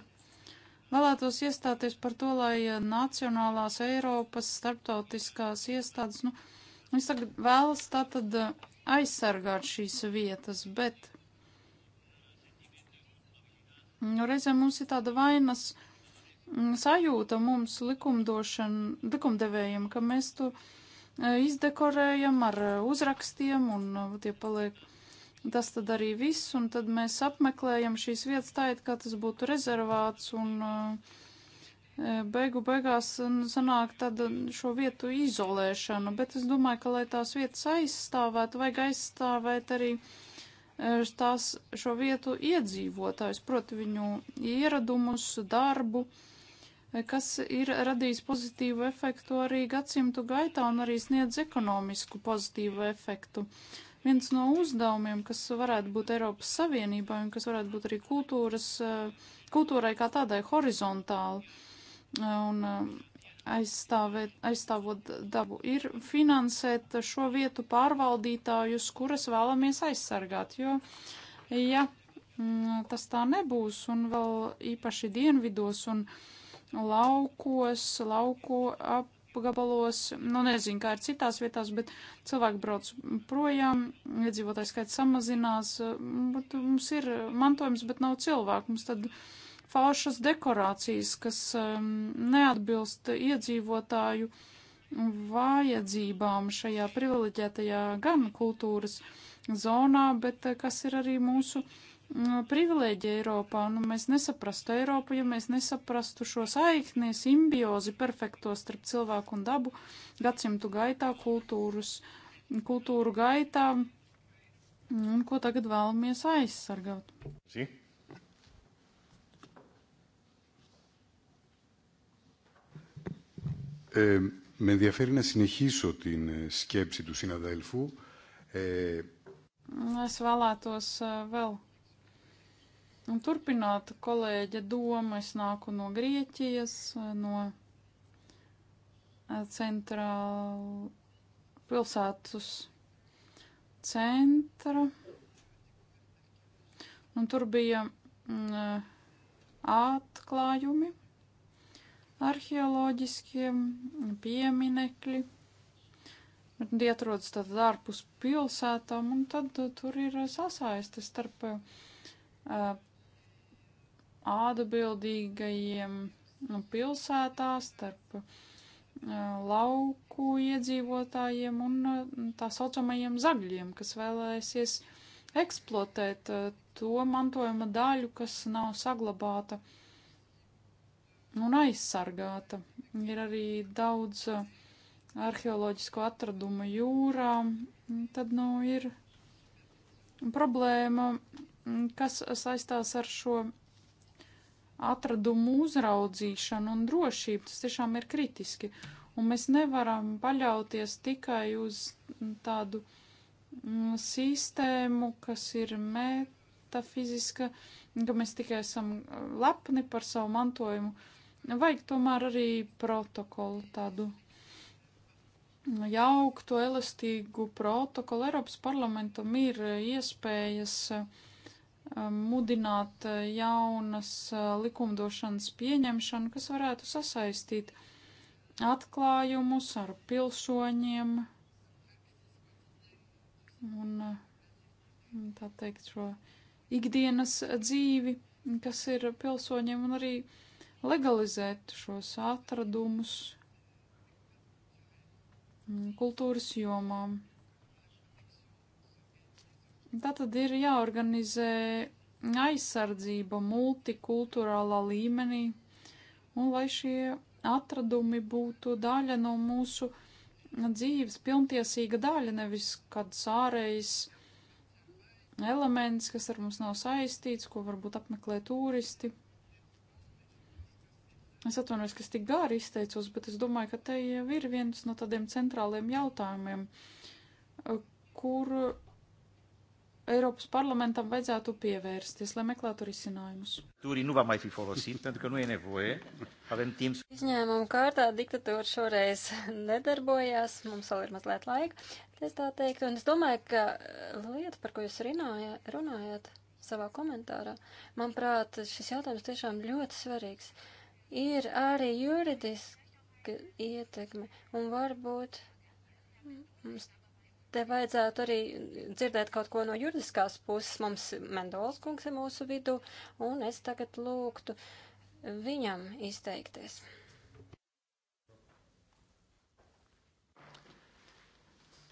Vēlētos iestāties par to, lai eh, nacionālās Eiropas starptautiskās iestādes, nu, es tagad vēlas tātad eh, aizsargāt šīs vietas, bet nu, reizēm mums ir tāda vainas mm, sajūta mums likumdošana, likumdevējiem, ka mēs to eh, izdekorējam ar uzrakstiem un tie paliek Tas tad arī viss, un tad mēs apmeklējam šīs vietas tā, it kā tas būtu rezervāts, un e, beigu beigās sanāk tāda šo vietu izolēšana, bet es domāju, ka, lai tās vietas aizstāvētu, vajag aizstāvēt arī e, tās šo vietu iedzīvotājus, proti viņu ieradumus, darbu, e, kas ir radījis pozitīvu efektu arī gadsimtu gaitā un arī sniedz ekonomisku pozitīvu efektu. Uh, Viens no uzdevumiem, kas varētu būt Eiropas Savienībai un kas varētu būt arī kultūras, eh, kultūrai kā tādai horizontāli eh, un eh, aizstāvēt, aizstāvot dabu, ir finansēt šo vietu pārvaldītājus, kuras vēlamies aizsargāt, jo, ja mm, tas tā nebūs, un vēl īpaši dienvidos un laukos, lauku ap apgabalos, nu nezinu, kā ir citās vietās, bet cilvēki brauc projām, iedzīvotājs skaits samazinās, bet mums ir mantojums, bet nav cilvēku. Mums tad fāšas dekorācijas, kas um, neatbilst iedzīvotāju vajadzībām šajā privileģētajā gan kultūras zonā, bet eh, kas ir arī mūsu uh, Nu, privilēģi Eiropā, un nu, mēs nesaprastu Eiropu, ja mēs nesaprastu šo saikni, simbiozi perfekto starp cilvēku un dabu gadsimtu gaitā, kultūras, kultūru gaitā, un ko tagad vēlamies aizsargāt. Sí. Ε, με ενδιαφέρει να συνεχίσω την σκέψη του συναδέλφου. Ε... Es vēlētos vēl Un turpināt kolēģa domu, es nāku no Grieķijas, no eh, centrāla pilsētas centra. Un tur bija mm, eh, atklājumi arheoloģiskiem mm, pieminekļi. Tie atrodas tad ārpus pilsētām, un tad eh, tur ir sasaiste starp uh, atbildīgajiem nu, pilsētās, starp lauku iedzīvotājiem un tā saucamajiem zagļiem, kas vēlēsies eksploatēt to mantojuma daļu, kas nav saglabāta un aizsargāta. Ir arī daudz arheoloģisko atradumu jūrā, tad, nu, ir problēma, kas saistās ar šo atradumu uzraudzīšanu un drošību. Tas tiešām ir kritiski. Un mēs nevaram paļauties tikai uz tādu mm, sistēmu, kas ir metafiziska, ka mēs tikai esam mm, lepni par savu mantojumu. Vajag tomēr arī protokolu tādu mm, jauktu, elastīgu protokolu. Eiropas parlamentam ir iespējas uh, Um, mudināt uh, jaunas uh, likumdošanas pieņemšanu, kas varētu sasaistīt atklājumus ar pilsoņiem un, uh, tā teikt, šo ikdienas dzīvi, kas ir pilsoņiem, un arī legalizēt šos atradumus kultūras jomām. Tā tad ir jāorganizē aizsardzība multikulturālā līmenī, un lai šie atradumi būtu daļa no mūsu dzīves, pilntiesīga daļa, nevis kāds ārējs elements, kas ar mums nav saistīts, ko varbūt apmeklē turisti. Es atvainojos, ka es tik gāri izteicos, bet es domāju, ka te jau ir viens no tādiem centrāliem jautājumiem, kur Eiropas parlamentam vajadzētu pievērsties, lai meklētu risinājumus. Turi nu va mai fi folosit, pentru că nu e nevoie. Avem timp. Izņēmuma kārtā diktatūra šoreiz nedarbojās, mums vēl ir mazliet laika, es tā teiktu. Un es domāju, ka lieta, par ko jūs runāja, runājat savā komentārā, manuprāt, šis jautājums tiešām ļoti svarīgs. Ir arī juridiska ietekme un varbūt mums Te vajadzētu arī dzirdēt kaut ko no juridiskās puses. Mums Mendols kungs ir mūsu vidu, un es tagad lūgtu viņam izteikties.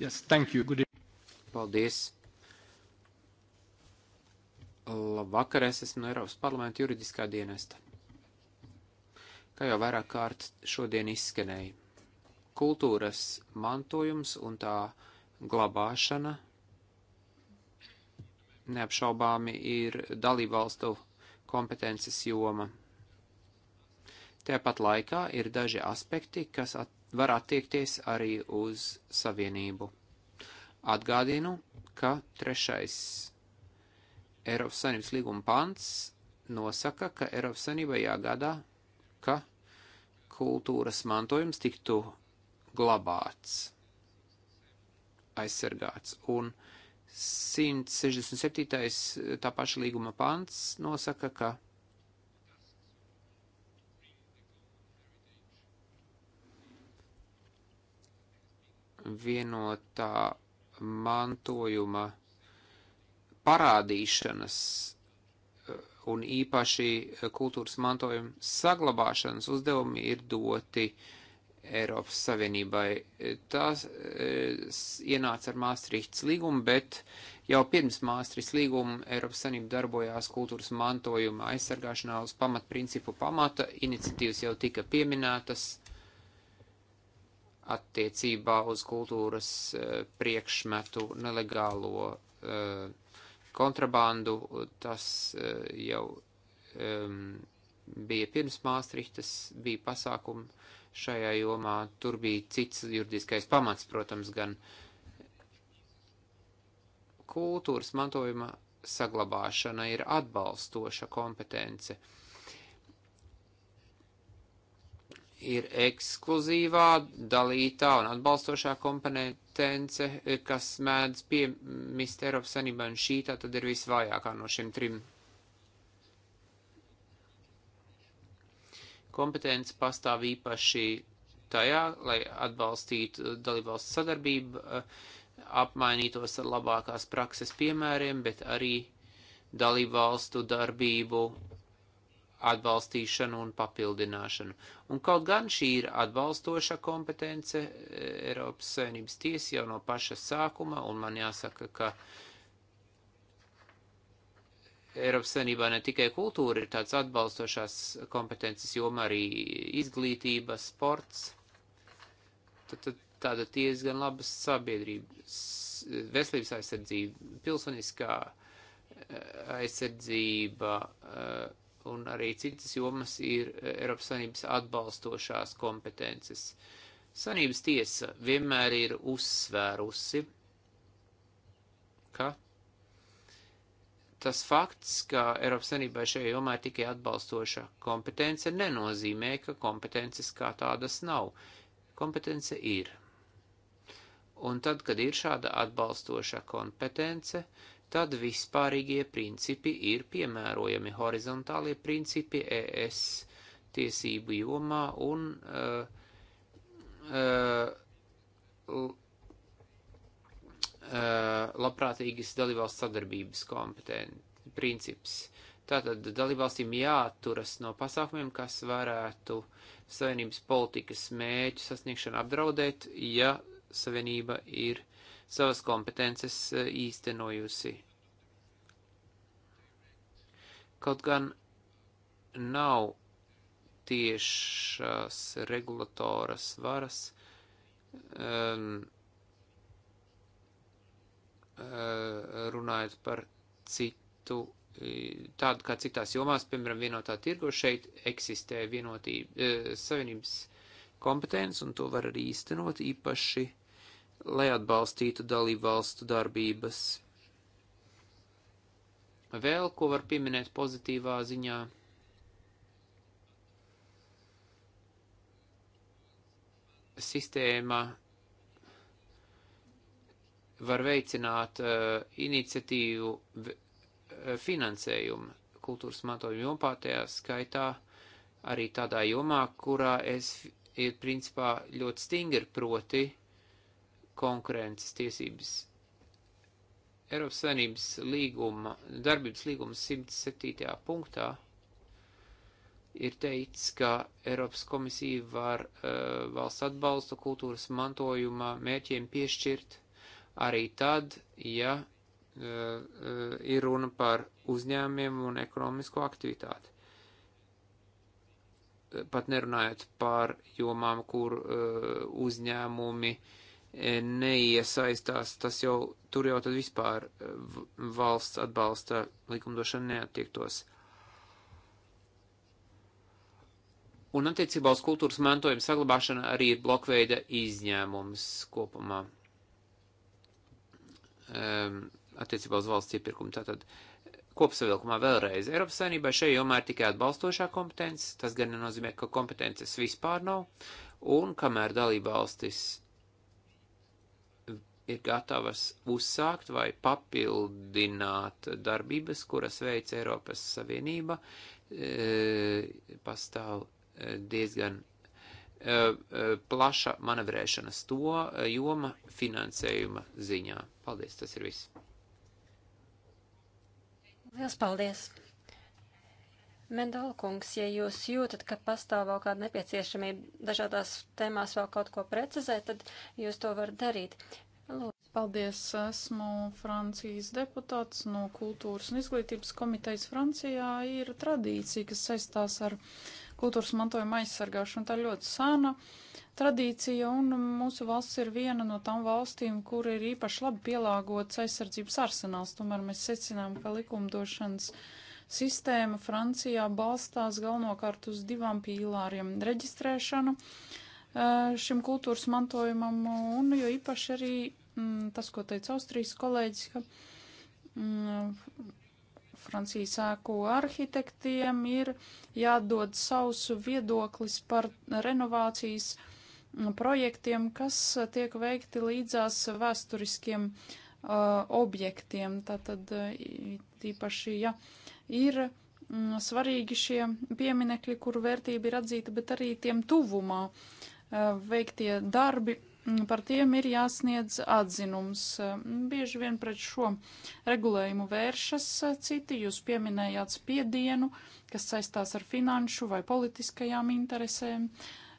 Yes, thank you. Good Paldies. Labvakar, es esmu no Eiropas parlamenta juridiskā dienesta. Kā jau vairāk kārt šodien izskanēja, kultūras mantojums un tā uh, glabāšana neapšaubāmi ir dalībvalstu kompetences joma. Tāpat laikā ir daži aspekti, kas at var attiekties arī uz savienību. Atgādinu, ka trešais Eiropas Savienības līguma pants nosaka, ka Eiropas Savienībai jāgādā, ka kultūras mantojums tiktu glabāts aizsargāts. Un 167. tā paša līguma pants nosaka, ka vienotā mantojuma parādīšanas uh, un īpaši kultūras mantojuma saglabāšanas uzdevumi ir doti uh, Eiropas Savienībai. Tās ienāca ar Māstrihts līgumu, bet jau pirms Māstrihts līguma Eiropas Savienība darbojās kultūras mantojuma aizsargāšanā uz pamatprincipu pamata. Iniciatīvas jau tika pieminētas attiecībā uz kultūras e, priekšmetu nelegālo e, kontrabandu. Tas e, jau bija pirms Māstrihtas, bija pasākumi šajā jomā. Tur bija cits juridiskais pamats, protams, gan kultūras mantojuma saglabāšana ir atbalstoša kompetence. Ir ekskluzīvā, dalītā un atbalstošā kompetence, kas mēdz piemist Eiropas Sanībā, un šī tā tad ir visvājākā no šiem trim kompetence pastāv īpaši tajā, lai atbalstītu dalībvalsts sadarbību, eh, apmainītos ar labākās prakses piemēriem, bet arī dalībvalstu darbību atbalstīšanu un papildināšanu. Un kaut gan šī ir atbalstoša kompetence eh, Eiropas Savienības tiesa jau no paša sākuma, un man jāsaka, ka uh, Eiropas Savienībā ne tikai kultūra ir tāds atbalstošās kompetences joma, arī izglītība, sports. Tad, tad tāda diezgan laba sabiedrība, veselības aizsardzība, pilsoniskā eh, aizsardzība eh, un arī citas jomas ir Eiropas Savienības atbalstošās kompetences. Sanības tiesa vienmēr ir uzsvērusi, tas fakts, ka Eiropas Savienībai šajā jomā ir tikai atbalstoša kompetence, nenozīmē, ka kompetences kā tādas nav. Kompetence ir. Un tad, kad ir šāda atbalstoša kompetence, tad vispārīgie principi ir piemērojami horizontālie principi ES tiesību jomā un uh, uh, Uh, labprātīgas dalībvalsts sadarbības kompetenci princips. Tātad dalībvalstīm jāatturas no pasākumiem, kas varētu savienības politikas mēķu sasniegšanu apdraudēt, ja savienība ir savas kompetences uh, īstenojusi. Kaut gan nav tiešas regulatoras varas, um, Eh, runājot par citu, tādu kā citās jomās, piemēram, vienotā tirgo šeit eksistē vienotība, eh, savienības kompetence, un to var arī īstenot īpaši, lai atbalstītu dalību valstu darbības. Vēl ko var pieminēt pozitīvā ziņā? Sistēma var veicināt uh, iniciatīvu eh, finansējumu kultūras mantojuma jomā, tajā skaitā arī tādā jomā, kurā es ir principā ļoti stingri proti konkurences tiesības. Eiropas Savienības līguma, darbības līguma 107. punktā ir teicis, ka Eiropas komisija var uh, valsts atbalstu kultūras mantojuma mērķiem piešķirt arī tad, ja e, e, ir runa par uzņēmiem un ekonomisko aktivitāti. E, pat nerunājot par jomām, kur uzņēmumi neiesaistās, tas jau tur jau tad vispār valsts atbalsta likumdošana neattiektos. Un attiecībā uz kultūras mantojuma saglabāšana arī ir blokveida izņēmums kopumā um, attiecībā uz valsts iepirkumu. Tātad kopsavilkumā vēlreiz Eiropas Savienībā šai jomā ir tikai atbalstošā kompetence, tas gan nenozīmē, ka kompetences vispār nav, un kamēr dalība valstis ir gatavas uzsākt vai papildināt darbības, kuras veic Eiropas Savienība, e, pastāv e, diezgan E, e, plaša manevrēšanas to e, joma finansējuma ziņā. Paldies, tas ir viss. Liels paldies! Mendola kungs, ja jūs jūtat, ka pastāv vēl kāda nepieciešamība dažādās tēmās vēl kaut ko precizēt, tad jūs to varat darīt. Lūdzu. Paldies, esmu Francijas deputāts no Kultūras un izglītības komitejas Francijā. Ir tradīcija, kas saistās ar uh, kultūras mantojuma aizsargāšanu. Tā ir ļoti sena tradīcija, un mūsu valsts ir viena no tām valstīm, kur ir īpaši labi pielāgots aizsardzības arsenāls. Tomēr mēs secinām, ka likumdošanas sistēma Francijā balstās galvenokārt uz divām pīlāriem - reģistrēšanu eh, šim kultūras mantojumam, un jo īpaši arī mm, tas, ko teica Austrijas kolēģis, ka mm, Francija sēko arhitektiem, ir jādod savs viedoklis par renovācijas projektiem, kas tiek veikti līdzās vēsturiskiem uh, objektiem. Tātad tīpaši, ja ir mm, svarīgi šie pieminekļi, kuru vērtība ir atzīta, bet arī tiem tuvumā uh, veiktie darbi Mm, par tiem ir jāsniedz atzinums. Mm, bieži vien pret šo regulējumu vēršas eh, citi, jūs pieminējāt spiedienu, kas saistās ar finanšu vai politiskajām interesēm.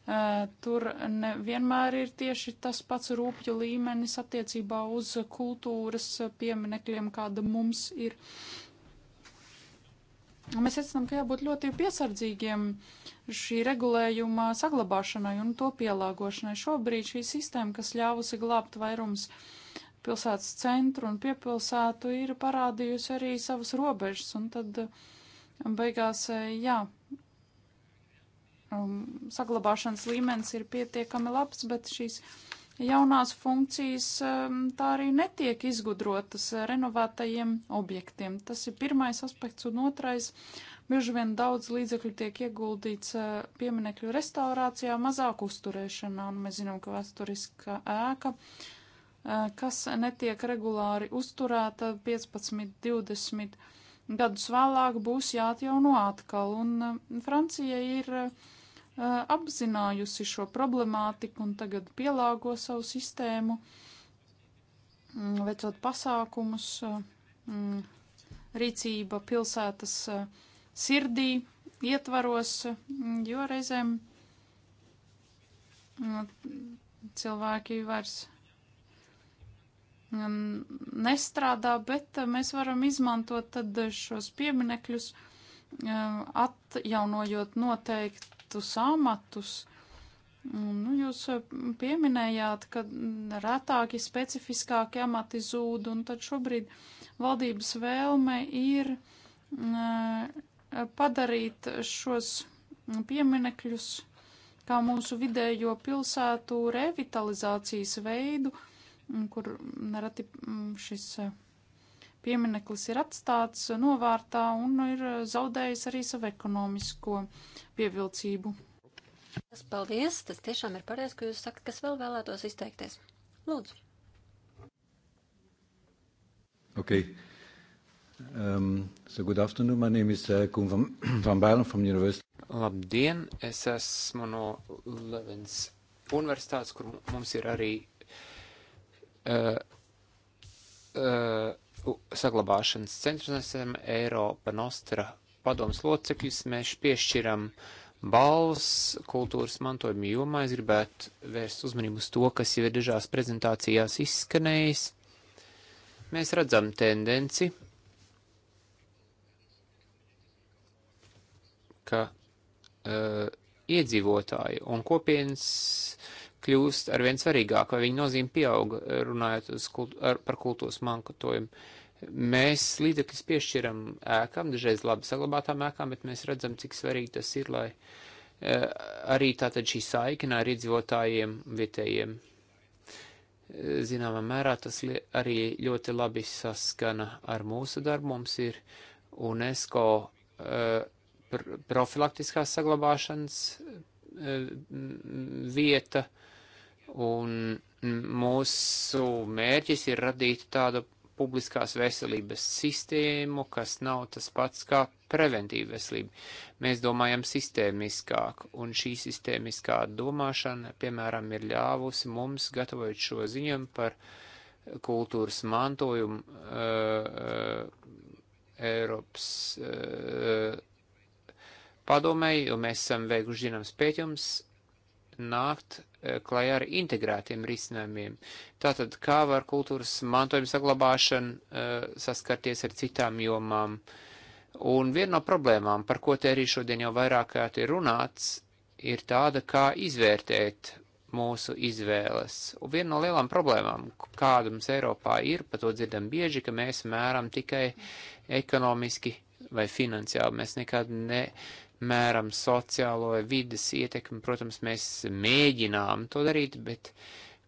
Eh, tur nevienmēr ir tieši tas pats rūpju līmenis attiecībā uz kultūras eh, pieminekļiem, kāda mums ir. Uh, Mēs secinām, ka jābūt ļoti piesardzīgiem šī regulējuma saglabāšanai un to pielāgošanai. Šobrīd šī sistēma, kas ļāvusi glābt vairums pilsētas centru un piepilsētu, ir parādījusi arī savas robežas, un tad um, beigās, eh, jā, um, saglabāšanas līmenis ir pietiekami labs, bet šīs jaunās funkcijas um, tā arī netiek izgudrotas renovētajiem objektiem. Tas ir pirmais aspekts, un otrais - bieži vien daudz līdzekļu tiek ieguldīts uh, pieminekļu restaurācijā, mazāk uzturēšanā, un mēs zinām, ka vēsturiska ēka, uh, kas netiek regulāri uzturēta 15, 20 gadus vēlāk, būs jāatjauno atkal, un uh, Francija ir Eh, apzinājusi šo problemātiku un tagad pielāgo savu sistēmu, mm, veicot pasākumus. Eh, mm, rīcība pilsētas eh, sirdī ietvaros, mm, jo reizēm cilvēki vairs nestrādā, bet mēs varam izmantot tad šos pieminekļus, atjaunojot noteikti noteiktus amatus. Nu, jūs eh, pieminējāt, ka retāki specifiskāki amati zūd, un tad šobrīd valdības vēlme ir eh, padarīt šos pieminekļus kā mūsu vidējo pilsētu revitalizācijas veidu, kur nereti mm, šis eh, piemineklis ir atstāts novārtā un ir zaudējis arī savu ekonomisko pievilcību. Tas paldies, tas tiešām ir pareizi, ka jūs sakat, kas vēl vēlētos izteikties. Lūdzu. Okay. Um, so good afternoon, my name is uh, Koen van, van Bijlen from University. Labdien, es esmu no Levens universitātes, kur mums ir arī uh, uh, saglabāšanas centrs, esam Eiropa Nostra padomas locekļus, mēs piešķiram balvas kultūras mantojuma jomā. Es gribētu vērst uzmanību uz to, kas jau ir dažās prezentācijās izskanējis. Mēs redzam tendenci, ka uh, iedzīvotāji un kopienas kļūst ar vien svarīgāk, vai viņa nozīme pieaug, runājot kultu, ar, par kultūras mantojumu. Uh, Mēs līdzekļus piešķiram ēkām, dažreiz labi saglabātām ēkām, bet mēs redzam, cik svarīgi tas ir, lai e, arī tātad šī saikne ar iedzīvotājiem vietējiem. E, zināmā mērā tas arī ļoti labi saskana ar mūsu darbu. Mums ir UNESCO e, pr profilaktiskās saglabāšanas vieta, un mūsu mērķis ir radīt tādu publiskās veselības sistēmu, kas nav tas pats kā preventīva veselība. Mēs domājam sistēmiskāk, un šī sistēmiskā domāšana, piemēram, ir ļāvusi mums, gatavojot šo ziņojumu par kultūras mantojumu uh, uh, Eiropas uh, padomēji, jo mēs esam veikuši zināms pētījums nākt Eh, klajā ar integrētiem risinājumiem. Tātad, kā var kultūras mantojuma saglabāšana eh, saskarties ar citām jomām? Un viena no problēmām, par ko te arī šodien jau vairāk kārt ir runāts, ir tāda, kā izvērtēt mūsu izvēles. Un viena no lielām problēmām, kāda mums Eiropā ir, pa to dzirdam bieži, ka mēs mēram tikai ekonomiski vai finansiāli. Mēs nekad ne mēram sociālo vai vidas ietekmi. Protams, mēs mēģinām to darīt, bet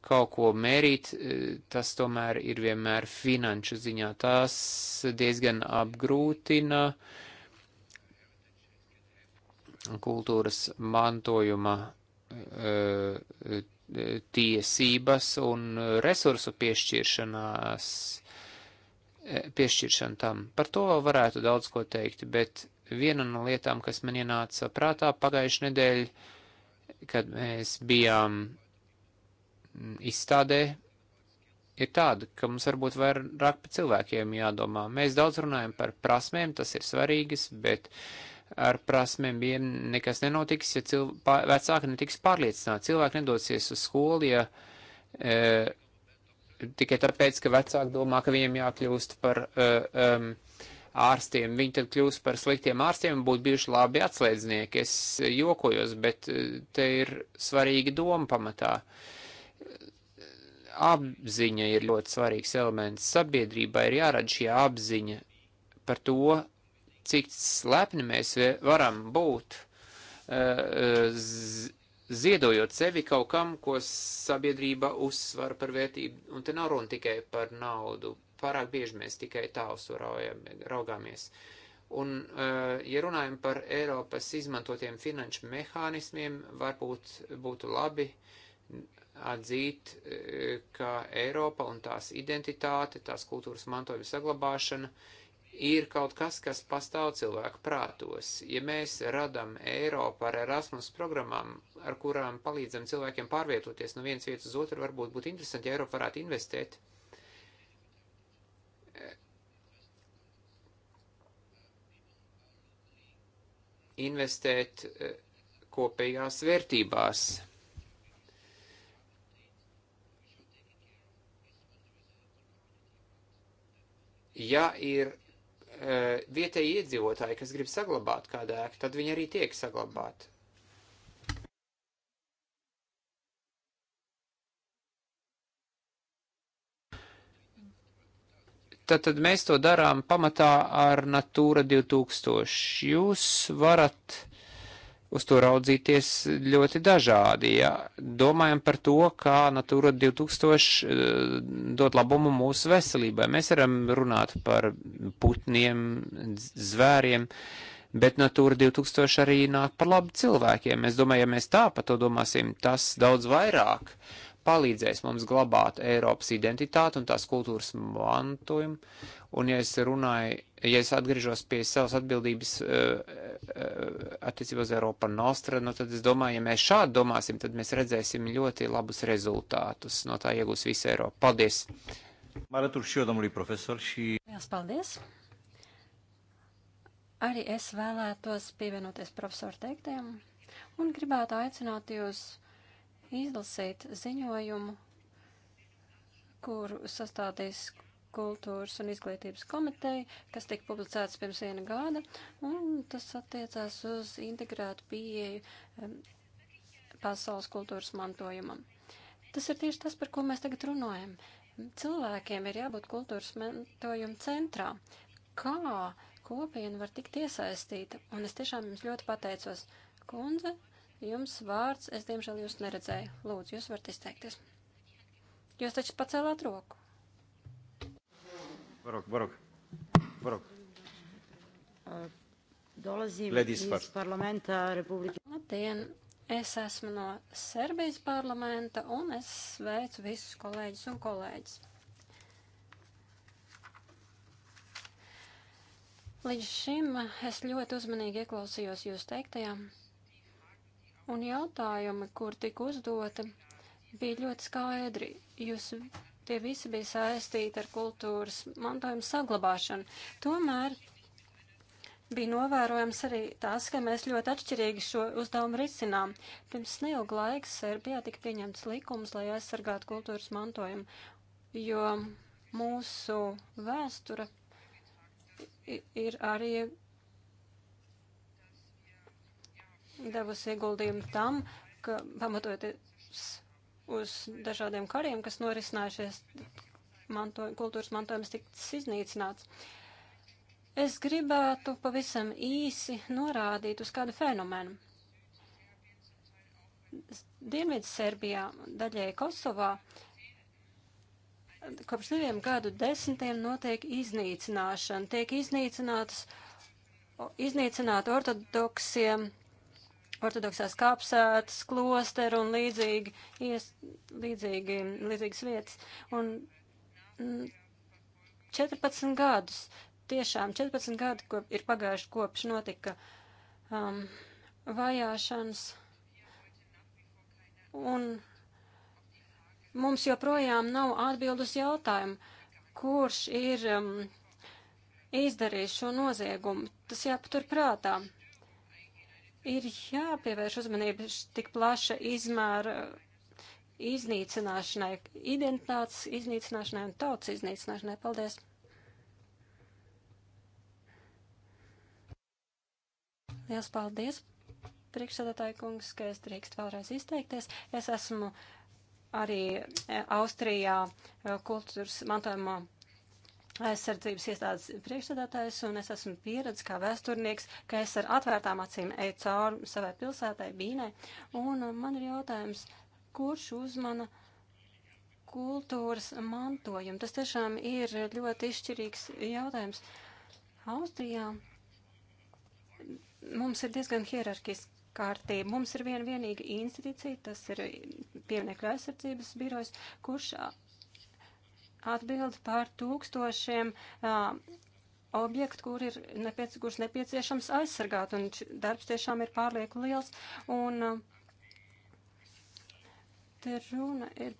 kaut ko mērīt, e, tas tomēr ir vienmēr finanšu ziņā. Tas diezgan apgrūtina kultūras mantojuma e, e, tiesības un resursu piešķiršanās, piešķiršana tam. Par to vēl varētu daudz ko teikt, bet viena no lietām, kas man ienāca prātā pagājuši nedēļ, kad mēs bijām izstādē, ir tāda, ka mums varbūt vairāk par cilvēkiem jādomā. Mēs daudz runājam par prasmēm, tas ir svarīgas, bet ar prasmēm bija nekas nenotiks, ja cilv... vecāki netiks pārliecināti. Cilvēki nedosies uz skolu, ja e, tikai tāpēc, ka vecāki domā, ka viņiem jākļūst par. E, um, e, ārstiem. Viņi tad kļūst par sliktiem ārstiem un būtu bijuši labi atslēdznieki. Es jokojos, bet eh, te ir svarīga doma pamatā. Apziņa ir ļoti svarīgs elements. Sabiedrībai ir jārada šī apziņa par to, cik slepni mēs varam būt, eh, ziedojot sevi kaut kam, ko sabiedrība uzsver par vērtību. Un te nav runa tikai par naudu, pārāk bieži mēs tikai tā uz to raugāmies. Un, eh, ja runājam par Eiropas izmantotiem finanšu mehānismiem, varbūt būtu labi atzīt, eh, ka Eiropa un tās identitāte, tās kultūras mantojuma saglabāšana ir kaut kas, kas pastāv cilvēku prātos. Ja mēs radam Eiropu ar Erasmus programmām, ar kurām palīdzam cilvēkiem pārvietoties no vienas vietas uz otru, varbūt būtu interesanti, ja Eiropa varētu investēt uh, investēt eh, kopējās vērtībās. Ja ir eh, vietēji iedzīvotāji, kas grib saglabāt kādu ēku, tad viņi arī tiek saglabāti. tad, tad mēs to darām pamatā ar Natūra 2000. Jūs varat uz to raudzīties ļoti dažādi. Ja domājam par to, kā Natūra 2000 eh, dod labumu mūsu veselībai, mēs varam runāt par putniem, zvēriem. Bet Natūra 2000 arī nāk par labu cilvēkiem. Es domāju, ja mēs tā par to domāsim, tas daudz vairāk uh, palīdzēs mums glabāt Eiropas identitāti un tās kultūras mantojumu. Un, ja es runāju, ja es atgriežos pie savas atbildības uh, uh, attiecībā uz Eiropa Nostra, nu, tad es domāju, ja mēs šādi domāsim, tad mēs redzēsim ļoti labus rezultātus. No tā iegūs visa Eiropa. Paldies! Lielas paldies! Arī es vēlētos pievienoties profesoru teiktajam un gribētu aicināt jūs izlasīt ziņojumu, kuru sastādīs kultūras un izglītības komiteja, kas tika publicēts pirms viena gada, un tas attiecās uz integrētu pieeju pasaules kultūras mantojumam. Tas ir tieši tas, par ko mēs tagad runājam. Cilvēkiem ir jābūt kultūras mantojuma centrā. Kā kopiena var tikt iesaistīta? Un es tiešām jums ļoti pateicos, kundze, Jums vārds, es diemžēl jūs neredzēju. Lūdzu, jūs varat izteikties. Jūs taču pacēlāt roku. Varok, varok, varok. Uh, dolazim Ladies iz first. parlamenta Republika. Labdien, es esmu no Serbijas parlamenta un es sveicu visus kolēģis un kolēģis. Līdz šim es ļoti uzmanīgi ieklausījos jūs teiktajām un jautājumi, kur tika uzdota, bija ļoti skaidri. Jūs tie visi bija saistīti ar kultūras mantojuma saglabāšanu. Tomēr bija novērojams arī tas, ka mēs ļoti atšķirīgi šo uzdevumu risinām. Pirms neilga laika Serbijā tika pieņemts likums, lai aizsargātu kultūras mantojumu, jo mūsu vēstura ir arī devas ieguldījumu tam, ka pamatojoties uz dažādiem kariem, kas norisinājušies, manto, kultūras mantojums tiks iznīcināts. Es gribētu pavisam īsi norādīt uz kādu fenomenu. Dienvidu Serbijā, daļai Kosovā, kopš diviem gadu desmitiem notiek iznīcināšana. Tiek iznīcinātas, iznīcināti ortodoksie ortodoksās kapsētas, klosteru un līdzīgi, ies, līdzīgi, līdzīgas vietas. Un 14 mm, gadus, tiešām 14 gadi kop, ir pagājuši kopš notika um, vajāšanas. Un mums joprojām nav atbildus jautājumu, kurš ir um, izdarījis šo noziegumu. Tas jāpatur prātā ir jāpievērš uzmanība tik plaša izmēra iznīcināšanai, identitātes iznīcināšanai un tautas iznīcināšanai. Paldies! Liels paldies, priekšsēdētāji kungs, ka es drīkst vēlreiz izteikties. Es esmu arī eh, Austrijā eh, kultūras mantojuma aizsardzības iestādes priekšsēdētājs, un es esmu pieredzējis kā vēsturnieks, ka es ar atvērtām acīm eju cauri savai pilsētai, Bīnai, un uh, man ir jautājums, kurš uzmana kultūras mantojumu? Tas tiešām ir ļoti izšķirīgs jautājums. Austrijā mums ir diezgan hierarkiski. Kārtība. Mums ir viena vienīga institūcija, tas ir pieminekļu aizsardzības birojs, kurš atbildi par tūkstošiem uh, objektu, kur ir nepiec, kurš nepieciešams aizsargāt, un darbs tiešām ir pārlieku liels. Un, uh, Te runa ir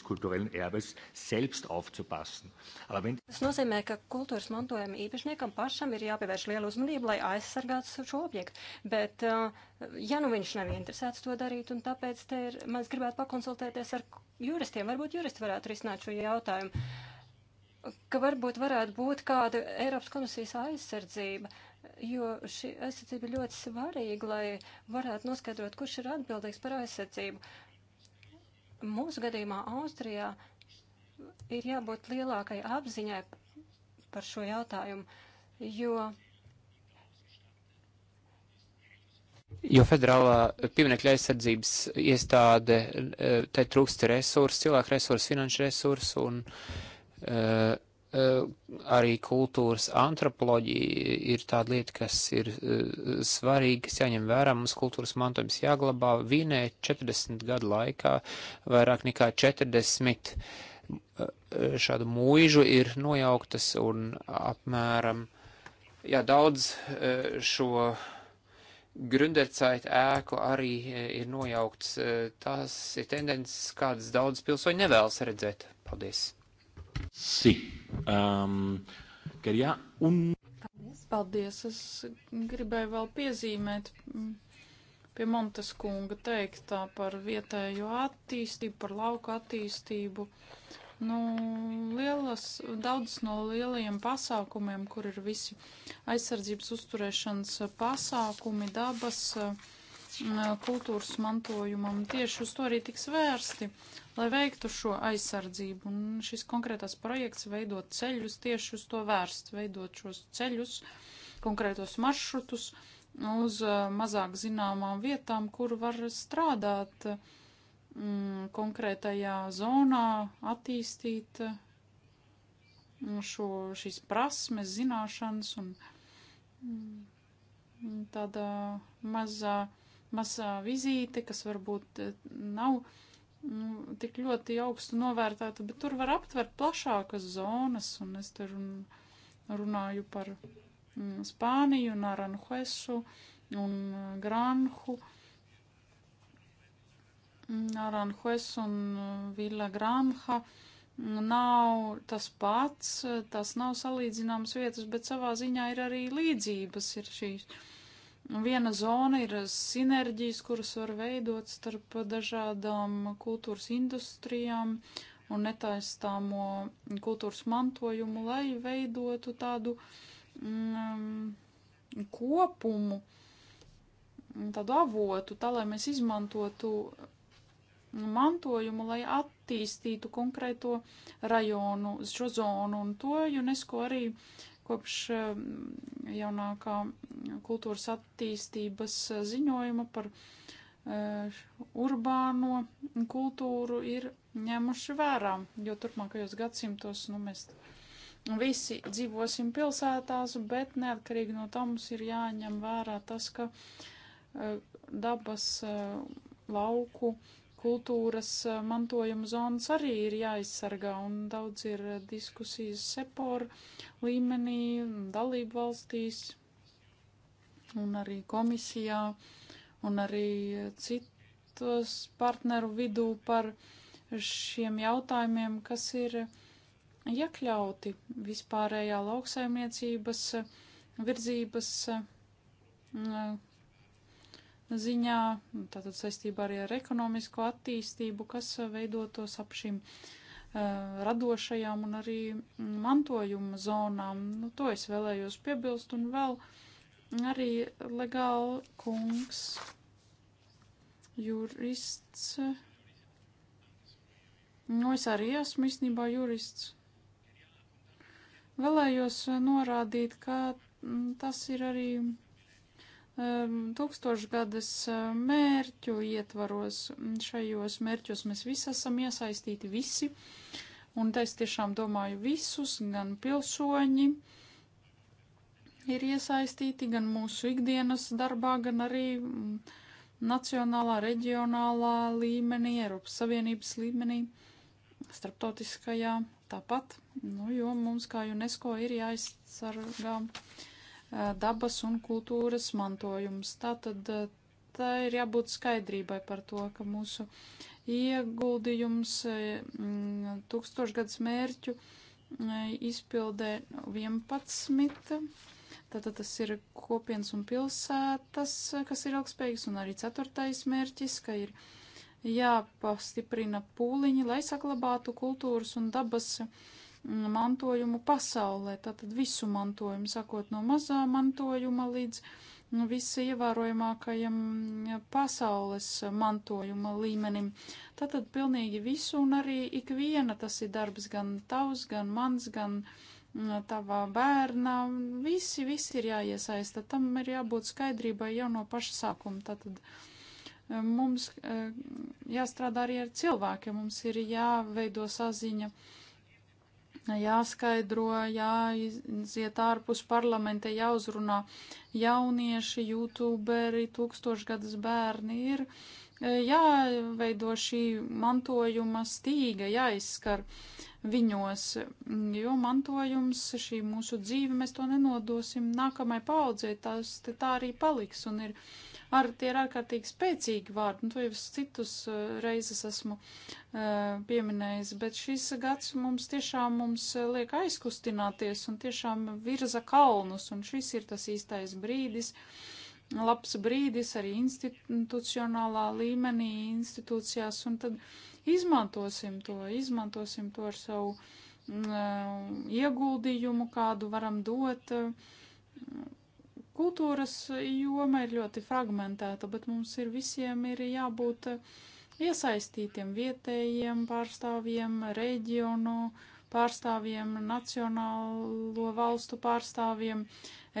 des kulturellen Erbes selbst aufzupassen. Aber wenn Tas nozīmē, ka kultūras mantojuma īpašniekam pašam ir jāpievērš liela uzmanība, lai aizsargātu šo objektu. Bet, uh, ja nu viņš nav interesēts to darīt, un tāpēc te ir, mēs gribētu pakonsultēties ar juristiem, varbūt juristi varētu risināt šo jautājumu ka varbūt varētu būt kāda Eiropas komisijas aizsardzība, jo šī aizsardzība ir ļoti svarīga, lai varētu noskaidrot, kurš ir atbildīgs par aizsardzību. Mūsu gadījumā Austrijā ir jābūt lielākai apziņai par šo jautājumu, jo. Jo federālā pieminekļa aizsardzības iestāde, eh, tai trūkst resursu, cilvēku resursu, finanšu resursu, un uh, Eh, arī kultūras antropoloģija ir tāda lieta, kas ir eh, svarīga, kas jāņem vērā. Mums kultūras mantojums jāglabā. Vīnē 40 gadu laikā vairāk nekā 40 eh, šādu mūžu ir nojauktas un apmēram, jā, daudz šo. Grundercait ēku arī ir nojaukts. Tās ir tendences, kādas daudz pilsoņi nevēlas redzēt. Paldies! Si. Um, Karijā un. Paldies. Paldies. Es gribēju vēl piezīmēt mm, pie Montes kunga teiktā par vietējo attīstību, par lauku attīstību. Nu, lielas, daudz no lielajiem pasākumiem, kur ir visi aizsardzības uzturēšanas pasākumi, dabas, mm, kultūras mantojumam, tieši uz to arī tiks vērsti lai veiktu šo aizsardzību. Un šis konkrētās projekts veidot ceļus tieši uz to vērst, veidot šos ceļus, konkrētos maršrutus uz uh, mazāk zināmām vietām, kur var strādāt mm, konkrētajā zonā, attīstīt mm, šo, šīs prasmes, zināšanas un mm, tāda mazā, mazā vizīte, kas varbūt eh, nav. Mm, nu, tik ļoti augstu novērtēta, bet tur var aptvert plašākas zonas, un es te run, runāju par mm, Spāniju, Naranjuesu un mm, Granhu. Mm, Naranjues un mm, Villa Granha nav tas pats, tas nav salīdzināmas vietas, bet savā ziņā ir arī līdzības, ir šīs. Uh, Nu, viena zona ir sinerģijas, kuras var veidot starp dažādām kultūras industrijām un netaistāmo kultūras mantojumu, lai veidotu tādu mm, kopumu, tādu avotu, tā lai mēs izmantotu mantojumu, lai attīstītu konkrēto rajonu, šo zonu, un to UNESCO arī kopš um, jaunākā kultūras attīstības ziņojuma par uh, urbāno kultūru ir ņēmuši vērā, jo turpmākajos gadsimtos nu, mēs visi dzīvosim pilsētās, bet neatkarīgi no tā mums ir jāņem vērā tas, ka uh, dabas uh, lauku uh, kultūras eh, mantojuma zonas arī ir jāaizsargā, un daudz ir eh, diskusijas sepor līmenī, dalību valstīs, un arī komisijā, un arī citos partneru vidū par šiem jautājumiem, kas ir iekļauti vispārējā lauksaimniecības virzības eh, ziņā, tātad saistībā arī ar ekonomisko attīstību, kas eh, veidotos ap šīm uh, radošajām un arī mm, mantojuma zonām. Nu, to es vēlējos piebilst un vēl arī legāli kungs, jurists. Nu, es arī esmu īstenībā jurists. Vēlējos eh, norādīt, ka mm, tas ir arī Um, tūkstošgadas uh, mērķu ietvaros. Mm, šajos mērķos mēs visi esam iesaistīti, visi. Un es tiešām domāju, visus, gan pilsoņi ir iesaistīti, gan mūsu ikdienas darbā, gan arī mm, nacionālā, reģionālā līmenī, Eiropas Savienības līmenī, starptautiskajā tāpat. Nu, jo mums kā UNESCO ir jāaizsargā. Uh, Eh, dabas un kultūras mantojums. Tātad eh, tā ir jābūt skaidrībai par to, ka mūsu ieguldījums eh, mm, tūkstošgads mērķu izpildē 11. Tātad tas ir kopienas un pilsētas, kas ir ilgspējīgs, un arī ceturtais mērķis, ka ir jāpastiprina pūliņi, lai saglabātu kultūras un dabas uh, mantojumu pasaulē, tātad visu mantojumu, sakot no mazā mantojuma līdz nu, visi ievērojamākajam pasaules mantojuma līmenim. Tātad pilnīgi visu un arī ikviena tas ir darbs gan tavs, gan mans, gan mm, tavā bērnā. Visi, visi ir jāiesaista. Tam ir jābūt skaidrībai jau no paša sākuma. Tātad e, mums e, jāstrādā arī ar cilvēkiem, mums ir jāveido saziņa jāskaidro, jāiziet ārpus parlamenta, jāuzrunā jaunieši, youtuberi, tūkstošgadas bērni ir jāveido šī mantojuma stīga, jāizskar viņos, jo mantojums, šī mūsu dzīve, mēs to nenodosim nākamai paudzē, tas tā arī paliks un ir ar, tie ir ārkārtīgi spēcīgi vārdi, un nu, to jau es citus uh, reizes esmu uh, pieminējis, bet šis gads mums tiešām mums uh, liek aizkustināties un tiešām virza kalnus, un šis ir tas īstais brīdis labs brīdis arī institucionālā līmenī, institūcijās, un tad izmantosim to, izmantosim to ar savu mm, uh, ieguldījumu, kādu varam dot. Uh, Kultūras joma ir ļoti fragmentēta, bet mums ir visiem ir jābūt eh, iesaistītiem vietējiem pārstāvjiem, reģionu pārstāvjiem, nacionālo valstu pārstāvjiem,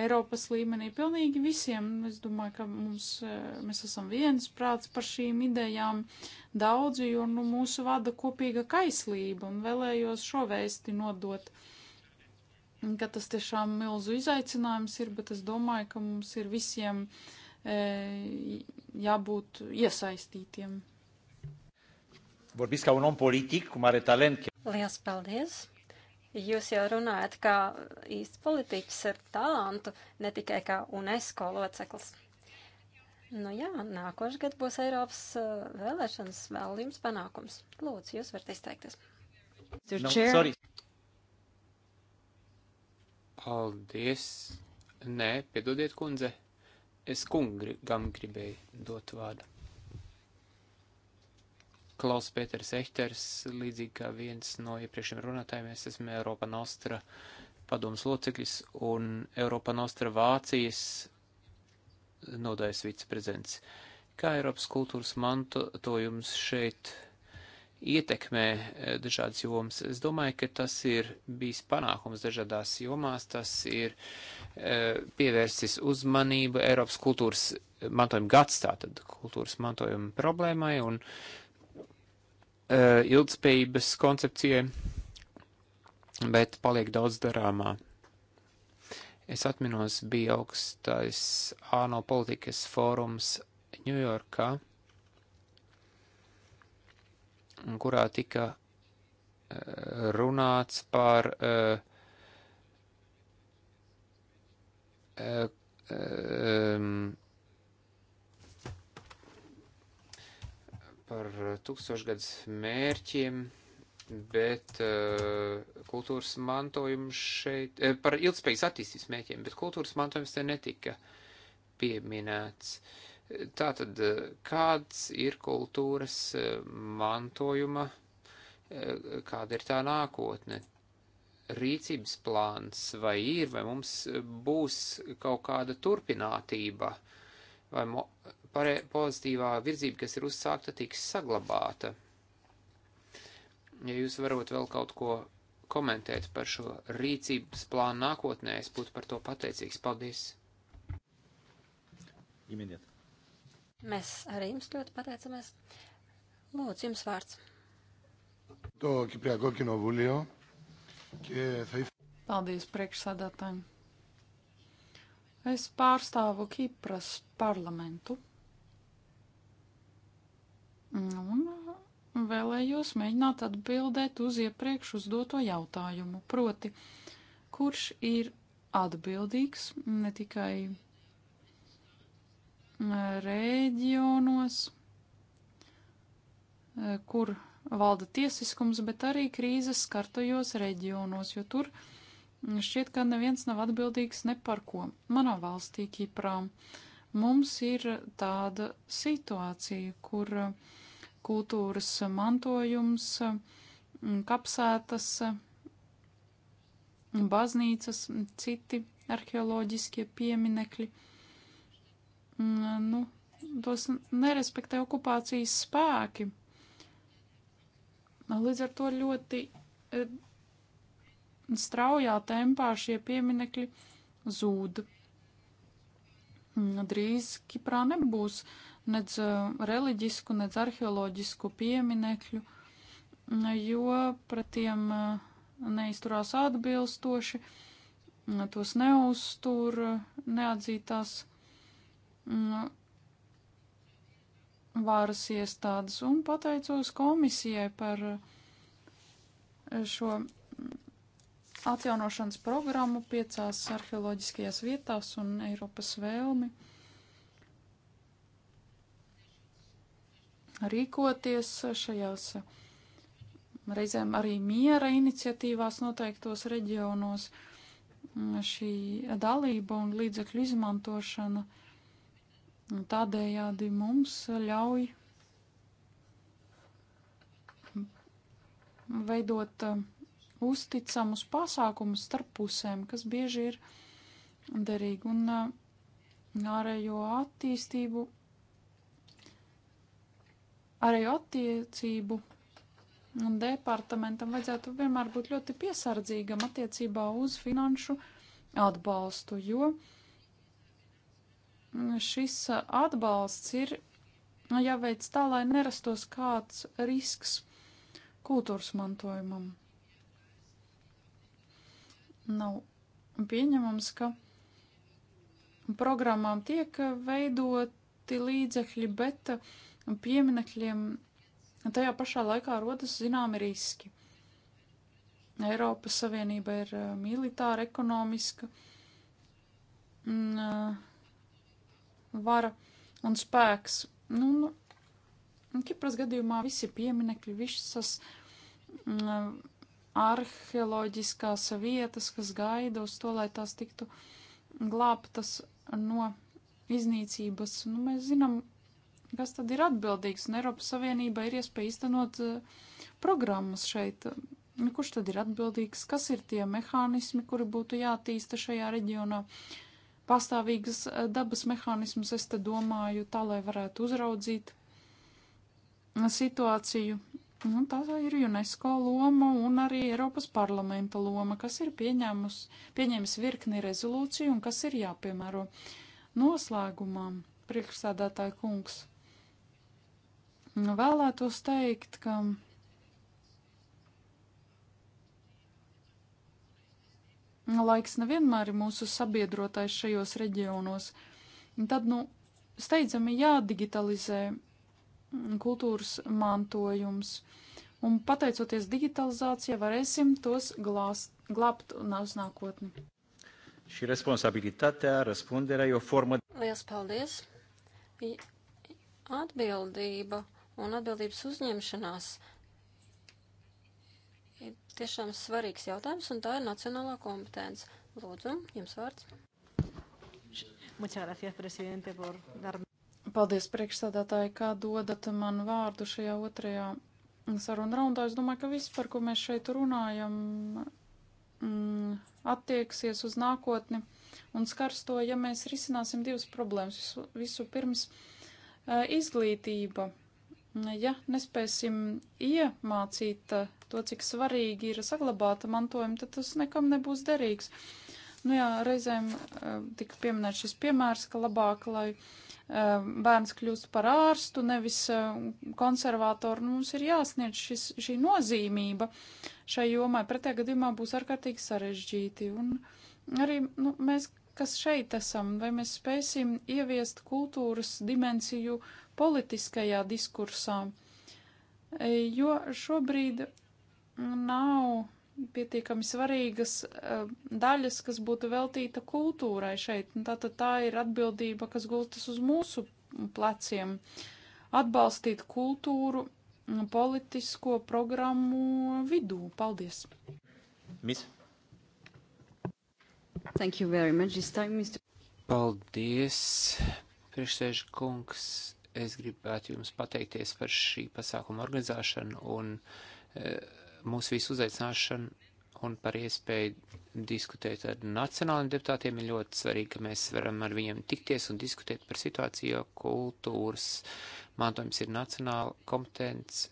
Eiropas līmenī, pilnīgi visiem. Es domāju, ka mums, eh, mēs esam viens prāts par šīm idejām daudzi, jo nu, mūsu vada kopīga kaislība un vēlējos šo vēsti nodot. Uh, ka tas tiešām milzu izaicinājums ir, bet es domāju, ka mums ir visiem e, jābūt iesaistītiem. Vorbiți ca un om politic cu mare talent. Liels paldies! Jūs jau runājat kā īsts politiķis ar talantu, ne tikai kā UNESCO loceklis. Nu jā, nākošais gads būs Eiropas e, vēlēšanas, vēl jums panākums. Lūdzu, jūs varat izteikties. No, sorry. Paldies. Nē, piedodiet, kundze. Es kungam gribēju dot vārdu. Klaus Pēters Ehters, līdzīgi kā viens no iepriekšējiem runātājiem, es esmu Eiropa Nostra padomas locekļus un Eiropa Nostra Vācijas nodaļas viceprezidents. Kā Eiropas kultūras mantojums šeit? ietekmē eh, dažādas jomas. Es domāju, ka tas ir bijis panākums dažādās jomās, tas ir e, pievērsis uzmanību Eiropas kultūras mantojuma gads, tātad kultūras mantojuma problēmai un e, ilgspējības koncepcijai, bet paliek daudz darāmā. Es atminos, bija augstais ANO politikas fórums Ņujorkā kurā tika eh, runāts par uh, uh, um, par tūkstošgads mērķiem, bet uh, kultūras mantojums šeit, par ilgspējas attīstības mērķiem, bet kultūras mantojums te netika pieminēts. Uh, Tātad, kāds ir kultūras eh, mantojuma, eh, kāda ir tā nākotne? Rīcības plāns vai ir, vai mums eh, būs kaut kāda turpinātība, vai pare, pozitīvā virzība, kas ir uzsākta, tiks saglabāta? Ja jūs varat vēl kaut ko komentēt par šo rīcības plānu nākotnē, es būtu par to pateicīgs. Paldies! Imediat. Mēs arī jums ļoti pateicamies. Lūdzu, jums vārds. To Kipriako kinovulio. Paldies priekšsādātājiem. Es pārstāvu Kipras parlamentu. Un vēlējos mēģināt atbildēt uz iepriekš uzdoto jautājumu. Proti, kurš ir atbildīgs ne tikai reģionos, eh, kur valda tiesiskums, bet arī krīzes skartajos reģionos, jo tur mm, šķiet, ka neviens nav atbildīgs ne par ko. Manā valstī, Kiprā, mums ir tāda situācija, kur eh, kultūras mantojums, mm, kapsētas, baznīcas, citi arheoloģiskie pieminekļi Mm, nu, tos nerespektē okupācijas spēki. Līdz ar to ļoti eh, straujā tempā šie pieminekļi zūd. Mm, drīz Kiprā nebūs nedz eh, reliģisku, nedz arheoloģisku pieminekļu, mm, jo pret tiem eh, neizturās atbilstoši, tos neuztur neatzītās varas iestādes un pateicos komisijai par eh, šo mm, atjaunošanas programmu piecās arheoloģiskajās vietās un Eiropas vēlmi rīkoties šajās mm, reizēm arī miera iniciatīvās noteiktos reģionos. Mm, šī dalība un līdzekļu izmantošana uh, Un tādējādi mums ļauj veidot uh, uzticamus pasākumus starp pusēm, kas bieži ir derīgi. Un uh, ārējo attīstību, ārējo attiecību un departamentam vajadzētu vienmēr būt ļoti piesardzīgam attiecībā uz finanšu atbalstu, jo šis atbalsts ir nu, jāveic tā, lai nerastos kāds risks kultūras mantojumam. Nav pieņemams, ka programmām tiek veidoti līdzekļi, bet pieminekļiem tajā pašā laikā rodas zināmi riski. Eiropas Savienība ir militāra, ekonomiska. Un, uh, vara un spēks. Nu, un nu, Kipras gadījumā visi pieminekļi, visas mm, arheoloģiskās vietas, kas gaida uz to, lai tās tiktu glābtas no iznīcības. Nu, mēs zinām, kas tad ir atbildīgs, un Eiropas Savienība ir iespēja iztenot uh, programmas šeit. Nu, kurš tad ir atbildīgs, kas ir tie mehānismi, kuri būtu jātīsta šajā reģionā? Uh, pastāvīgas eh, dabas mehānismus, es te domāju, tā lai varētu uzraudzīt situāciju. Nu, tā ir UNESCO loma un arī Eiropas parlamenta loma, kas ir pieņēmis virkni rezolūciju un kas ir jāpiemēro. Noslēgumā, priekšsādātāja kungs, nu, vēlētos teikt, ka Laiks nevienmēr ir mūsu sabiedrotais šajos reģionos. Tad, nu, steidzami jādigitalizē kultūras mantojums, un pateicoties digitalizācijai varēsim tos glāst, glābt uz nākotni. Šī responsabilitāte, răspunderea e o formă. Lielas paldies! Atbildība un atbildības uzņemšanās tiešām svarīgs jautājums, un tā ir nacionālā kompetence. Lūdzu, jums vārds. Paldies, priekšsēdētāji, kā dodat man vārdu šajā otrajā saruna raundā. Es domāju, ka viss, par ko mēs šeit runājam, mm, attieksies uz nākotni un skars to, ja mēs risināsim divas problēmas. Visu, visu pirms eh, izglītība ja nespēsim iemācīt eh, to, cik svarīgi ir saglabāt mantojumu, tad tas nekam nebūs derīgs. Nu jā, reizēm eh, tika pieminēts šis piemērs, ka labāk, lai eh, bērns kļūst par ārstu, nevis konservatoru. Nu, mums ir jāsniedz šis, šī nozīmība šai jomai, pretējā gadījumā būs ārkārtīgi sarežģīti. Un arī nu, mēs, kas šeit esam, vai mēs spēsim ieviest kultūras dimensiju politiskajā diskursā, e, jo šobrīd nav pietiekami svarīgas e, daļas, kas būtu veltīta kultūrai šeit. Tātad tā ir atbildība, kas gultas uz mūsu pleciem. Atbalstīt kultūru politisko programmu vidū. Paldies! Miss. Thank you very much. This time, Mr. Paldies, priekšsēžu kungs. Es gribētu jums pateikties par šī pasākuma organizēšanu un e, mūsu visu uzaicināšanu un par iespēju diskutēt ar nacionāliem deputātiem. Ir ļoti svarīgi, ka mēs varam ar viņiem tikties un diskutēt par situāciju, jo kultūras mantojums ir nacionāla kompetence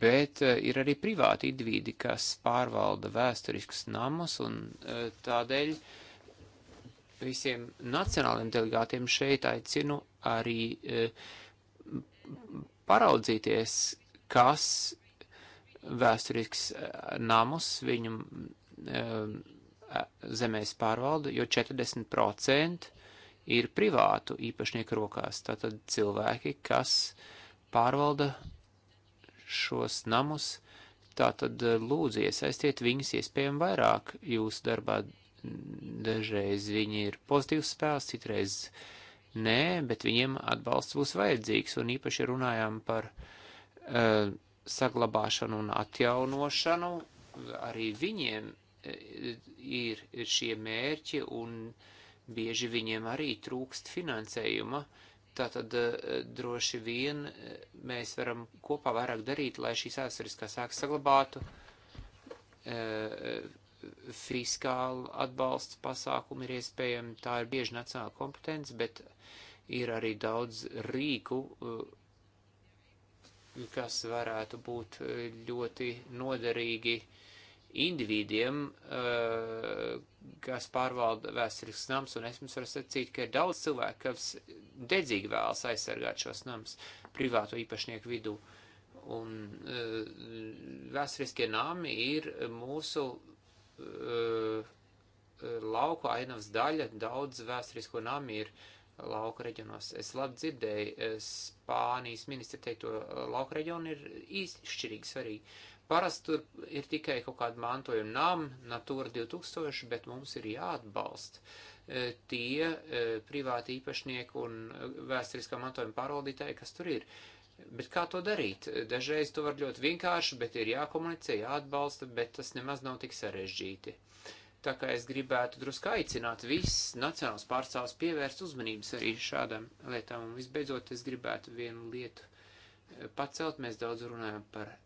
bet eh, ir arī privāti individi, kas pārvalda vēsturiskus namus, un eh, tādēļ visiem nacionāliem delegātiem šeit aicinu arī eh, paraudzīties, kas vēsturisks namus viņu zemēs pārvalda, jo 40% ir privātu īpašnieku rokās, tātad cilvēki, kas pārvalda šos namus, tātad eh, lūdzu iesaistiet viņus iespējami vairāk jūsu darbā. Dažreiz viņi ir pozitīvs spēks, citreiz nē, bet viņiem atbalsts būs vajadzīgs, un īpaši runājām par uh, saglabāšanu un atjaunošanu, arī viņiem eh, ir šie mērķi, un bieži viņiem arī trūkst finansējuma. Uh, Tātad eh, droši vien eh, mēs varam kopā vairāk darīt, lai šīs vēsturiskās sākas saglabātu. Eh, Fiskāla atbalsts pasākumi ir iespējami, tā ir bieži nacionāla kompetence, bet ir arī daudz rīku, kas varētu būt ļoti noderīgi uh, individiem, eh, kas pārvalda vēsturisks nams, un es jums varu sacīt, ka ir daudz cilvēku, kas dedzīgi vēlas aizsargāt šos nams privāto īpašnieku vidū. Un eh, vēsturiskie nami ir mūsu eh, lauku ainavas daļa, daudz vēsturisko nami ir lauka reģionos. Es labi dzirdēju, Spānijas ministri teikto, lauka reģioni ir īšķirīgi svarīgi. Parasti tur ir tikai kaut kāda mantojuma nama, Natūra 2000, bet mums ir jāatbalsta e, tie e, privāti īpašnieki un e, vēsturiskā mantojuma pārvaldītāji, kas tur ir. Bet kā to darīt? Dažreiz to var ļoti vienkārši, bet ir jākomunicē, jāatbalsta, bet tas nemaz nav tik sarežģīti. Tā kā es gribētu drusku aicināt visus nacionālus pārstāvus pievērst uzmanības arī šādām lietām. Un visbeidzot, es gribētu vienu lietu pacelt. Mēs daudz runājam par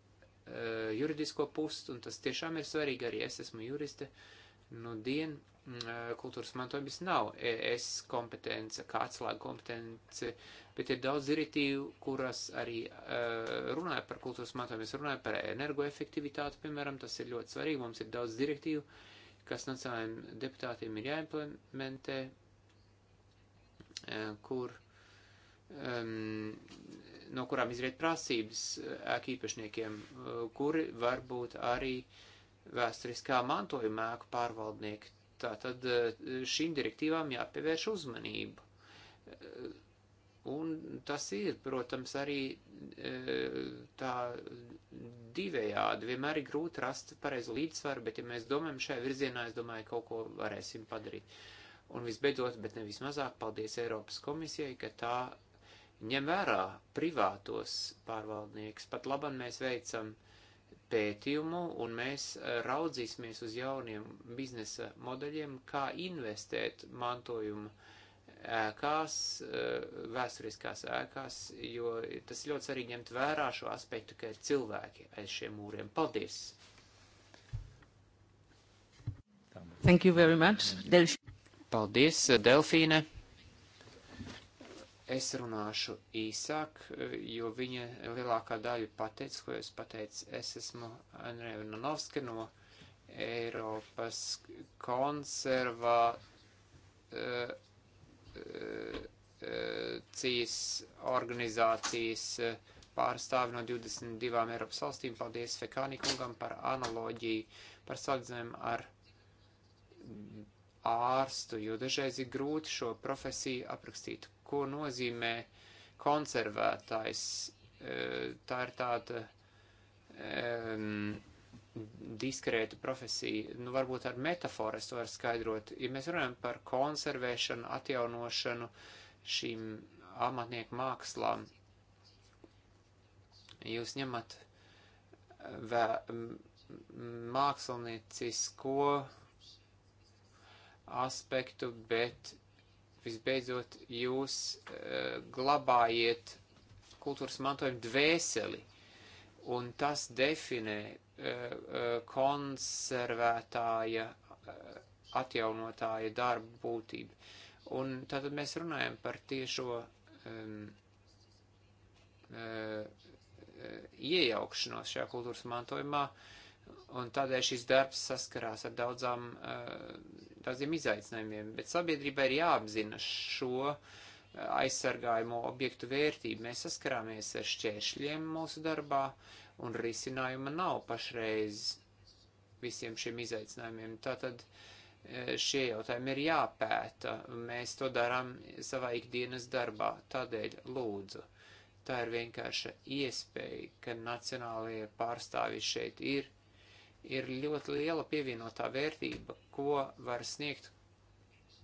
Eh, juridisko pusi, un tas tiešām ir svarīgi, arī es esmu juriste, nu dien mm, eh, kultūras mantojums nav ES kompetence, kā atslēga kompetence, bet ir daudz direktīvu, kuras arī eh, runāja par kultūras mantojumu, es runāju par energoefektivitāti, piemēram, tas ir ļoti svarīgi, mums ir daudz direktīvu, kas nacionālajiem deputātiem ir jāimplementē, kur um, no kurām izriet prasības eh, ēku īpašniekiem, eh, kuri var būt arī vēsturiskā mantojuma ēku pārvaldnieki. Tātad eh, šīm direktīvām jāpievērš uzmanību. Un tas ir, protams, arī tā divējādi. Vienmēr ir grūti rast pareizu līdzsvaru, bet ja mēs domājam šajā virzienā, es domāju, kaut ko varēsim padarīt. Un visbeidzot, bet nevis mazāk, paldies Eiropas komisijai, ka tā ņem vērā privātos pārvaldniekus. Pat labam mēs veicam pētījumu un mēs eh, raudzīsimies uz jauniem biznesa modeļiem, kā investēt mantojumu ēkās, eh, vēsturiskās ēkās, jo tas ļoti svarīgi ņemt vērā šo aspektu, ka ir cilvēki aiz šiem mūriem. Paldies! Thank you very much. Delf Paldies, Delfīne! Es runāšu īsāk, jo viņa lielākā daļa pateica, ko es pateicu. Es esmu Anrēva Nanovska no Eiropas konservā uh, uh, cīs organizācijas eh, pārstāvi no 22 Eiropas valstīm. Paldies Fekāni kungam par analoģiju, par salīdzinājumu ar ārstu, jo dažreiz ir grūti šo profesiju aprakstīt ko nozīmē konservētājs. E, tā ir tāda um, diskrēta profesija. Nu, varbūt ar metaforu es to varu skaidrot. Ja mēs runājam par konservēšanu, atjaunošanu šīm amatnieku mākslām, jūs ņemat vē, māksliniecisko aspektu, bet visbeidzot, jūs uh, glabājiet kultūras mantojuma dvēseli, un tas definē uh, konservētāja, uh, atjaunotāja darba būtību. Un tātad mēs runājam par tiešo um, uh, iejaukšanos šajā kultūras mantojumā, un tādēļ šis darbs saskarās ar daudzām uh, tādiem izaicinājumiem, bet sabiedrībai ir jāapzina šo eh, aizsargājumu objektu vērtību. Mēs saskarāmies ar šķēršļiem mūsu darbā, un risinājuma nav pašreiz visiem šiem izaicinājumiem. Tātad eh, šie jautājumi ir jāpēta. Mēs to darām savā ikdienas darbā. Tādēļ lūdzu. Tā ir vienkārša iespēja, ka nacionālajie pārstāvji šeit ir. Ir ļoti liela pievienotā vērtība, ko var sniegt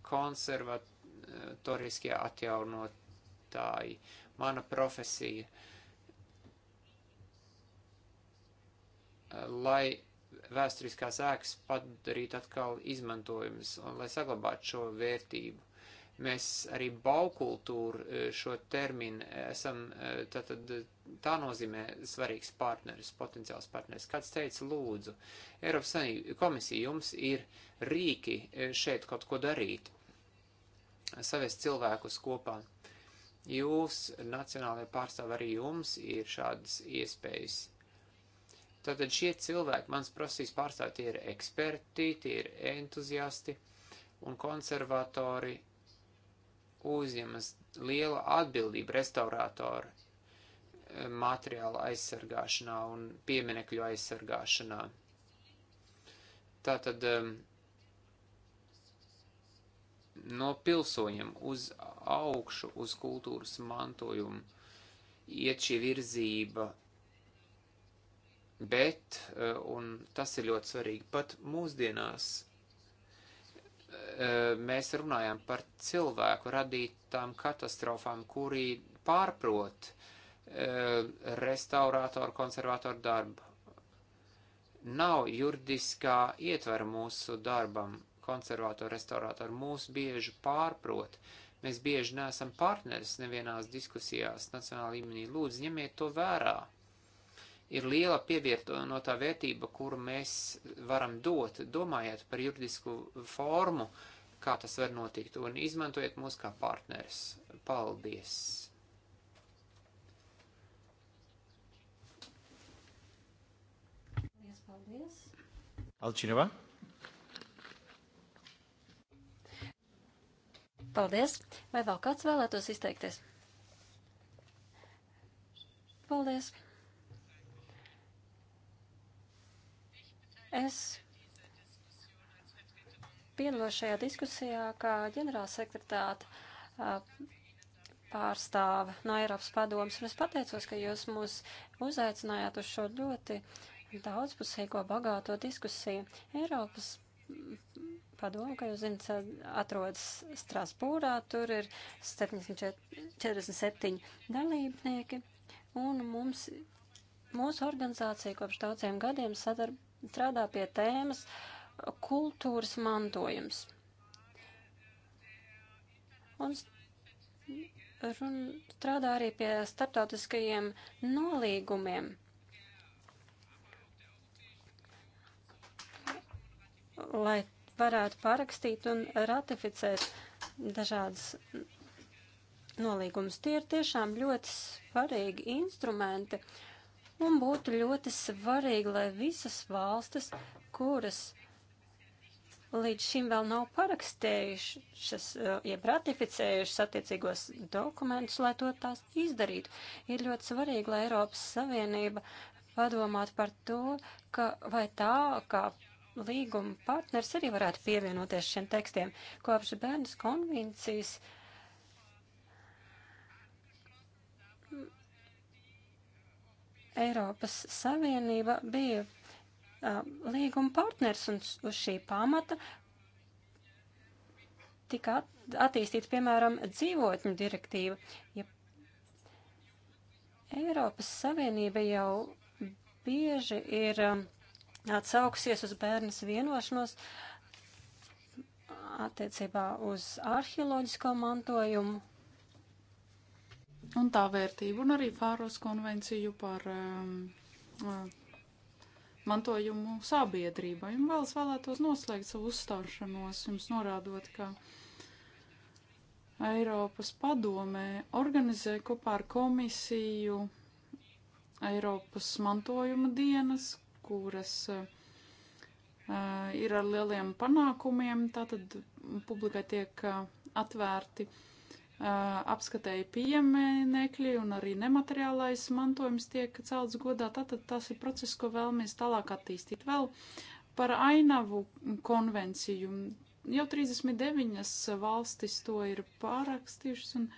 konservatoriskie atjaunotāji. Mana profesija. Lai vēsturiskās ēkas padarītu atkal izmantojumus un lai saglabātu šo vērtību. Mēs arī baukultūru e, šo terminu e, esam, e, tātad tā nozīmē svarīgs partneris, potenciāls partneris. Kāds teica, lūdzu, Eiropas komisija jums ir rīki šeit kaut ko darīt, savest cilvēkus kopā. Jūs, nacionālajie pārstāvi, arī jums ir šādas iespējas. Tātad šie cilvēki, mans prasīs pārstāvji, tie ir eksperti, tie ir entuziasti un konservatori, uzņemas liela atbildība restaurātoru eh, materiāla aizsargāšanā un pieminekļu aizsargāšanā. Tātad no pilsoņiem uz augšu, uz kultūras mantojumu iet šī virzība, bet, eh, un tas ir ļoti svarīgi, pat mūsdienās mēs runājam par cilvēku radītām katastrofām, kuri pārprot restaurātoru, konservatoru darbu. Nav juridiskā ietvera mūsu darbam, konservatoru, restaurātoru. Mūsu bieži pārprot. Mēs bieži neesam partneris nevienās diskusijās nacionāla līmenī. Lūdzu, ņemiet to vērā ir liela pievienotā vērtība, kuru mēs varam dot, domājot par juridisku formu, kā tas var notikt, un izmantojiet mūs kā partneris. Paldies! Paldies! Alčinova! Paldies! Vai vēl kāds vēlētos izteikties? Paldies! Es piedalos šajā diskusijā kā ģenerālsekretāta pārstāve no Eiropas padomas, un es pateicos, ka jūs mūs uzaicinājāt uz šo ļoti daudzpusīgo, bagāto diskusiju. Eiropas padoma, kā jūs zinat, atrodas Strasbūrā, tur ir 747 dalībnieki, un mums, mūsu organizācija kopš daudziem gadiem sadarbojas strādā pie tēmas kultūras mantojums. Un strādā arī pie starptautiskajiem nolīgumiem. Lai varētu parakstīt un ratificēt dažādas nolīgumus. Tie ir tiešām ļoti svarīgi instrumenti, uh, Un būtu ļoti svarīgi, lai visas valstis, kuras līdz šim vēl nav parakstējušas, eh, jeb ratificējušas attiecīgos dokumentus, lai to tās izdarītu. Ir ļoti svarīgi, lai Eiropas Savienība padomātu par to, ka vai tā, kā līguma partners arī varētu pievienoties šiem tekstiem. Kopš bērnas konvencijas uh, Eiropas Savienība bija uh, līguma partners un uz šī pamata tika at attīstīta, piemēram, dzīvotņu direktīva. Ja Eiropas Savienība jau bieži ir um, atsauksies uz bērnas vienošanos attiecībā uz arheoloģisko mantojumu un tā vērtību, un arī Fāros konvenciju par um, uh, mantojumu sabiedrībai. Un vēl es vēlētos noslēgt savu uzstāšanos, jums norādot, ka Eiropas padomē organizē kopā ar komisiju Eiropas mantojuma dienas, kuras uh, ir ar lieliem panākumiem, tātad publikai tiek uh, atvērti uh, apskatēji pieminekļi un arī nemateriālais mantojums tiek celts godā. Tātad tas ir process, ko vēlamies tālāk attīstīt. Vēl par ainavu konvenciju. Jau 39 valstis to ir pārakstījušas un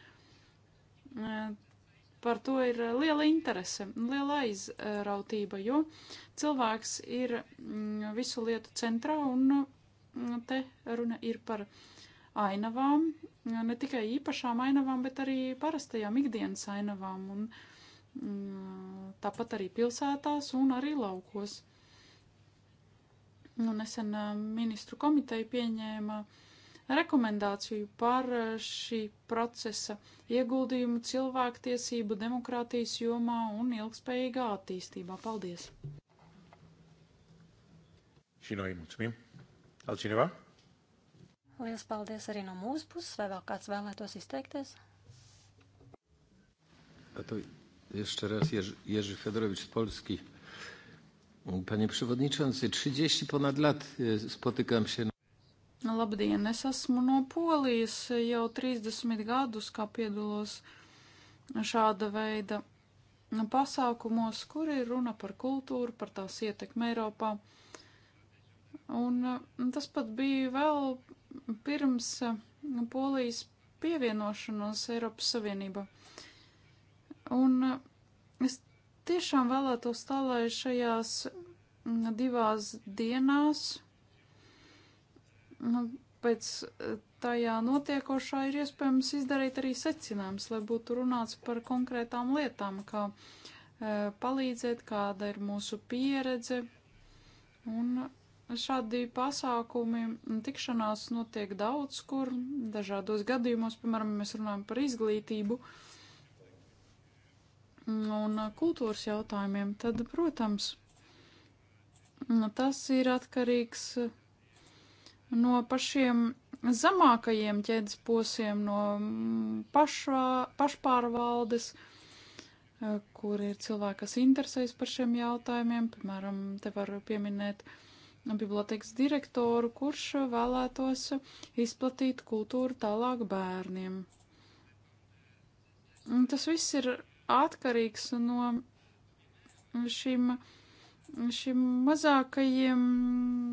par to ir liela interese, liela aizrautība, jo cilvēks ir mm, visu lietu centrā un mm, te runa ir par uh, ainavām, ne tikai īpašām ainavām, bet arī parastajām ikdienas ainavām, un mm, tāpat arī pilsētās un arī laukos. Nu, nesen ministru komiteja pieņēma rekomendāciju par šī procesa ieguldījumu cilvēktiesību, demokrātijas jomā un ilgspējīgā attīstībā. Paldies! Și noi mulțumim. Altcineva? Lielas paldies arī no mūsu puses. Vai vēl kāds vēlētos izteikties? Jeszcze raz Jerzy, Jerzy Fedorowicz z Polski. Panie Przewodniczący, 30 ponad lat e, spotykam się. Na... Nu, labdien, es esmu no Polijas jau 30 gadus, kā piedalos šāda veida nu, pasākumos, kur ir runa par kultūru, par tās ietekmi Eiropā. Un e, tas pat bija vēl pirms eh, Polijas pievienošanos Eiropas Savienībā. Un eh, es tiešām vēlētos tā, lai šajās mm, divās dienās nu, pēc eh, tajā notiekošā ir iespējams izdarīt arī secinājums, lai būtu runāts par konkrētām lietām, kā e, palīdzēt, kāda ir mūsu pieredze. Un Šādi pasākumi tikšanās notiek daudz kur, dažādos gadījumos, piemēram, mēs runājam par izglītību un kultūras jautājumiem, tad, protams, tas ir atkarīgs no pašiem zemākajiem ķēdes posiem, no pašā, pašpārvaldes kur ir cilvēki, kas interesējas par šiem jautājumiem. Piemēram, te var pieminēt uh, bibliotekas direktoru, kurš vēlētos izplatīt kultūru tālāk bērniem. Tas viss ir atkarīgs no šim, šim mazākajiem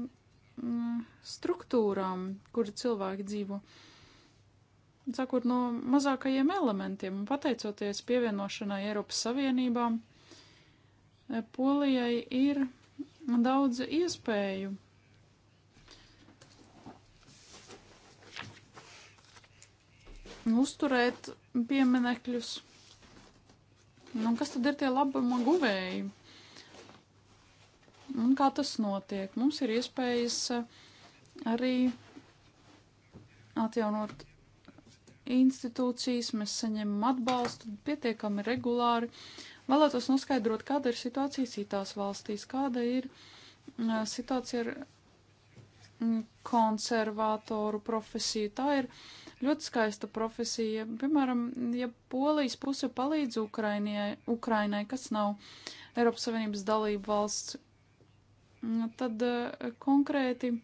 mm, struktūrām, kur cilvēki dzīvo. Sākot no mazākajiem elementiem, pateicoties pievienošanai Eiropas Savienībām, Polijai ir daudz iespēju. Uzturēt pieminekļus. Un nu, kas tad ir tie labuma guvēji? Un kā tas notiek? Mums ir iespējas eh, arī atjaunot institūcijas, mēs saņemam atbalstu pietiekami regulāri, Vēlētos noskaidrot, kāda ir situācija citās valstīs, kāda ir mm, situācija ar mm, konservatoru profesiju. Tā ir ļoti skaista profesija. Piemēram, ja Polijas puse palīdz Ukrainai, Ukrainai kas nav Eiropas Savienības dalība valsts, mm, tad eh, konkrēti eh,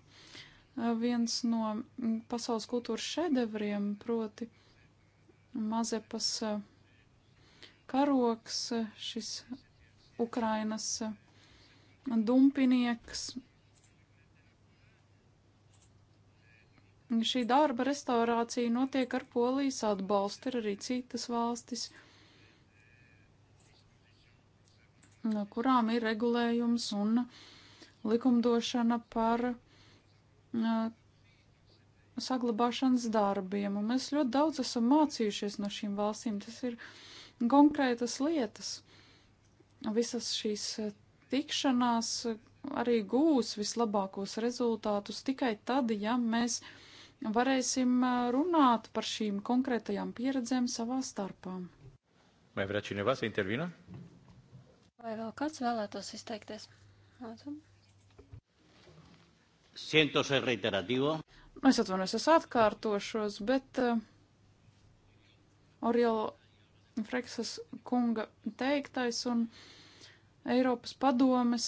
viens no pasaules kultūras šedevriem, proti Mazepas eh, karoks, šis Ukrainas dumpinieks. Šī darba restaurācija notiek ar polijas atbalstu, ir arī citas valstis, kurām ir regulējums un likumdošana par saglabāšanas darbiem. Un mēs ļoti daudz esam mācījušies no šīm valstīm. Tas ir uh, konkrētas lietas. Visas šīs eh, tikšanās eh, arī gūs vislabākos rezultātus tikai tad, ja mēs varēsim eh, runāt par šīm konkrētajām pieredzēm savā starpā. Vai Vračina vas intervina? Vai vēl kāds vēlētos izteikties? Lūdzu. Siento ser reiteratīvo. Es atvainojos, es atkārtošos, bet uh, Oriel Freksas kunga teiktais un Eiropas padomes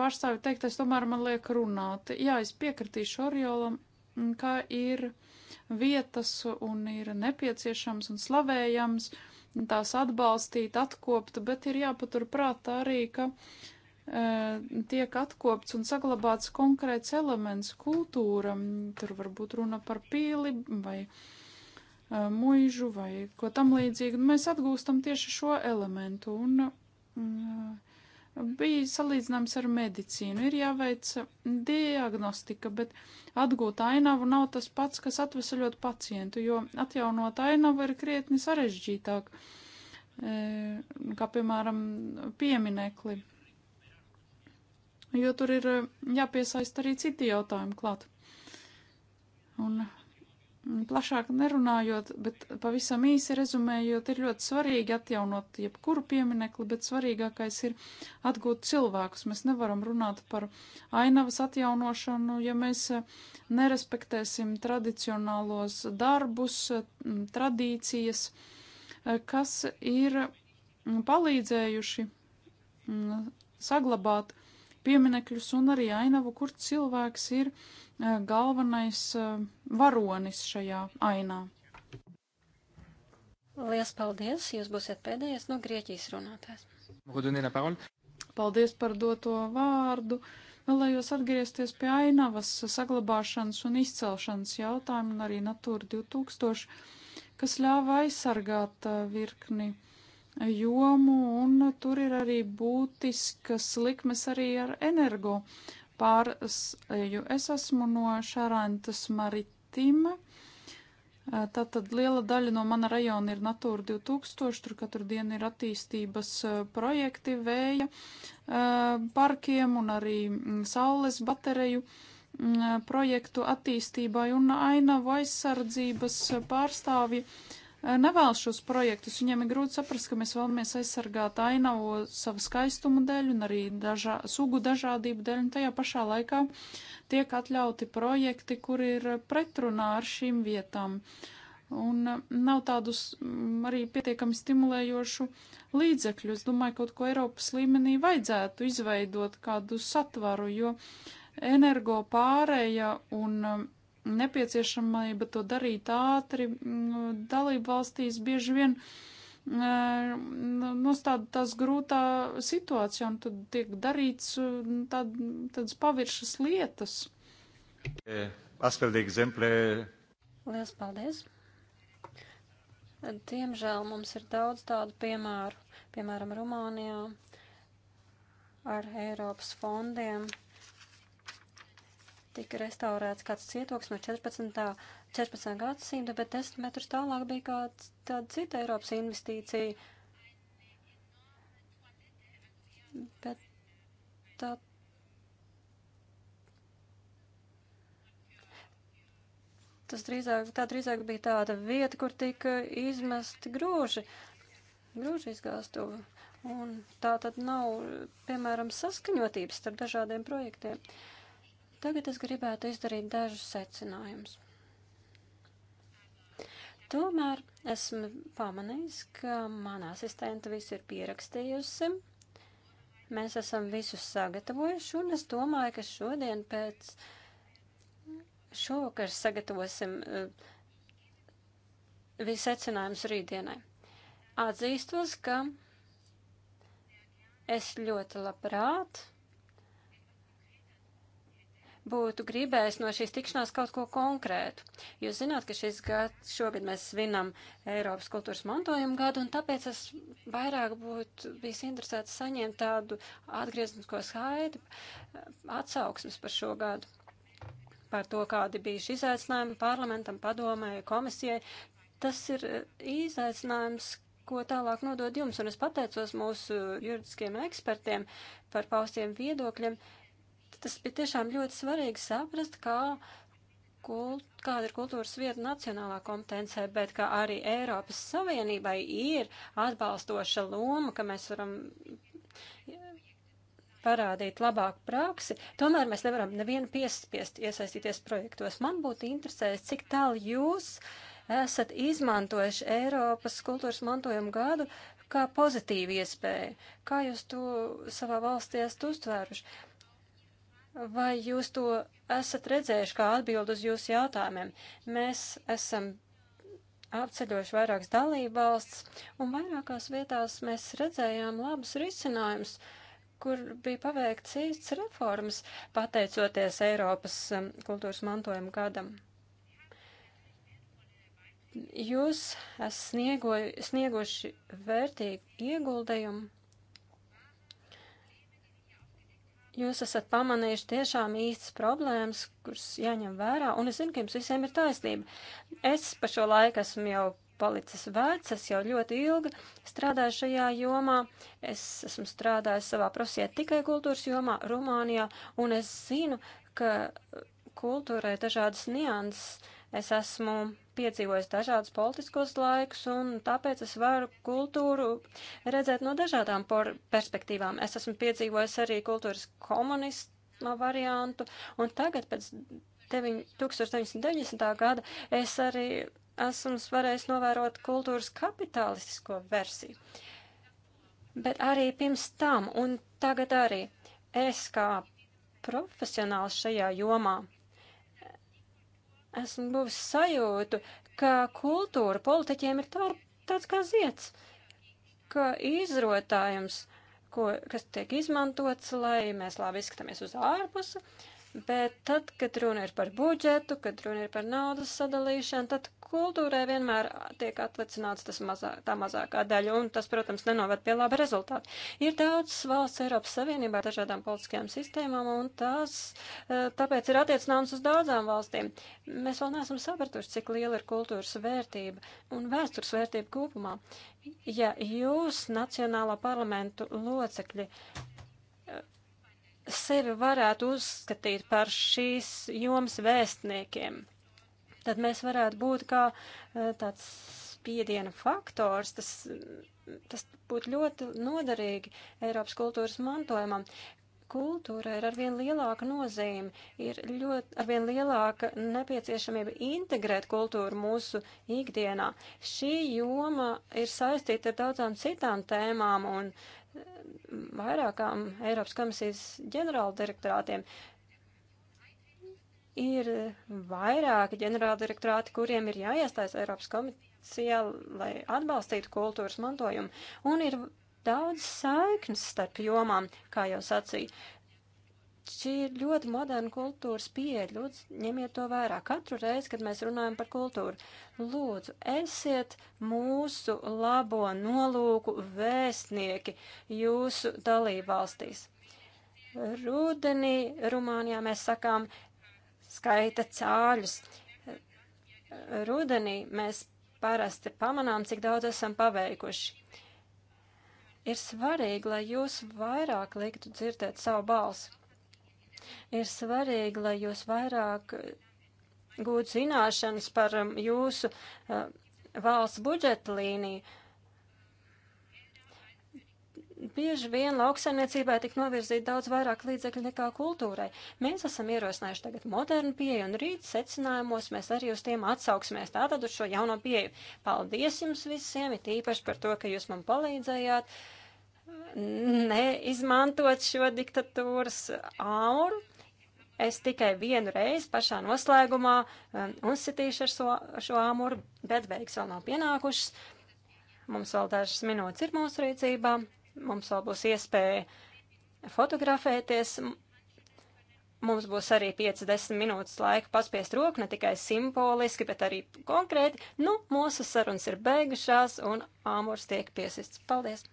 pārstāvi teiktais tomēr man liek runāt. Jā, es piekritīšu Oriolam, ka ir vietas un ir nepieciešams un slavējams tās atbalstīt, atkopt, bet ir jāpatur prātā arī, ka e, tiek atkopts un saglabāts konkrēts elements kultūra. Tur varbūt runa par pīli vai uh, muižu vai ko tam līdzīgu. Mēs atgūstam tieši šo elementu un bija salīdzināms ar medicīnu. Ir jāveic diagnostika, bet atgūt ainavu nav tas pats, kas atvesaļot pacientu, jo atjaunot ainavu ir krietni sarežģītāk, kā piemēram pieminekli, jo tur ir jāpiesaista arī citi jautājumi klāt. Un Plašāk nerunājot, bet pavisam īsi rezumējot, ir ļoti svarīgi atjaunot jebkuru pieminekli, bet svarīgākais ir atgūt cilvēkus. Mēs nevaram runāt par ainavas atjaunošanu, ja mēs nerespektēsim tradicionālos darbus, tradīcijas, kas ir palīdzējuši mm, saglabāt pieminekļus un arī ainavu, kur cilvēks ir eh, galvenais eh, varonis šajā ainā. Lielas paldies! Jūs būsiet pēdējais no Grieķijas runātājs. Paldies par doto vārdu! Vēlējos atgriezties pie ainavas saglabāšanas un izcelšanas jautājumu un arī Natūra 2000, kas ļāva aizsargāt eh, virkni jomu, un tur ir arī būtiskas likmes arī ar energo pārseju. Es esmu no Šarantas Maritima. Tātad liela daļa no mana rajona ir Natūra 2000, tur katru dienu ir attīstības e, projekti vēja e, parkiem un arī saules batereju e, projektu attīstībai un ainavu aizsardzības pārstāvji Eh, nevēlas šos projektus. Viņiem ir grūti saprast, ka mēs vēlamies aizsargāt ainavu savu skaistumu dēļ un arī dažā, sugu dažādību dēļ, un tajā pašā laikā tiek atļauti projekti, kur ir pretrunā ar šīm vietām. Un eh, nav tādus mm, arī pietiekami stimulējošu līdzekļu. Es domāju, kaut ko Eiropas līmenī vajadzētu izveidot kādu satvaru, jo energo pārēja un eh, nepieciešamība to darīt ātri nu, dalību valstīs bieži vien e, nu, nostāda tās grūtā situācijā, un tad tiek darīts e, tād, tādas paviršas lietas. E, Aspēldīgi zemplē. Lielas paldies! Diemžēl mums ir daudz tādu piemēru, piemēram, Rumānijā ar Eiropas fondiem tika restaurēts kāds cietoks no 14. 14. gadsimta, bet 10 metrus tālāk bija kāds tāda cita Eiropas investīcija. Bet tā. Tas drīzāk, tā drīzāk bija tāda vieta, kur tika izmesti groži, groži izgāstuvi. Un tā tad nav, piemēram, saskaņotības starp dažādiem projektiem. Uh, Tagad es gribētu izdarīt dažus secinājumus. Tomēr esmu pamanījis, ka mana asistenta visu ir pierakstījusi. Mēs esam visus sagatavojuši, un es domāju, ka šodien pēc šovakar sagatavosim eh, visu secinājumus rītdienai. Atzīstos, ka es ļoti labprāt būtu gribējis no šīs tikšanās kaut ko konkrētu. Jūs zināt, ka šis gads, šogad mēs svinam Eiropas kultūras mantojuma gadu, un tāpēc es vairāk būtu bijis interesēts saņemt tādu atgrieznisko skaidru atsauksmes par šo gadu par to, kādi bija šī izaicinājuma parlamentam, padomē, komisijai. Tas ir izaicinājums, ko tālāk nodod jums, un es pateicos mūsu juridiskiem ekspertiem par paustiem viedokļiem. Uh, tas bija tiešām ļoti svarīgi saprast, kā, kult, kāda ir kultūras vieta nacionālā kompetencē, bet kā arī Eiropas Savienībai ir atbalstoša loma, ka mēs varam parādīt labāku praksi, tomēr mēs nevaram nevienu piespiest iesaistīties projektos. Man būtu interesējis, cik tālu jūs esat izmantojuši Eiropas kultūras mantojumu gadu kā pozitīvu iespēju, kā jūs to savā valstī esat uztvēruši. Vai jūs to esat redzējuši kā atbildu uz jūsu jautājumiem? Mēs esam apceļojuši vairākas dalībvalsts, un vairākās vietās mēs redzējām labus risinājumus, kur bija paveikts īsts reformas, pateicoties Eiropas um, kultūras mantojuma gadam. Jūs esat sniegojuši vērtīgu ieguldījumu jūs esat pamanījuši tiešām īstas problēmas, kuras jāņem vērā, un es zinu, ka jums visiem ir taisnība. Es pa šo laiku esmu jau palicis vecs, es jau ļoti ilgi strādāju šajā jomā, es esmu strādājis savā profesijā tikai kultūras jomā, Rumānijā, un es zinu, ka kultūrai dažādas nianses, es esmu piedzīvojis dažādus politiskos laikus, un tāpēc es varu kultūru redzēt no dažādām perspektīvām. Es esmu piedzīvojis arī kultūras komunisma variantu, un tagad pēc 1990. gada es arī esmu varējis novērot kultūras kapitalistisko versiju. Bet arī pirms tam, un tagad arī es kā profesionāls šajā jomā esmu buvis sajūtu, ka kultūra politiķiem ir tā, tāds kā ziets, ka izrotājums, ko, kas tiek izmantots, lai mēs labi izskatāmies uz ārpusi, uh, Bet tad, kad runa ir par budžetu, kad runa ir par naudas sadalīšanu, tad kultūrai vienmēr tiek atlicināts tas mazā, tā mazākā daļa, un tas, protams, nenoved pie laba rezultāta. Ir daudz valsts Eiropas Savienībā ar dažādām politiskajām sistēmām, un tās eh, tāpēc ir attiecināmas uz daudzām valstīm. Mēs vēl neesam sapratuši, cik liela ir kultūras vērtība un vēstures vērtība kopumā. Ja jūs, Nacionālā parlamentu locekļi, sevi varētu uzskatīt par šīs jomas vēstniekiem, tad mēs varētu būt kā e, tāds spiediena faktors, tas, tas būtu ļoti noderīgi Eiropas kultūras mantojumam. Kultūra ir arvien lielāka nozīme, ir ļoti arvien lielāka nepieciešamība integrēt kultūru mūsu ikdienā. Šī joma ir saistīta ar daudzām citām tēmām un uh, vairākām Eiropas komisijas ģenerāldirektorātiem ir vairāki ģenerāldirektorāti, kuriem ir jāiestājas Eiropas komisijā, lai atbalstītu kultūras mantojumu, un ir daudz saiknes starp jomām, kā jau sacīja šī ir ļoti moderna kultūras pieeja. Lūdzu, ņemiet to vērā. Katru reizi, kad mēs runājam par kultūru, lūdzu, esiet mūsu labo nolūku vēstnieki jūsu dalībvalstīs. Rudenī Rumānijā mēs sakām skaita cāļus. Rudenī mēs parasti pamanām, cik daudz esam paveikuši. Ir svarīgi, lai jūs vairāk liktu dzirdēt savu balsi. Ir svarīgi, lai jūs vairāk gūtu zināšanas par um, jūsu uh, valsts budžeta līniju. Bieži vien lauksaimniecībai tik novirzīt daudz vairāk līdzekļu nekā kultūrai. Mēs esam ierosinājuši tagad modernu pieeju, un rīt secinājumos mēs arī uz tiem atsauksimies tātad uz šo jauno pieeju. Paldies jums visiem, it īpaši par to, ka jūs man palīdzējāt. Uh, neizmantot šo diktatūras auru. Es tikai vienu reizi pašā noslēgumā um, uzsitīšu ar šo, ar šo āmuru, bet beigas vēl nav pienākušas. Mums vēl dažas minūtes ir mūsu rīcībā, mums vēl būs iespēja fotografēties, Mums būs arī 5-10 minūtes laika paspiest roku, ne tikai simboliski, bet arī konkrēti. Nu, mūsu sarunas ir beigušās un āmurs tiek piesists. Paldies!